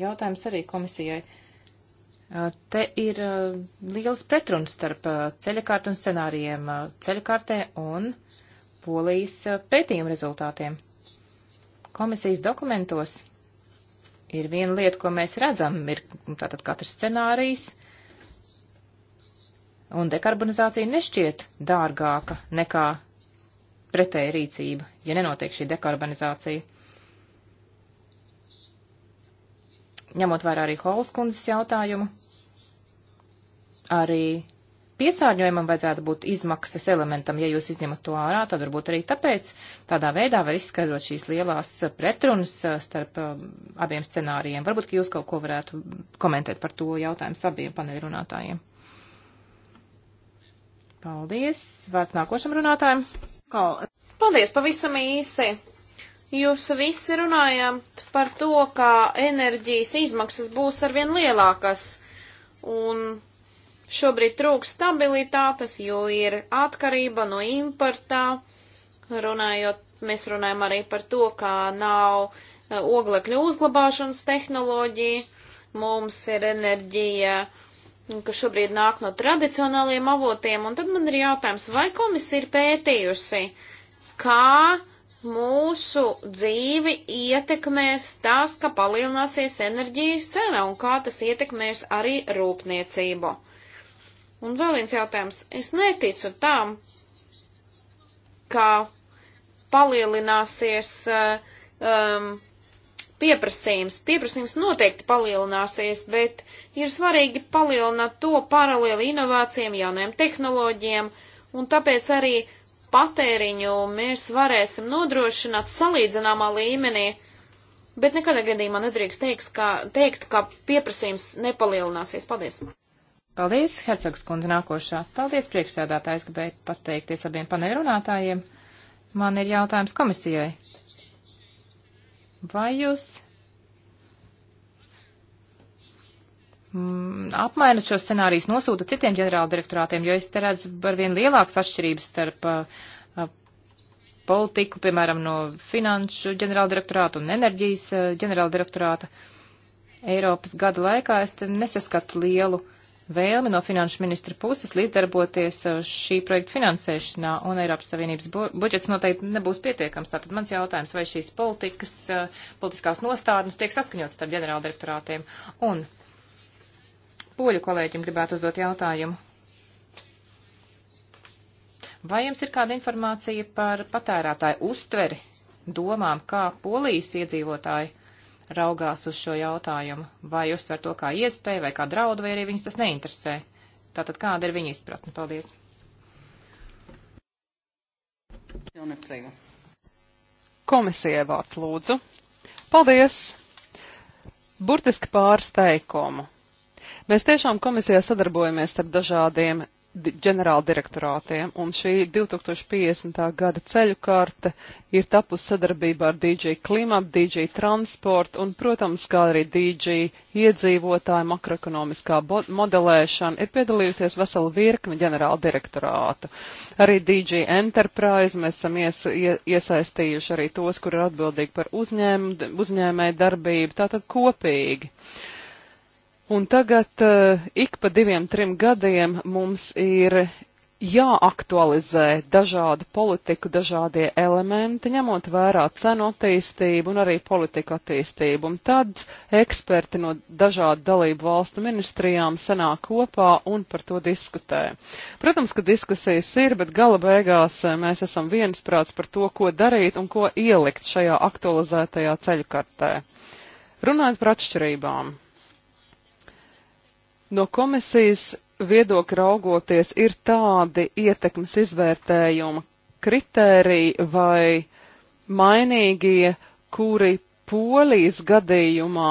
Jautājums arī komisijai. Uh, te ir uh, liels pretruns starp ceļakārtu un scenārijiem ceļakārtē un uh, polijas eh, pētījuma rezultātiem. Komisijas dokumentos ir viena lieta, ko mēs redzam, ir tātad katrs scenārijs, un dekarbonizācija nešķiet dārgāka nekā pretēja rīcība, ja nenotiek šī dekarbonizācija. Ņemot vērā arī Holas kundzes jautājumu, arī piesārņojumam vajadzētu būt izmaksas elementam, ja jūs izņemat to ārā, tad varbūt arī tāpēc tādā veidā var izskaidrot šīs lielās uh, pretrunas uh, starp um, abiem scenārijiem. Varbūt, ka jūs kaut ko varētu komentēt par to jautājumu abiem paneļrunātājiem. Paldies. Vārds nākošam runātājam. Paldies, pavisam īsi. Jūs visi runājāt par to, ka enerģijas izmaksas būs arvien lielākas. Un Šobrīd trūks stabilitātes, jo ir atkarība no importā. Runājot, mēs runājam arī par to, ka nav e, oglekļu uzglabāšanas tehnoloģija, mums ir enerģija, kas šobrīd nāk no tradicionāliem avotiem, un tad man ir jautājums, vai komisija ir pētījusi, kā mūsu dzīvi ietekmēs tas, ka palielināsies enerģijas cena un kā tas ietekmēs arī rūpniecību. Un vēl viens jautājums. Es neticu tam, ka palielināsies uh, um, pieprasījums. Pieprasījums noteikti palielināsies, bet ir svarīgi palielināt to paralēli inovācijām, jaunajām tehnoloģijām, un tāpēc arī patēriņu mēs varēsim nodrošināt salīdzināmā līmenī, bet nekādā gadījumā nedrīkst teiks, ka, teikt, ka pieprasījums nepalielināsies. Paldies! Paldies, Hercogs kundze nākošā. Paldies, priekšsēdātājs, gribēju pateikties abiem paneļrunātājiem. Man ir jautājums komisijai. Vai jūs mm, apmainot šo scenāriju, nosūta citiem ģenerāldirektorātiem, jo es te redzu ar vien lielākas atšķirības starp uh, politiku, piemēram, no finanšu ģenerāldirektorāta un enerģijas uh, ģenerāldirektorāta. Eiropas gada laikā es te nesaskatu lielu vēlmi no finanšu ministra puses līdzdarboties šī projekta finansēšanā, un Eiropas Savienības bu budžets noteikti nebūs pietiekams. Tātad mans jautājums, vai šīs politikas, eh, politiskās nostādnes tiek saskaņotas starp ģenerāldirektorātiem? Un poļu kolēģim gribētu uzdot jautājumu. Vai jums ir kāda informācija par patērētāju uztveri, domām, kā polijas iedzīvotāji raugās uz šo jautājumu, vai uztver to kā iespēju vai kā draudu, vai arī viņus tas neinteresē. Tātad kāda ir viņa izpratne? Paldies! Komisijai vārds lūdzu. Paldies! Burtiski pāris teikumu. Mēs tiešām komisijā sadarbojamies starp dažādiem ģenerāldirektorātiem, un šī 2050. gada ceļu karte ir tapus sadarbībā ar DJ klimatu, DJ transportu un, protams, kā arī DJ iedzīvotāju makroekonomiskā modelēšana ir piedalījusies vesela virkne ģenerāldirektorātu. Arī DJ Enterprise mēs esam ies, ies, iesaistījuši arī tos, kur ir atbildīgi par uzņēm, uzņēmēju darbību, tātad kopīgi. Uh, Un tagad eh, ik pa diviem, trim gadiem mums ir jāaktualizē dažādu politiku, dažādie elementi, ņemot vērā cenu attīstību un arī politiku attīstību. Un tad eksperti no dažādu dalību valstu ministrijām sanāk kopā un par to diskutē. Protams, ka diskusijas ir, bet gala beigās eh, mēs esam viensprāts par to, ko darīt un ko ielikt šajā aktualizētajā ceļkartē. Runājot par atšķirībām. No komisijas viedokļa raugoties, ir tādi ietekmes izvērtējuma kritēriji vai mainīgie, kuri polijas gadījumā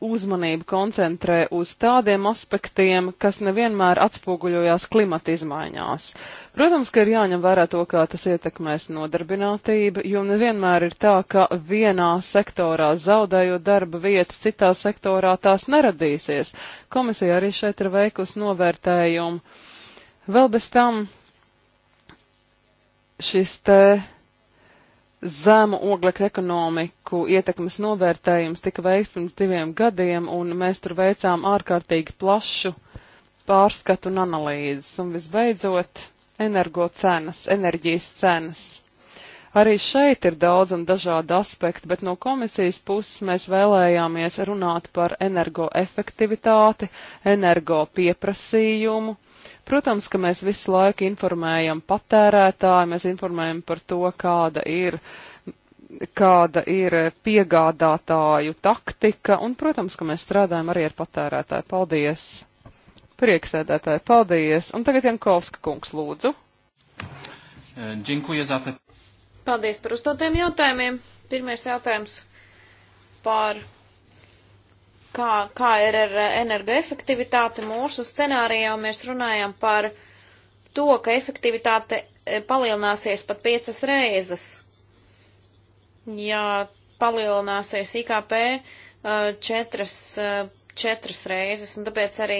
uzmanību koncentrē uz tādiem aspektiem, kas nevienmēr atspoguļojās klimata izmaiņās. Protams, ka ir jāņem vērā to, kā tas ietekmēs nodarbinātību, jo nevienmēr ir tā, ka vienā sektorā zaudējot darba vietas, citā sektorā tās neradīsies. Komisija arī šeit ir veikusi novērtējumu. Vēl bez tam šis te zemu oglekļa ekonomiku ietekmes novērtējums tika veikts pirms diviem gadiem, un mēs tur veicām ārkārtīgi plašu pārskatu un analīzes. Un visbeidzot, energo cenas, enerģijas cenas. Arī šeit ir daudz un dažādi aspekti, bet no komisijas puses mēs vēlējāmies runāt par energoefektivitāti, energo pieprasījumu, Protams, ka mēs visu laiku informējam patērētāju, mēs informējam par to, kāda ir kāda ir piegādātāju taktika, un, protams, ka mēs strādājam arī ar patērētāju. Paldies! Prieksēdētāji, paldies! Un tagad Jankovska kungs, lūdzu. E, paldies par uzdotiem jautājumiem. Pirmais jautājums par kā, kā ir ar energoefektivitāti. Mūsu scenārijā mēs runājam par to, ka efektivitāte e, palielināsies pat piecas reizes. Ja palielināsies IKP e, četras, e, četras reizes, un tāpēc arī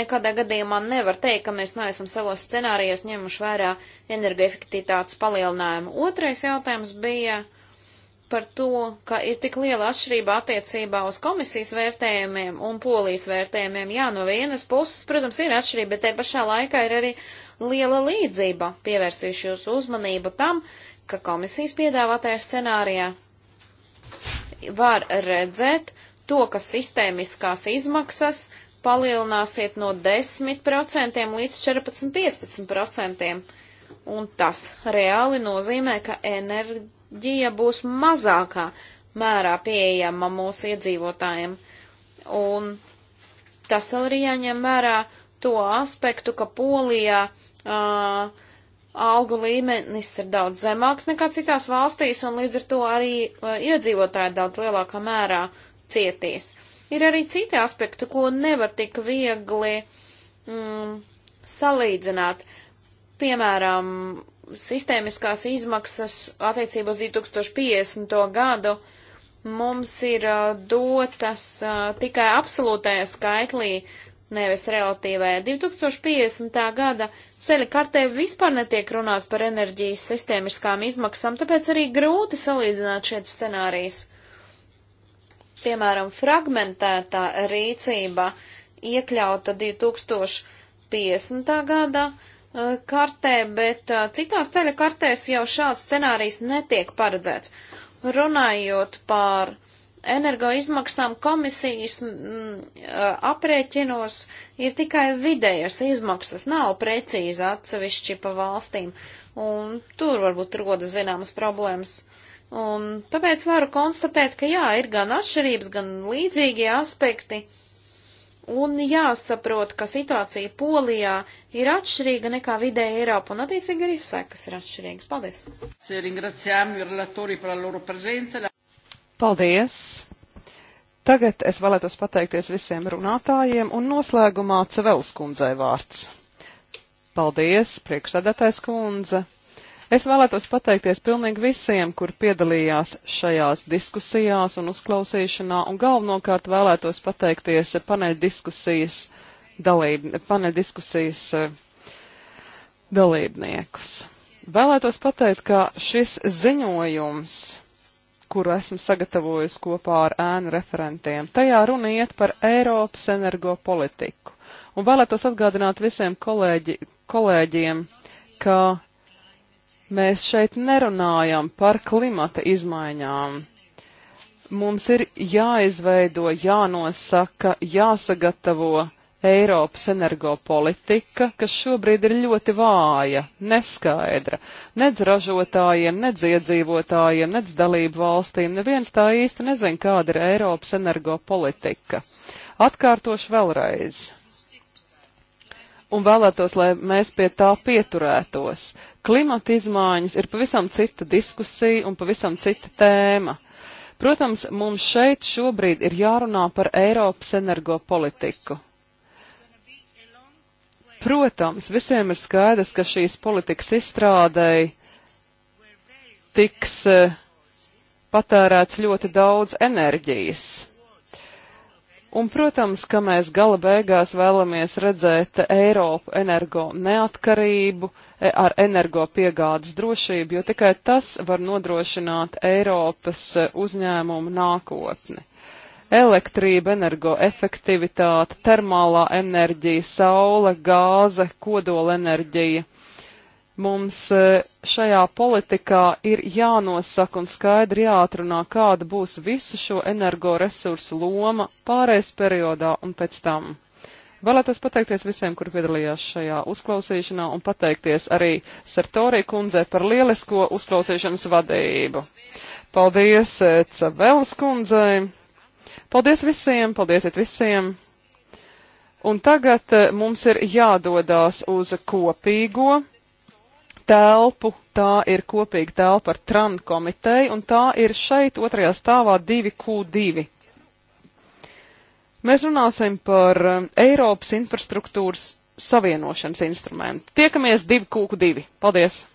nekādā gadījumā nevar teikt, ka mēs neesam savos scenārijos ņemuši vērā energoefektivitātes palielinājumu. Otrais jautājums bija uh, par to, ka ir tik liela atšķirība attiecībā uz komisijas vērtējumiem un polijas vērtējumiem. Jā, no vienas puses, protams, ir atšķirība, bet te pašā laikā ir arī liela līdzība. Pievērsīšu jūsu uzmanību tam, ka komisijas piedāvātajā scenārijā var redzēt to, ka sistēmiskās izmaksas palielināsiet no 10% līdz 14-15%. Un tas reāli nozīmē, ka enerģija tehnoloģija būs mazākā mērā pieejama mūsu iedzīvotājiem. Un tas arī jāņem vērā to aspektu, ka Polijā uh, algu līmenis ir daudz zemāks nekā citās valstīs, un līdz ar to arī uh, iedzīvotāji daudz lielākā mērā cietīs. Ir arī citi aspekti, ko nevar tik viegli mm, salīdzināt. Piemēram, sistēmiskās izmaksas attiecībos 2050. gadu mums ir dotas tikai absolūtajā skaitlī, nevis relatīvajā. 2050. gada ceļa kartē vispār netiek runāts par enerģijas sistēmiskām izmaksām, tāpēc arī grūti salīdzināt šeit scenārijas. Piemēram, fragmentētā rīcība iekļauta 2050. gadā Eh, kartē, bet eh, citās telekartēs jau šāds scenārijs netiek paredzēts. Runājot par energoizmaksām komisijas m, mm, eh, aprēķinos ir tikai vidējas izmaksas, nav precīzi atsevišķi pa valstīm, un tur varbūt rodas zināmas problēmas. Un tāpēc varu konstatēt, ka jā, ir gan atšķirības, gan līdzīgie aspekti. Uh, Un jāsaprot, ka situācija Polijā ir atšķirīga nekā vidēja Eiropa, un attiecīgi arī sekas ir atšķirīgas. Paldies! Paldies! Tagad es vēlētos pateikties visiem runātājiem, un noslēgumā Cevels kundzei vārds. Paldies, priekšsēdētājs kundze! Es vēlētos pateikties pilnīgi visiem, kur piedalījās šajās diskusijās un uzklausīšanā, un galvenokārt vēlētos pateikties paneļdiskusijas dalīb, paneļdiskusijas eh, dalībniekus. Vēlētos pateikt, ka šis ziņojums kuru esmu sagatavojis kopā ar ēnu referentiem. Tajā runa iet par Eiropas energopolitiku. Un vēlētos atgādināt visiem kolēģi, kolēģiem, ka Mēs šeit nerunājam par klimata izmaiņām. Mums ir jāizveido, jānosaka, jāsagatavo Eiropas energopolitika, kas šobrīd ir ļoti vāja, neskaidra. Nedz ražotājiem, nedz iedzīvotājiem, nedz dalību valstīm, neviens tā īsti nezin, kāda ir Eiropas energopolitika. Atkārtošu vēlreiz. Un vēlētos, lai mēs pie tā pieturētos. Klimata izmaiņas ir pavisam cita diskusija un pavisam cita tēma. Protams, mums šeit šobrīd ir jārunā par Eiropas energopolitiku. Protams, visiem ir skaidrs, ka šīs politikas izstrādēji tiks eh, patērēts ļoti daudz enerģijas. Un, protams, ka mēs gala beigās vēlamies redzēt Eiropu energo neatkarību, uh, E, ar energopiegādes drošību, jo tikai tas var nodrošināt Eiropas e, uzņēmumu nākotni. Elektrība, energoefektivitāte, termālā enerģija, saule, gāze, kodolenerģija mums e, šajā politikā ir jānosaka un skaidri jāatrunā, kāda būs visu šo energoresursu loma pārējais periodā un pēc tam. Vēlētos pateikties visiem, kur piedalījās šajā uzklausīšanā un pateikties arī Sartorī kundzē par lielisko uzklausīšanas vadību. Paldies eh, Cabelas kundzei. Paldies visiem, paldiesiet visiem. Un tagad eh, mums ir jādodās uz kopīgo telpu. Tā ir kopīga telpa ar TRAN komiteju, un tā ir šeit otrajā stāvā 2Q2 Mēs runāsim par um, Eiropas infrastruktūras savienošanas instrumentu. Tiekamies divi kūku divi. Paldies!